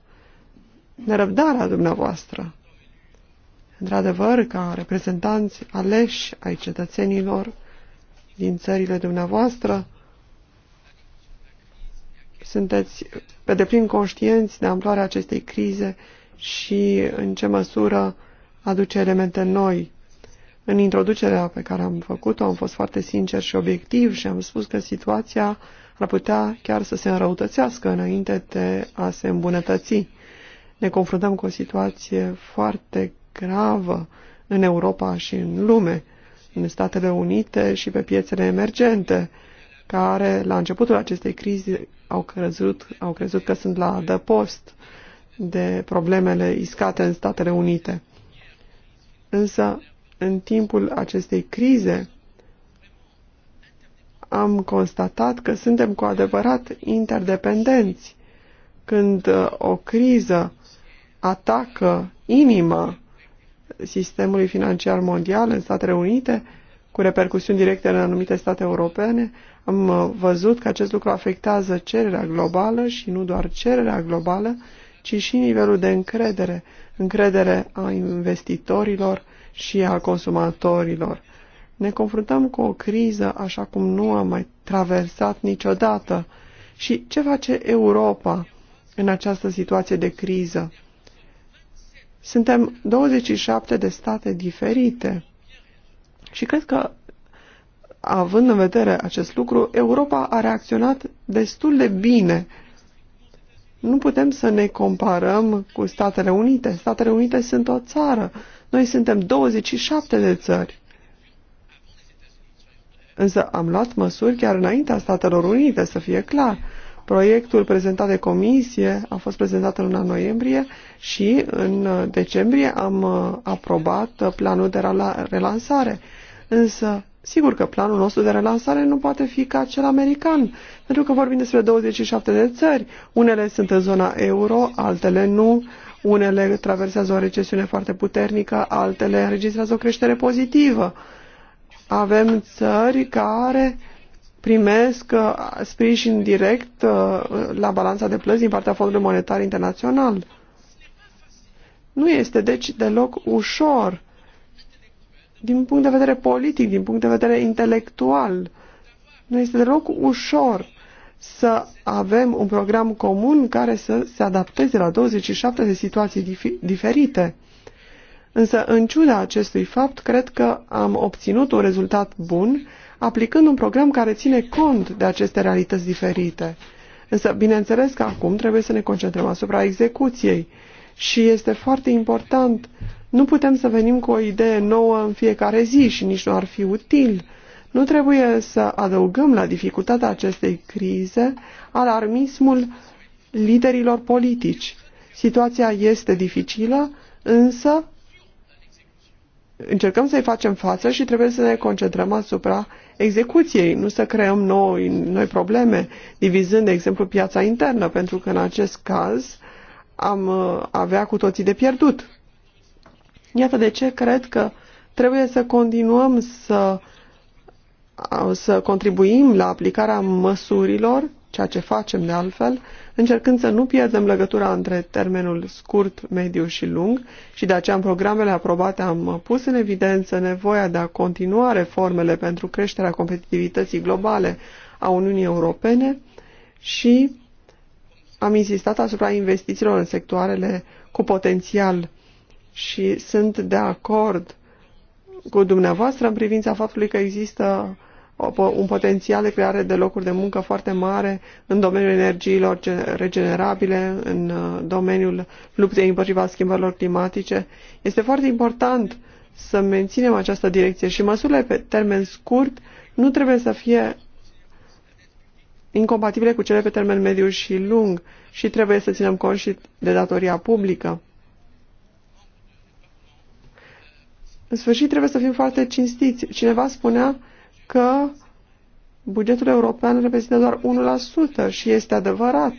nerăbdarea dumneavoastră. Într-adevăr, ca reprezentanți aleși ai cetățenilor din țările dumneavoastră, sunteți pe deplin conștienți de amploarea acestei crize și în ce măsură aduce elemente noi în introducerea pe care am făcut-o am fost foarte sincer și obiectiv și am spus că situația ar putea chiar să se înrăutățească înainte de a se îmbunătăți. Ne confruntăm cu o situație foarte gravă în Europa și în lume, în Statele Unite și pe piețele emergente, care la începutul acestei crize au crezut, au crezut că sunt la adăpost de problemele iscate în Statele Unite. Însă în timpul acestei crize am constatat că suntem cu adevărat interdependenți. Când uh, o criză atacă inima sistemului financiar mondial în Statele Unite, cu repercusiuni directe în anumite state europene, am uh, văzut că acest lucru afectează cererea globală și nu doar cererea globală, ci și nivelul de încredere, încredere a investitorilor, și al consumatorilor. Ne confruntăm cu o criză așa cum nu am mai traversat niciodată. Și ce face Europa în această situație de criză? Suntem 27 de state diferite și cred că, având în vedere acest lucru, Europa a reacționat destul de bine. Nu putem să ne comparăm cu Statele Unite. Statele Unite sunt o țară. Noi suntem 27 de țări. Însă am luat măsuri chiar înaintea Statelor Unite, să fie clar. Proiectul prezentat de comisie a fost prezentat în luna noiembrie și în decembrie am uh, aprobat uh, planul de relansare. Însă, sigur că planul nostru de relansare nu poate fi ca cel american, pentru că vorbim despre 27 de țări. Unele sunt în zona euro, altele nu. Uh, unele traversează o recesiune foarte puternică, altele înregistrează o creștere pozitivă. Avem țări care primesc uh, sprijin direct uh, la balanța de plăți din partea Fondului Monetar Internațional. Nu este deci deloc ușor din punct de vedere politic, din punct de vedere intelectual. Nu este deloc ușor să avem un program comun care să se adapteze la 27 de situații diferite. Însă, în ciuda acestui fapt, cred că am obținut un rezultat bun aplicând un program care ține cont de aceste realități diferite. Însă, bineînțeles că acum trebuie să ne concentrăm asupra execuției și este foarte important. Nu putem să venim cu o idee nouă în fiecare zi și nici nu ar fi util. Nu trebuie să adăugăm la dificultatea acestei crize alarmismul liderilor politici. Situația este dificilă, însă încercăm să-i facem față și trebuie să ne concentrăm asupra execuției, nu să creăm noi, noi probleme, divizând, de exemplu, piața internă, pentru că în acest caz am uh, avea cu toții de pierdut. Iată de ce cred că trebuie să continuăm să să contribuim la aplicarea măsurilor, ceea ce facem de altfel, încercând să nu pierdem legătura între termenul scurt, mediu și lung și de aceea în programele aprobate am pus în evidență nevoia de a continua reformele pentru creșterea competitivității globale a Uniunii Europene și am insistat asupra investițiilor în sectoarele cu potențial și sunt de acord cu dumneavoastră în privința faptului că există un potențial de creare de locuri de muncă foarte mare în domeniul energiilor regenerabile, în uh, domeniul luptei împotriva schimbărilor climatice. Este foarte important să menținem această direcție și măsurile pe termen scurt nu trebuie să fie incompatibile cu cele pe termen mediu și lung și trebuie să ținem cont și de datoria publică. În sfârșit, trebuie să fim foarte cinstiți. Cineva spunea că bugetul european reprezintă doar 1% și este adevărat.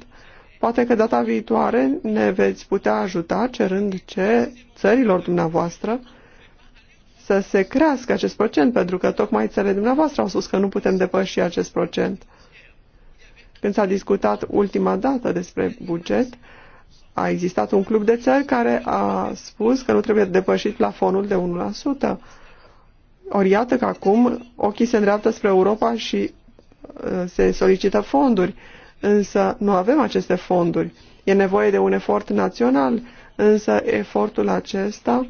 Poate că data viitoare ne veți putea ajuta cerând ce țărilor dumneavoastră să se crească acest procent, pentru că tocmai țările dumneavoastră au spus că nu putem depăși acest procent. Când s-a discutat ultima dată despre buget, a existat un club de țări care a spus că nu trebuie depășit plafonul de 1%. Ori iată că acum ochii se îndreaptă spre Europa și uh, se solicită fonduri, însă nu avem aceste fonduri. E nevoie de un efort național, însă efortul acesta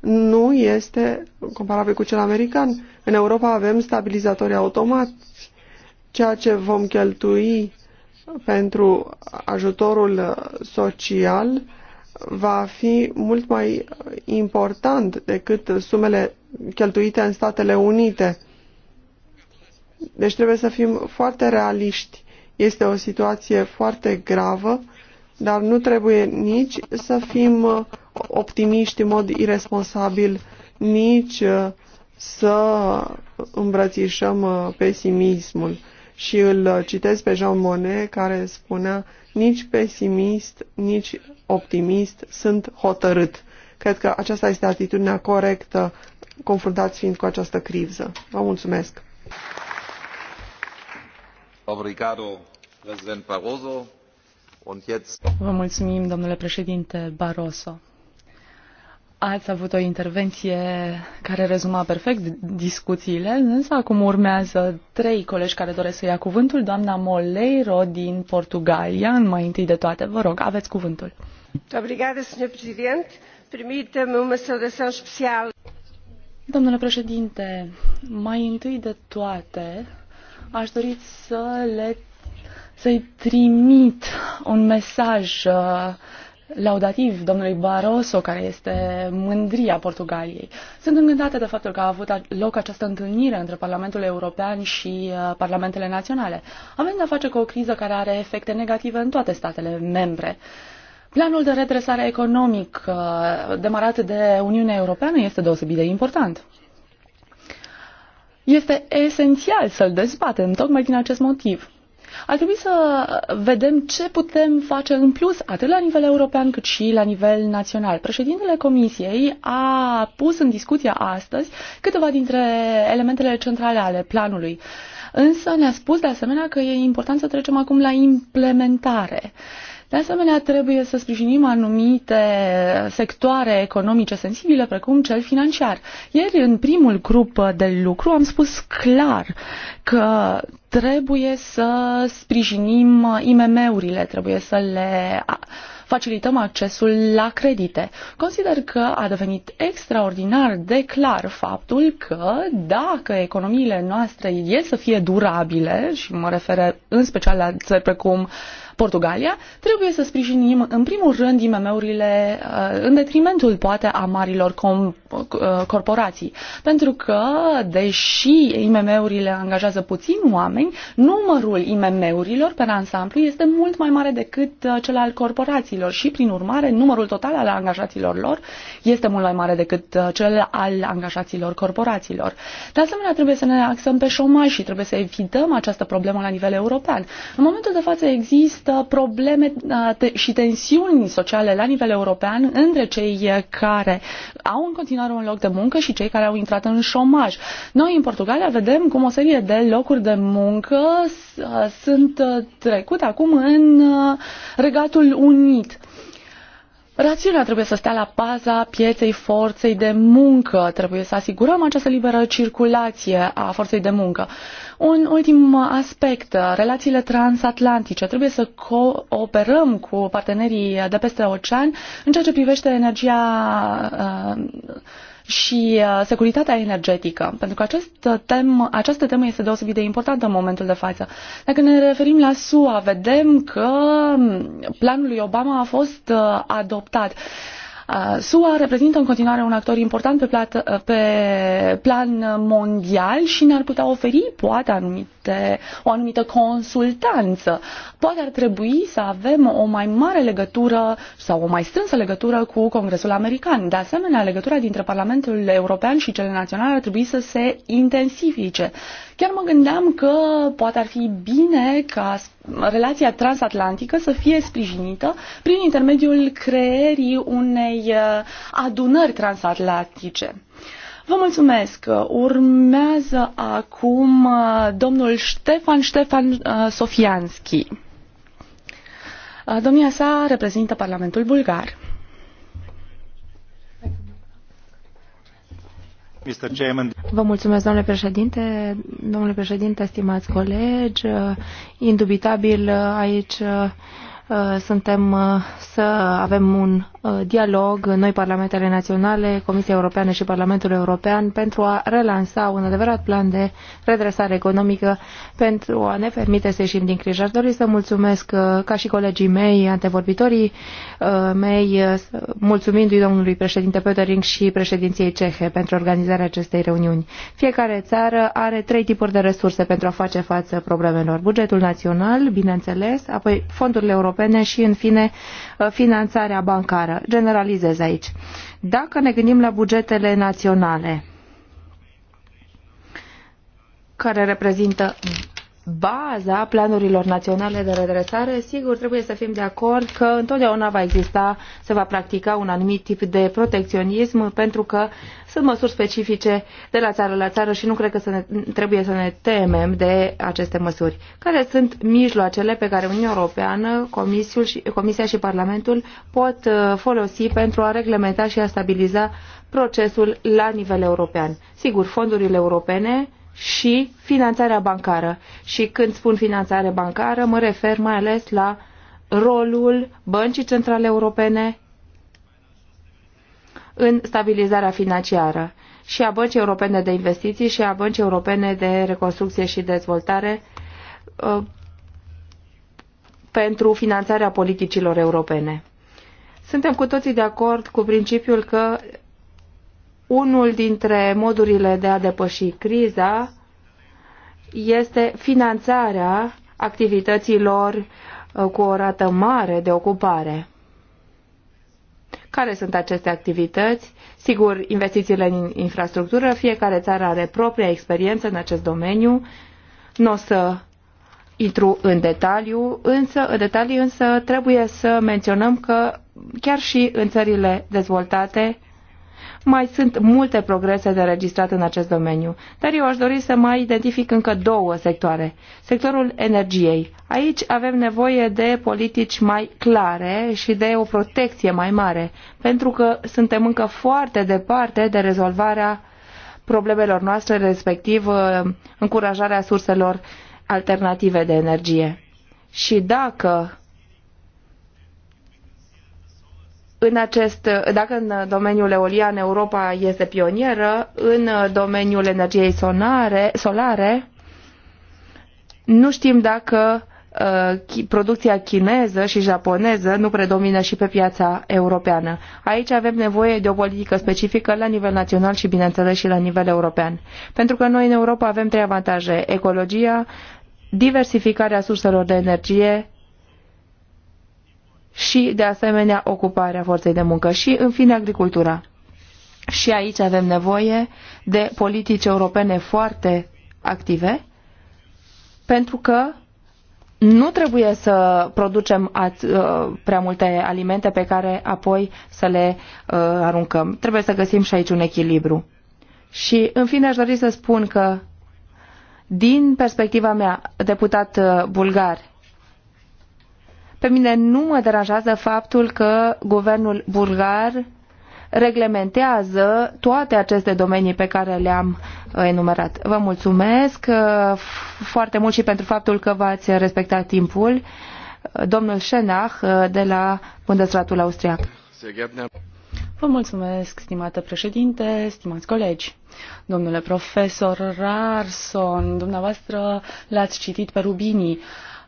nu este comparabil cu cel american. În Europa avem stabilizatori automați. Ceea ce vom cheltui pentru ajutorul uh, social va fi mult mai important decât sumele cheltuite în Statele Unite. Deci trebuie să fim foarte realiști. Este o situație foarte gravă, dar nu trebuie nici să fim optimiști în mod irresponsabil, nici să îmbrățișăm pesimismul și îl citesc pe Jean Monnet care spunea nici pesimist, nici optimist, sunt hotărât. Cred că aceasta este atitudinea corectă confruntați fiind cu această criză. Vă mulțumesc! Vă mulțumim, domnule președinte Barroso. Ați avut o intervenție care rezuma perfect discuțiile, însă acum urmează trei colegi care doresc să ia cuvântul. Doamna Moleiro din Portugalia, în mai întâi de toate. Vă rog, aveți cuvântul. Obrigada, senhor presidente. Permita-me uma saudação especial. Domnule președinte, mai întâi de toate, aș dori să le să-i trimit un mesaj uh, laudativ domnului Barroso, care este mândria Portugaliei. Sunt îngândată de faptul că a avut loc această întâlnire între Parlamentul European și uh, Parlamentele Naționale. Avem de-a face cu o criză care are efecte negative în toate statele membre. Planul de redresare economic uh, demarat de Uniunea Europeană este deosebit de important. Este esențial să-l dezbatem tocmai din acest motiv. Ar trebui să vedem ce putem face în plus, atât la nivel european cât și la nivel național. Președintele Comisiei a pus în discuție astăzi câteva dintre elementele centrale ale planului. Însă ne-a spus de asemenea că e important să trecem acum la implementare. De asemenea, trebuie să sprijinim anumite sectoare economice sensibile, precum cel financiar. Ieri, în primul grup de lucru, am spus clar că trebuie să sprijinim IMM-urile, trebuie să le facilităm accesul la credite. Consider că a devenit extraordinar de clar faptul că dacă economiile noastre e să fie durabile, și mă refer în special la țări precum uh, Portugalia, trebuie să sprijinim în primul rând IMM-urile uh, în detrimentul poate a marilor com- uh, corporații. Pentru că, deși IMM-urile angajează puțin oameni, numărul IMM-urilor pe ansamblu este mult mai mare decât uh, cel al corporațiilor și, prin urmare, numărul total al angajaților lor este mult mai mare decât cel al angajaților corporațiilor. De asemenea, trebuie să ne axăm pe șomaj și trebuie să evităm această problemă la nivel european. În momentul de față există există probleme și tensiuni sociale la nivel european între cei care au în continuare un loc de muncă și cei care au intrat în șomaj. Noi în Portugalia vedem cum o serie de locuri de muncă sunt trecute acum în Regatul Unit. Rațiunea trebuie să stea la baza pieței forței de muncă. Trebuie să asigurăm această liberă circulație a forței de muncă. Un ultim aspect, relațiile transatlantice. Trebuie să cooperăm cu partenerii de peste ocean în ceea ce privește energia uh, și uh, securitatea energetică, pentru că acest tem, această temă este deosebit de importantă în momentul de față. Dacă ne referim la SUA, vedem că planul lui Obama a fost uh, adoptat. SUA reprezintă în continuare un actor important pe, plat, pe plan mondial și ne-ar putea oferi poate anumite, o anumită consultanță. Poate ar trebui să avem o mai mare legătură sau o mai strânsă legătură cu Congresul American. De asemenea, legătura dintre Parlamentul European și cele naționale ar trebui să se intensifice. Chiar mă gândeam că poate ar fi bine ca relația transatlantică să fie sprijinită prin intermediul creierii unei uh, adunări transatlantice. Vă mulțumesc. Urmează acum uh, domnul Ștefan Ștefan uh, Sofianski. Domnia sa reprezintă Parlamentul Bulgar. Vă mulțumesc, domnule președinte. Domnule președinte, stimați colegi, indubitabil aici Uh, suntem uh, să avem un uh, dialog noi, Parlamentele Naționale, Comisia Europeană și Parlamentul European, pentru a relansa un adevărat plan de redresare economică pentru a ne permite să ieșim din criză. Aș dori să mulțumesc ca și colegii mei, antevorbitorii mei, mulțumindu-i domnului președinte Petering și președinției cehe pentru organizarea acestei reuniuni. Fiecare țară are trei tipuri de resurse pentru a face față problemelor. Bugetul național, bineînțeles, apoi fondurile europene, Europene și, în fine, uh, finanțarea bancară. Generalizez aici. Dacă ne gândim la bugetele naționale, care reprezintă baza planurilor naționale de redresare, sigur, trebuie să fim de acord că întotdeauna va exista, se va practica un anumit tip de protecționism, pentru că sunt măsuri specifice de la țară la țară și nu cred că să ne, trebuie să ne temem de aceste măsuri. Care sunt mijloacele pe care Uniunea Europeană, Comisiul și, Comisia și Parlamentul pot uh, folosi pentru a reglementa și a stabiliza procesul la nivel european? Sigur, fondurile europene, și finanțarea bancară. Și când spun finanțare bancară, mă refer mai ales la rolul Băncii Centrale Europene în stabilizarea financiară și a Băncii Europene de Investiții și a Băncii Europene de Reconstrucție și Dezvoltare ă, pentru finanțarea politicilor europene. Suntem cu toții de acord cu principiul că unul dintre modurile de a depăși criza este finanțarea activităților uh, cu o rată mare de ocupare. Care sunt aceste activități? Sigur, investițiile în infrastructură, fiecare țară are propria experiență în acest domeniu. Nu o să intru în detaliu, însă, în detalii, însă trebuie să menționăm că chiar și în țările dezvoltate mai sunt multe progrese de registrat în acest domeniu, dar eu aș dori să mai identific încă două sectoare. Sectorul energiei. Aici avem nevoie de politici mai clare și de o protecție mai mare, pentru că suntem încă foarte departe de rezolvarea problemelor noastre, respectiv uh, încurajarea surselor alternative de energie. Și dacă în acest, dacă în domeniul eolian Europa este pionieră, în domeniul energiei sonare, solare, nu știm dacă uh, producția chineză și japoneză nu predomină și pe piața europeană. Aici avem nevoie de o politică specifică la nivel național și, bineînțeles, și la nivel european. Pentru că noi în Europa avem trei avantaje. Ecologia, diversificarea surselor de energie și, de asemenea, ocuparea forței de muncă și, în fine, agricultura. Și aici avem nevoie de politici europene foarte active, pentru că nu trebuie să producem at, uh, prea multe alimente pe care apoi să le uh, aruncăm. Trebuie să găsim și aici un echilibru. Și, în fine, aș dori să spun că, din perspectiva mea, deputat uh, bulgar, pe mine nu mă deranjează faptul că guvernul bulgar reglementează toate aceste domenii pe care le-am uh, enumerat. Vă mulțumesc uh, foarte mult și pentru faptul că v-ați respectat timpul. Uh, domnul Șenach de la Bundesratul Austriac. Vă mulțumesc, stimată președinte, stimați colegi. Domnule profesor Rarson, dumneavoastră l-ați citit pe Rubinii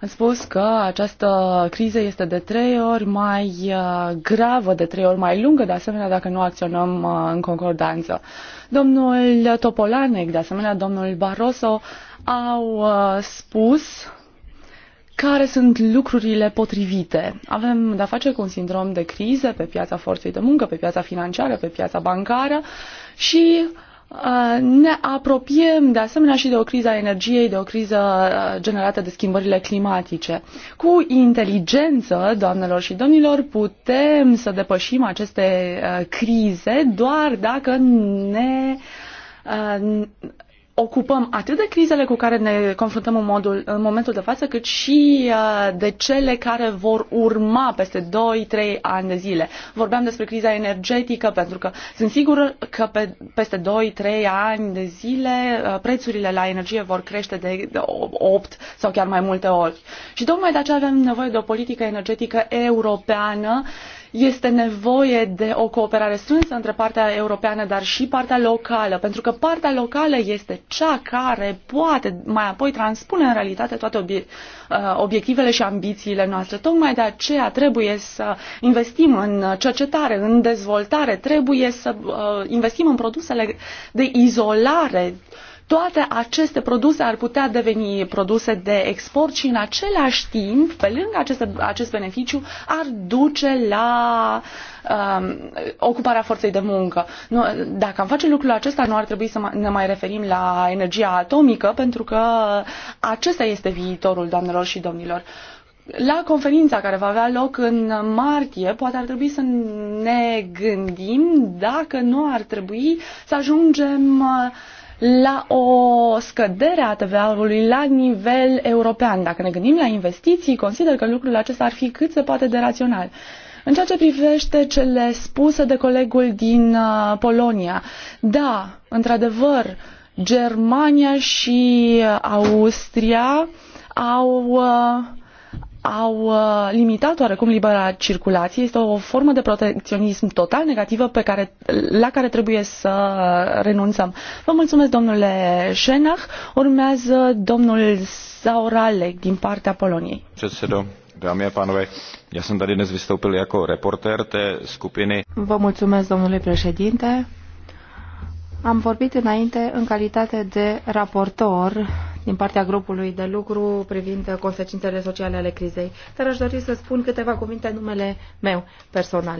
a spus că această criză este de trei ori mai uh, gravă, de trei ori mai lungă, de asemenea, dacă nu acționăm uh, în concordanță. Domnul Topolanec, de asemenea, domnul Barroso au uh, spus care sunt lucrurile potrivite. Avem de-a face cu un sindrom de criză pe piața forței de muncă, pe piața financiară, pe piața bancară și Uh, ne apropiem de asemenea și de o criză a energiei, de o criză uh, generată de schimbările climatice. Cu inteligență, doamnelor și domnilor, putem să depășim aceste uh, crize doar dacă ne ocupăm atât de crizele cu care ne confruntăm în, modul, în momentul de față, cât și uh, de cele care vor urma peste 2-3 ani de zile. Vorbeam despre criza energetică, pentru că sunt sigur că pe, peste 2-3 ani de zile uh, prețurile la energie vor crește de 8 sau chiar mai multe ori. Și tocmai de aceea avem nevoie de o politică energetică europeană este nevoie de o cooperare strânsă între partea europeană, dar și partea locală, pentru că partea locală este cea care poate mai apoi transpune în realitate toate uh, obiectivele și ambițiile noastre. Tocmai de aceea trebuie să investim în cercetare, în dezvoltare, trebuie să uh, investim în produsele de izolare, toate aceste produse ar putea deveni produse de export și în același timp, pe lângă aceste, acest beneficiu, ar duce la um, ocuparea forței de muncă. Nu, dacă am face lucrul acesta, nu ar trebui să ne mai referim la energia atomică, pentru că acesta este viitorul, doamnelor și domnilor. La conferința care va avea loc în martie, poate ar trebui să ne gândim dacă nu ar trebui să ajungem uh, la o scădere a TVA-ului la nivel european. Dacă ne gândim la investiții, consider că lucrul acesta ar fi cât se poate de rațional. În ceea ce privește cele spuse de colegul din uh, Polonia, da, într-adevăr, Germania și uh, Austria au uh, au uh, limitat oarecum libera circulație. Este o formă de protecționism total negativă pe care, la care trebuie să renunțăm. Vă mulțumesc, domnule Șenach. Urmează domnul Zauralek din partea Poloniei. dámy a pánové, já jsem tady dnes vystoupil jako reportér té skupiny. Vă mulțumesc, domnule președinte. Am vorbit înainte în calitate de raportor din partea grupului de lucru privind consecințele sociale ale crizei, dar aș dori să spun câteva cuvinte în numele meu personal.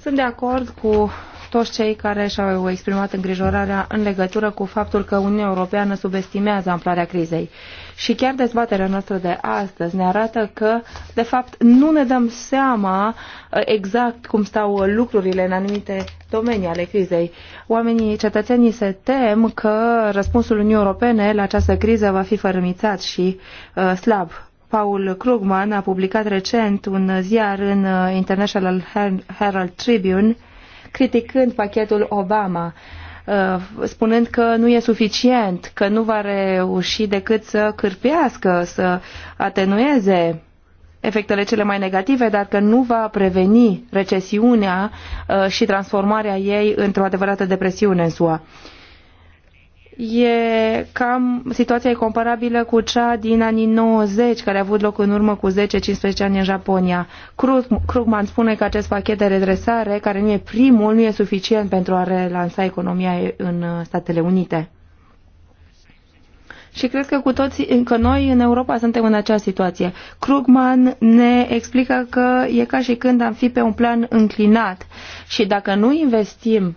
Sunt de acord cu toți cei care și-au exprimat îngrijorarea în legătură cu faptul că Uniunea Europeană subestimează amplarea crizei. Și chiar dezbaterea noastră de astăzi ne arată că, de fapt, nu ne dăm seama uh, exact cum stau lucrurile în anumite domenii ale crizei. Oamenii, cetățenii se tem că răspunsul Uniunii Europene la această criză va fi fărâmițat și uh, slab. Paul Krugman a publicat recent un ziar în uh, International Herald Tribune criticând pachetul Obama Uh, spunând că nu e suficient, că nu va reuși decât să cârpească, să atenueze efectele cele mai negative, dar că nu va preveni recesiunea uh, și transformarea ei într-o adevărată depresiune în SUA e cam, situația e comparabilă cu cea din anii 90, care a avut loc în urmă cu 10-15 ani în Japonia. Krugman spune că acest pachet de redresare, care nu e primul, nu e suficient pentru a relansa economia în Statele Unite. Și cred că cu toți, încă noi în Europa suntem în acea situație. Krugman ne explică că e ca și când am fi pe un plan înclinat și dacă nu investim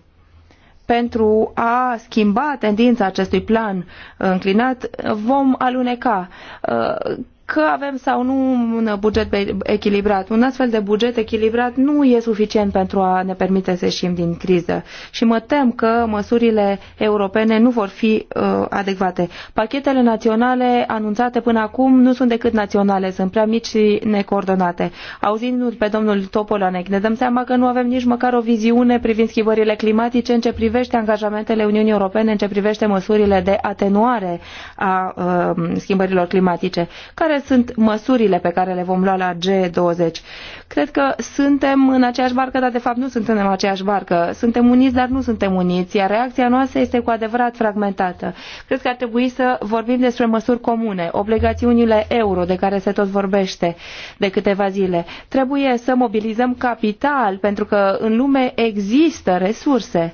pentru a schimba tendința acestui plan înclinat, vom aluneca. Uh, că avem sau nu un buget echilibrat. Un astfel de buget echilibrat nu e suficient pentru a ne permite să ieșim din criză și mă tem că măsurile europene nu vor fi uh, adecvate. Pachetele naționale anunțate până acum nu sunt decât naționale, sunt prea mici și necoordonate. Auzindu-l pe domnul Topolanec, ne dăm seama că nu avem nici măcar o viziune privind schimbările climatice în ce privește angajamentele Uniunii Europene, în ce privește măsurile de atenuare a uh, schimbărilor climatice, care sunt măsurile pe care le vom lua la G20. Cred că suntem în aceeași barcă, dar de fapt nu suntem în aceeași barcă. Suntem uniți, dar nu suntem uniți, iar reacția noastră este cu adevărat fragmentată. Cred că ar trebui să vorbim despre măsuri comune, obligațiunile euro de care se tot vorbește de câteva zile. Trebuie să mobilizăm capital, pentru că în lume există resurse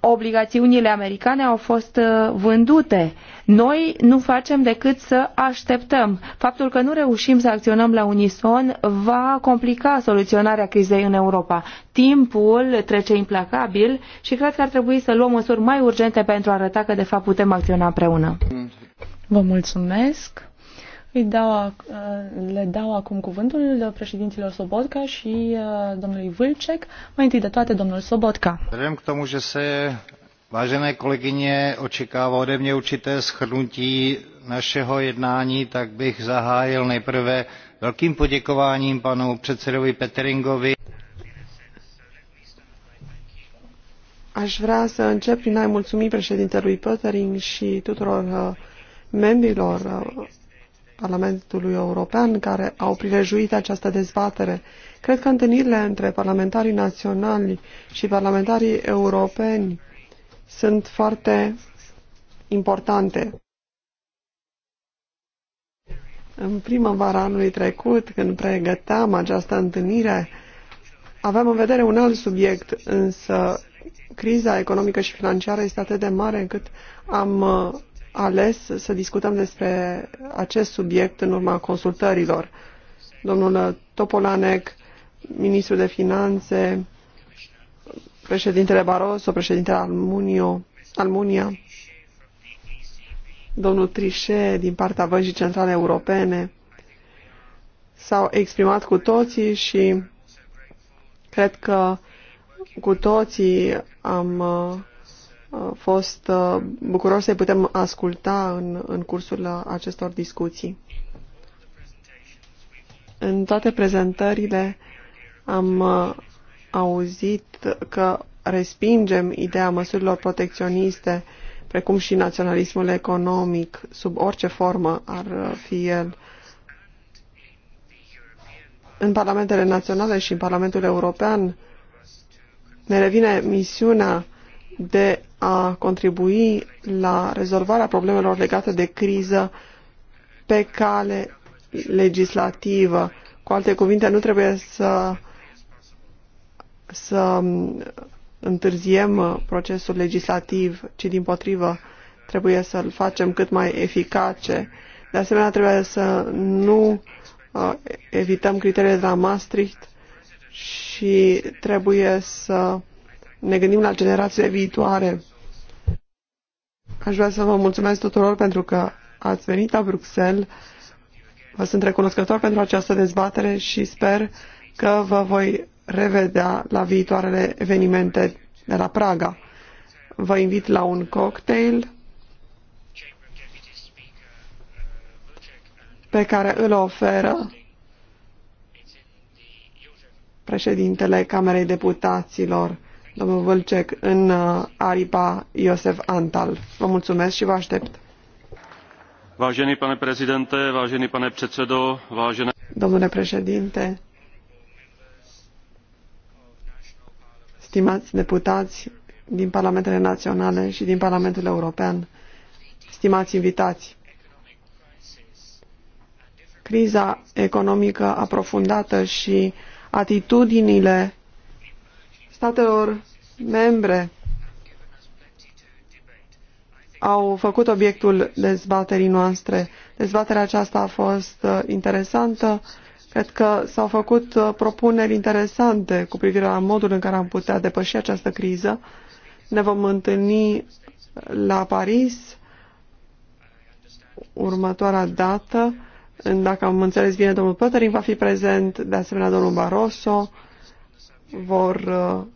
obligațiunile americane au fost uh, vândute. Noi nu facem decât să așteptăm. Faptul că nu reușim să acționăm la unison va complica soluționarea crizei în Europa. Timpul trece implacabil și cred că ar trebui să luăm măsuri mai urgente pentru a arăta că de fapt putem acționa împreună. Vă mulțumesc. Îi dau, uh, le dau acum cuvântul președinților Sobotka și uh, domnului Vâlcec, mai întâi de toate domnul Sobotka. Vrem k tomu, že se, vážené kolegyně, očekává ode mě určité schrnutí našeho jednání, tak bych zahájil nejprve velkým poděkováním panu předsedovi Peteringovi. Aș vrea să încep prin a-i mulțumi președintelui Pöttering și tuturor uh, membrilor Parlamentului European care au prilejuit această dezbatere. Cred că întâlnirile între parlamentarii naționali și parlamentarii europeni sunt foarte importante. În primăvara anului trecut, când pregăteam această întâlnire, aveam în vedere un alt subiect, însă criza economică și financiară este atât de mare încât am uh, ales să discutăm despre acest subiect în urma consultărilor. Domnul Topolanec, ministrul de finanțe, președintele Barroso, președintele Almunio, Almunia, domnul Trichet din partea Văzii Centrale Europene s-au exprimat cu toții și cred că cu toții am uh, fost bucuros să-i putem asculta în, în cursul acestor discuții. În toate prezentările am auzit că respingem ideea măsurilor protecționiste, precum și naționalismul economic, sub orice formă ar fi el. În parlamentele naționale și în Parlamentul European ne revine misiunea de a contribui la rezolvarea problemelor legate de criză pe cale legislativă. Cu alte cuvinte, nu trebuie să, să întârziem procesul legislativ, ci din potrivă trebuie să-l facem cât mai eficace. De asemenea, trebuie să nu uh, evităm criteriile de la Maastricht și trebuie să ne gândim la generațiile viitoare. Aș vrea să vă mulțumesc tuturor pentru că ați venit la Bruxelles. Vă sunt recunoscător pentru această dezbatere și sper că vă voi revedea la viitoarele evenimente de la Praga. Vă invit la un cocktail pe care îl oferă președintele Camerei Deputaților domnul Vâlcec, în uh, aripa Iosef Antal. Vă mulțumesc și vă aștept. Vážený pane prezidente, vážený pane předsedo, vážené... Domnule președinte, stimați deputați din Parlamentele Naționale și din Parlamentul European, stimați invitați, criza economică aprofundată și atitudinile statelor membre au făcut obiectul dezbaterii noastre. Dezbaterea aceasta a fost uh, interesantă. Cred că s-au făcut uh, propuneri interesante cu privire la modul în care am putea depăși această criză. Ne vom întâlni la Paris următoarea dată. Dacă am înțeles bine, domnul Pătărin va fi prezent, de asemenea domnul Barroso. Vor uh,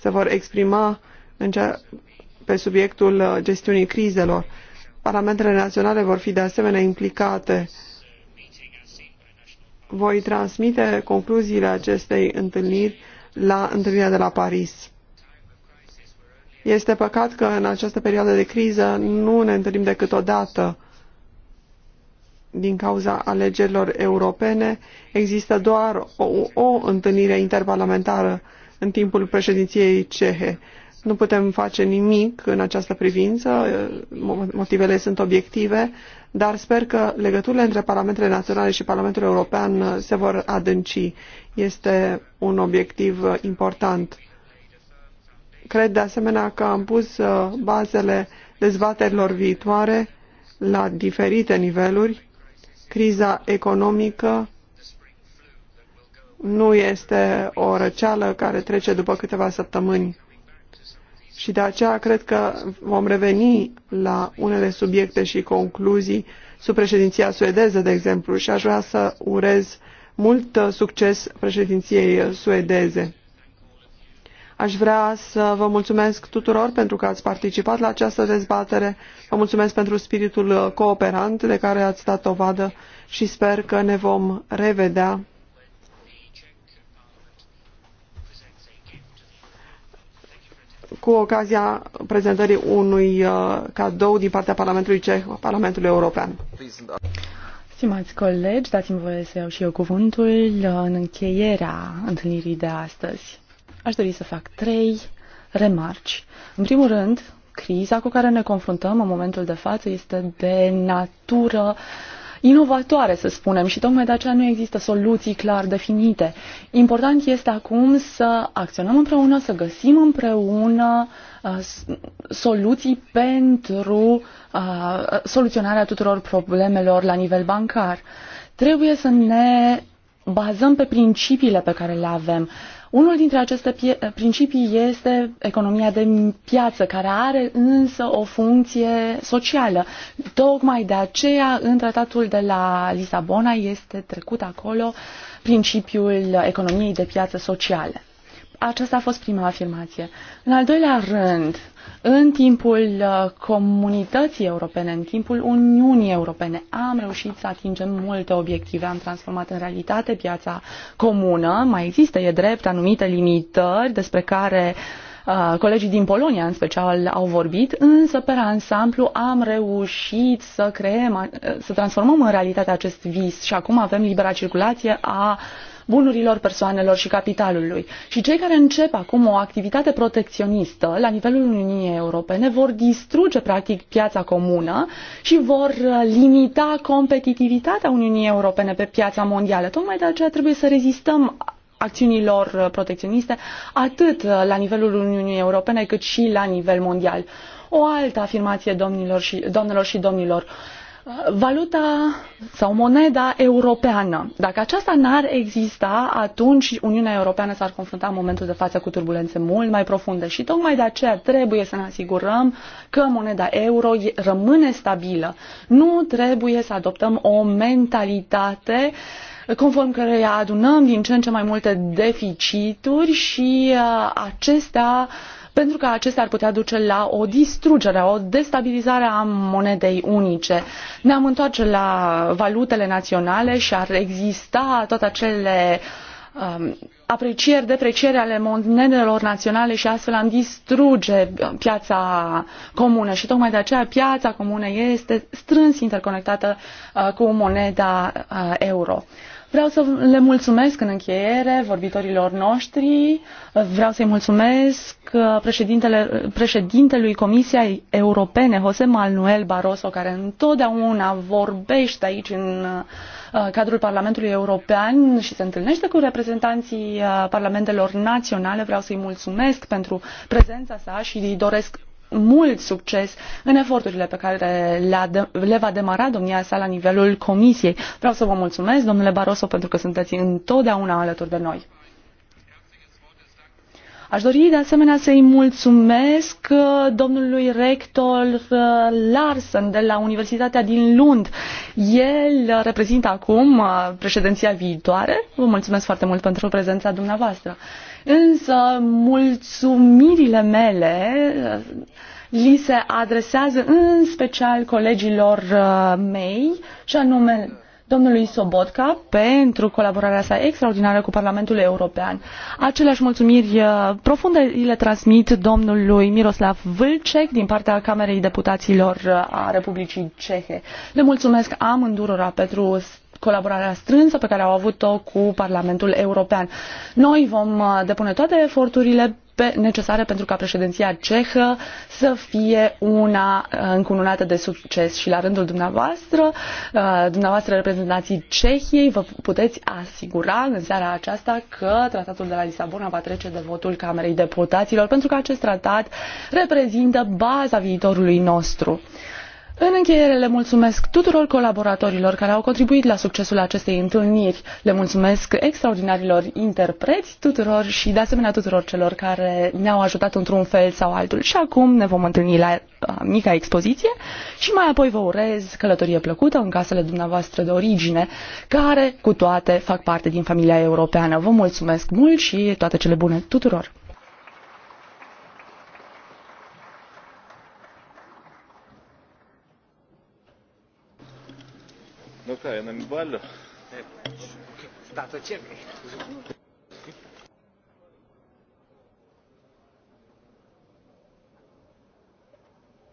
se vor exprima în cea, pe subiectul uh, gestiunii crizelor. Parlamentele naționale vor fi de asemenea implicate. Voi transmite concluziile acestei întâlniri la întâlnirea de la Paris. Este păcat că în această perioadă de criză nu ne întâlnim decât o dată. Din cauza alegerilor europene există doar o, o întâlnire interparlamentară în timpul președinției cehe. Nu putem face nimic în această privință, motivele sunt obiective, dar sper că legăturile între Parlamentele Naționale și Parlamentul European uh, se vor adânci. Este un obiectiv uh, important. Cred de asemenea că am pus uh, bazele dezbaterilor viitoare la diferite niveluri. Criza economică nu este o răceală care trece după câteva săptămâni. Și de aceea cred că vom reveni la unele subiecte și concluzii sub președinția suedeză, de exemplu, și aș vrea să urez mult succes președinției suedeze. Aș vrea să vă mulțumesc tuturor pentru că ați participat la această dezbatere, vă mulțumesc pentru spiritul cooperant de care ați dat dovadă și sper că ne vom revedea cu ocazia prezentării unui uh, cadou din partea Parlamentului Ceh, Parlamentului European. Stimați colegi, dați-mi voie să iau și eu cuvântul uh, în încheierea întâlnirii de astăzi. Aș dori să fac trei remarci. În primul rând, criza cu care ne confruntăm în momentul de față este de natură uh, inovatoare, să spunem, și tocmai de aceea nu există soluții clar definite. Important este acum să acționăm împreună, să găsim împreună uh, soluții pentru uh, soluționarea tuturor problemelor la nivel bancar. Trebuie să ne bazăm pe principiile pe care le avem. Uh, unul dintre aceste principii este economia de piață, care are însă o funcție socială. Tocmai de aceea, în tratatul de la Lisabona este trecut acolo principiul economiei de piață sociale. Aceasta a fost prima afirmație. În al doilea rând, în timpul uh, comunității europene, în timpul Uniunii Europene, am reușit să atingem multe obiective. Am transformat în realitate piața comună. Mai există, e drept, anumite limitări despre care uh, colegii din Polonia, în special, au vorbit, însă, pe ansamblu, am reușit să creăm, uh, să transformăm în realitate acest vis și acum avem libera circulație a uh, bunurilor, persoanelor și capitalului. Și cei care încep acum o activitate protecționistă la nivelul Uniunii Europene vor distruge practic piața comună și vor uh, limita competitivitatea Uniunii Europene pe piața mondială. Tocmai de aceea trebuie să rezistăm acțiunilor uh, protecționiste atât uh, la nivelul Uniunii Europene cât și la nivel mondial. O altă afirmație domnilor și, doamnelor și domnilor. Uh, valuta sau moneda europeană. Dacă aceasta n-ar exista, atunci Uniunea Europeană s-ar confrunta în momentul de față cu turbulențe mult mai profunde și tocmai de aceea trebuie să ne asigurăm că moneda euro rămâne stabilă. Nu trebuie să adoptăm o mentalitate conform căreia adunăm din ce în ce mai multe deficituri și uh, acestea pentru că acestea ar putea duce la o distrugere, o destabilizare a monedei unice. Ne-am întoarce la valutele naționale și ar exista toate acele um, aprecieri, deprecieri ale monedelor naționale și astfel am distruge piața comună și tocmai de aceea piața comună este strâns interconectată uh, cu moneda uh, euro. Uh, Vreau să le mulțumesc în încheiere vorbitorilor noștri, vreau să-i mulțumesc uh, președintele, uh, președintelui Comisiei Europene, Jose Manuel Barroso, care întotdeauna vorbește aici în uh, cadrul Parlamentului European și se întâlnește cu reprezentanții parlamentelor naționale. Vreau să-i mulțumesc pentru prezența sa și îi doresc mult succes în eforturile pe care le va demara domnia sa la nivelul Comisiei. Vreau să vă mulțumesc, domnule Barroso, pentru că sunteți întotdeauna alături de noi. Aș dori de asemenea să-i mulțumesc uh, domnului rector uh, Larsen de la Universitatea din Lund. El uh, reprezintă acum președinția viitoare. Vă mulțumesc foarte mult pentru prezența dumneavoastră. Însă mulțumirile mele li se adresează în special colegilor uh, mei și anume domnului Sobotca pentru colaborarea sa extraordinară cu Parlamentul European. Aceleași mulțumiri uh, profunde le transmit domnului Miroslav Vâlcec din partea Camerei Deputaților uh, a Republicii Cehe. Le mulțumesc amândurora pentru colaborarea strânsă pe care au avut-o cu Parlamentul European. Noi vom uh, depune toate eforturile pe, necesare pentru ca președinția cehă să fie una uh, încununată de succes și la rândul dumneavoastră, uh, dumneavoastră reprezentanții Cehiei, vă puteți asigura în seara aceasta că tratatul de la Lisabona va trece de votul Camerei Deputaților pentru că acest tratat reprezintă baza viitorului nostru. În încheiere le mulțumesc tuturor colaboratorilor care au contribuit la succesul acestei întâlniri. Le mulțumesc extraordinarilor interpreți tuturor și de asemenea tuturor celor care ne-au ajutat într-un fel sau altul. Și acum ne vom întâlni la uh, mica expoziție și mai apoi vă urez călătorie plăcută în casele dumneavoastră de origine, care cu toate fac parte din familia europeană. Vă mulțumesc mult și toate cele bune tuturor! какая, на медаль? Да, зачем?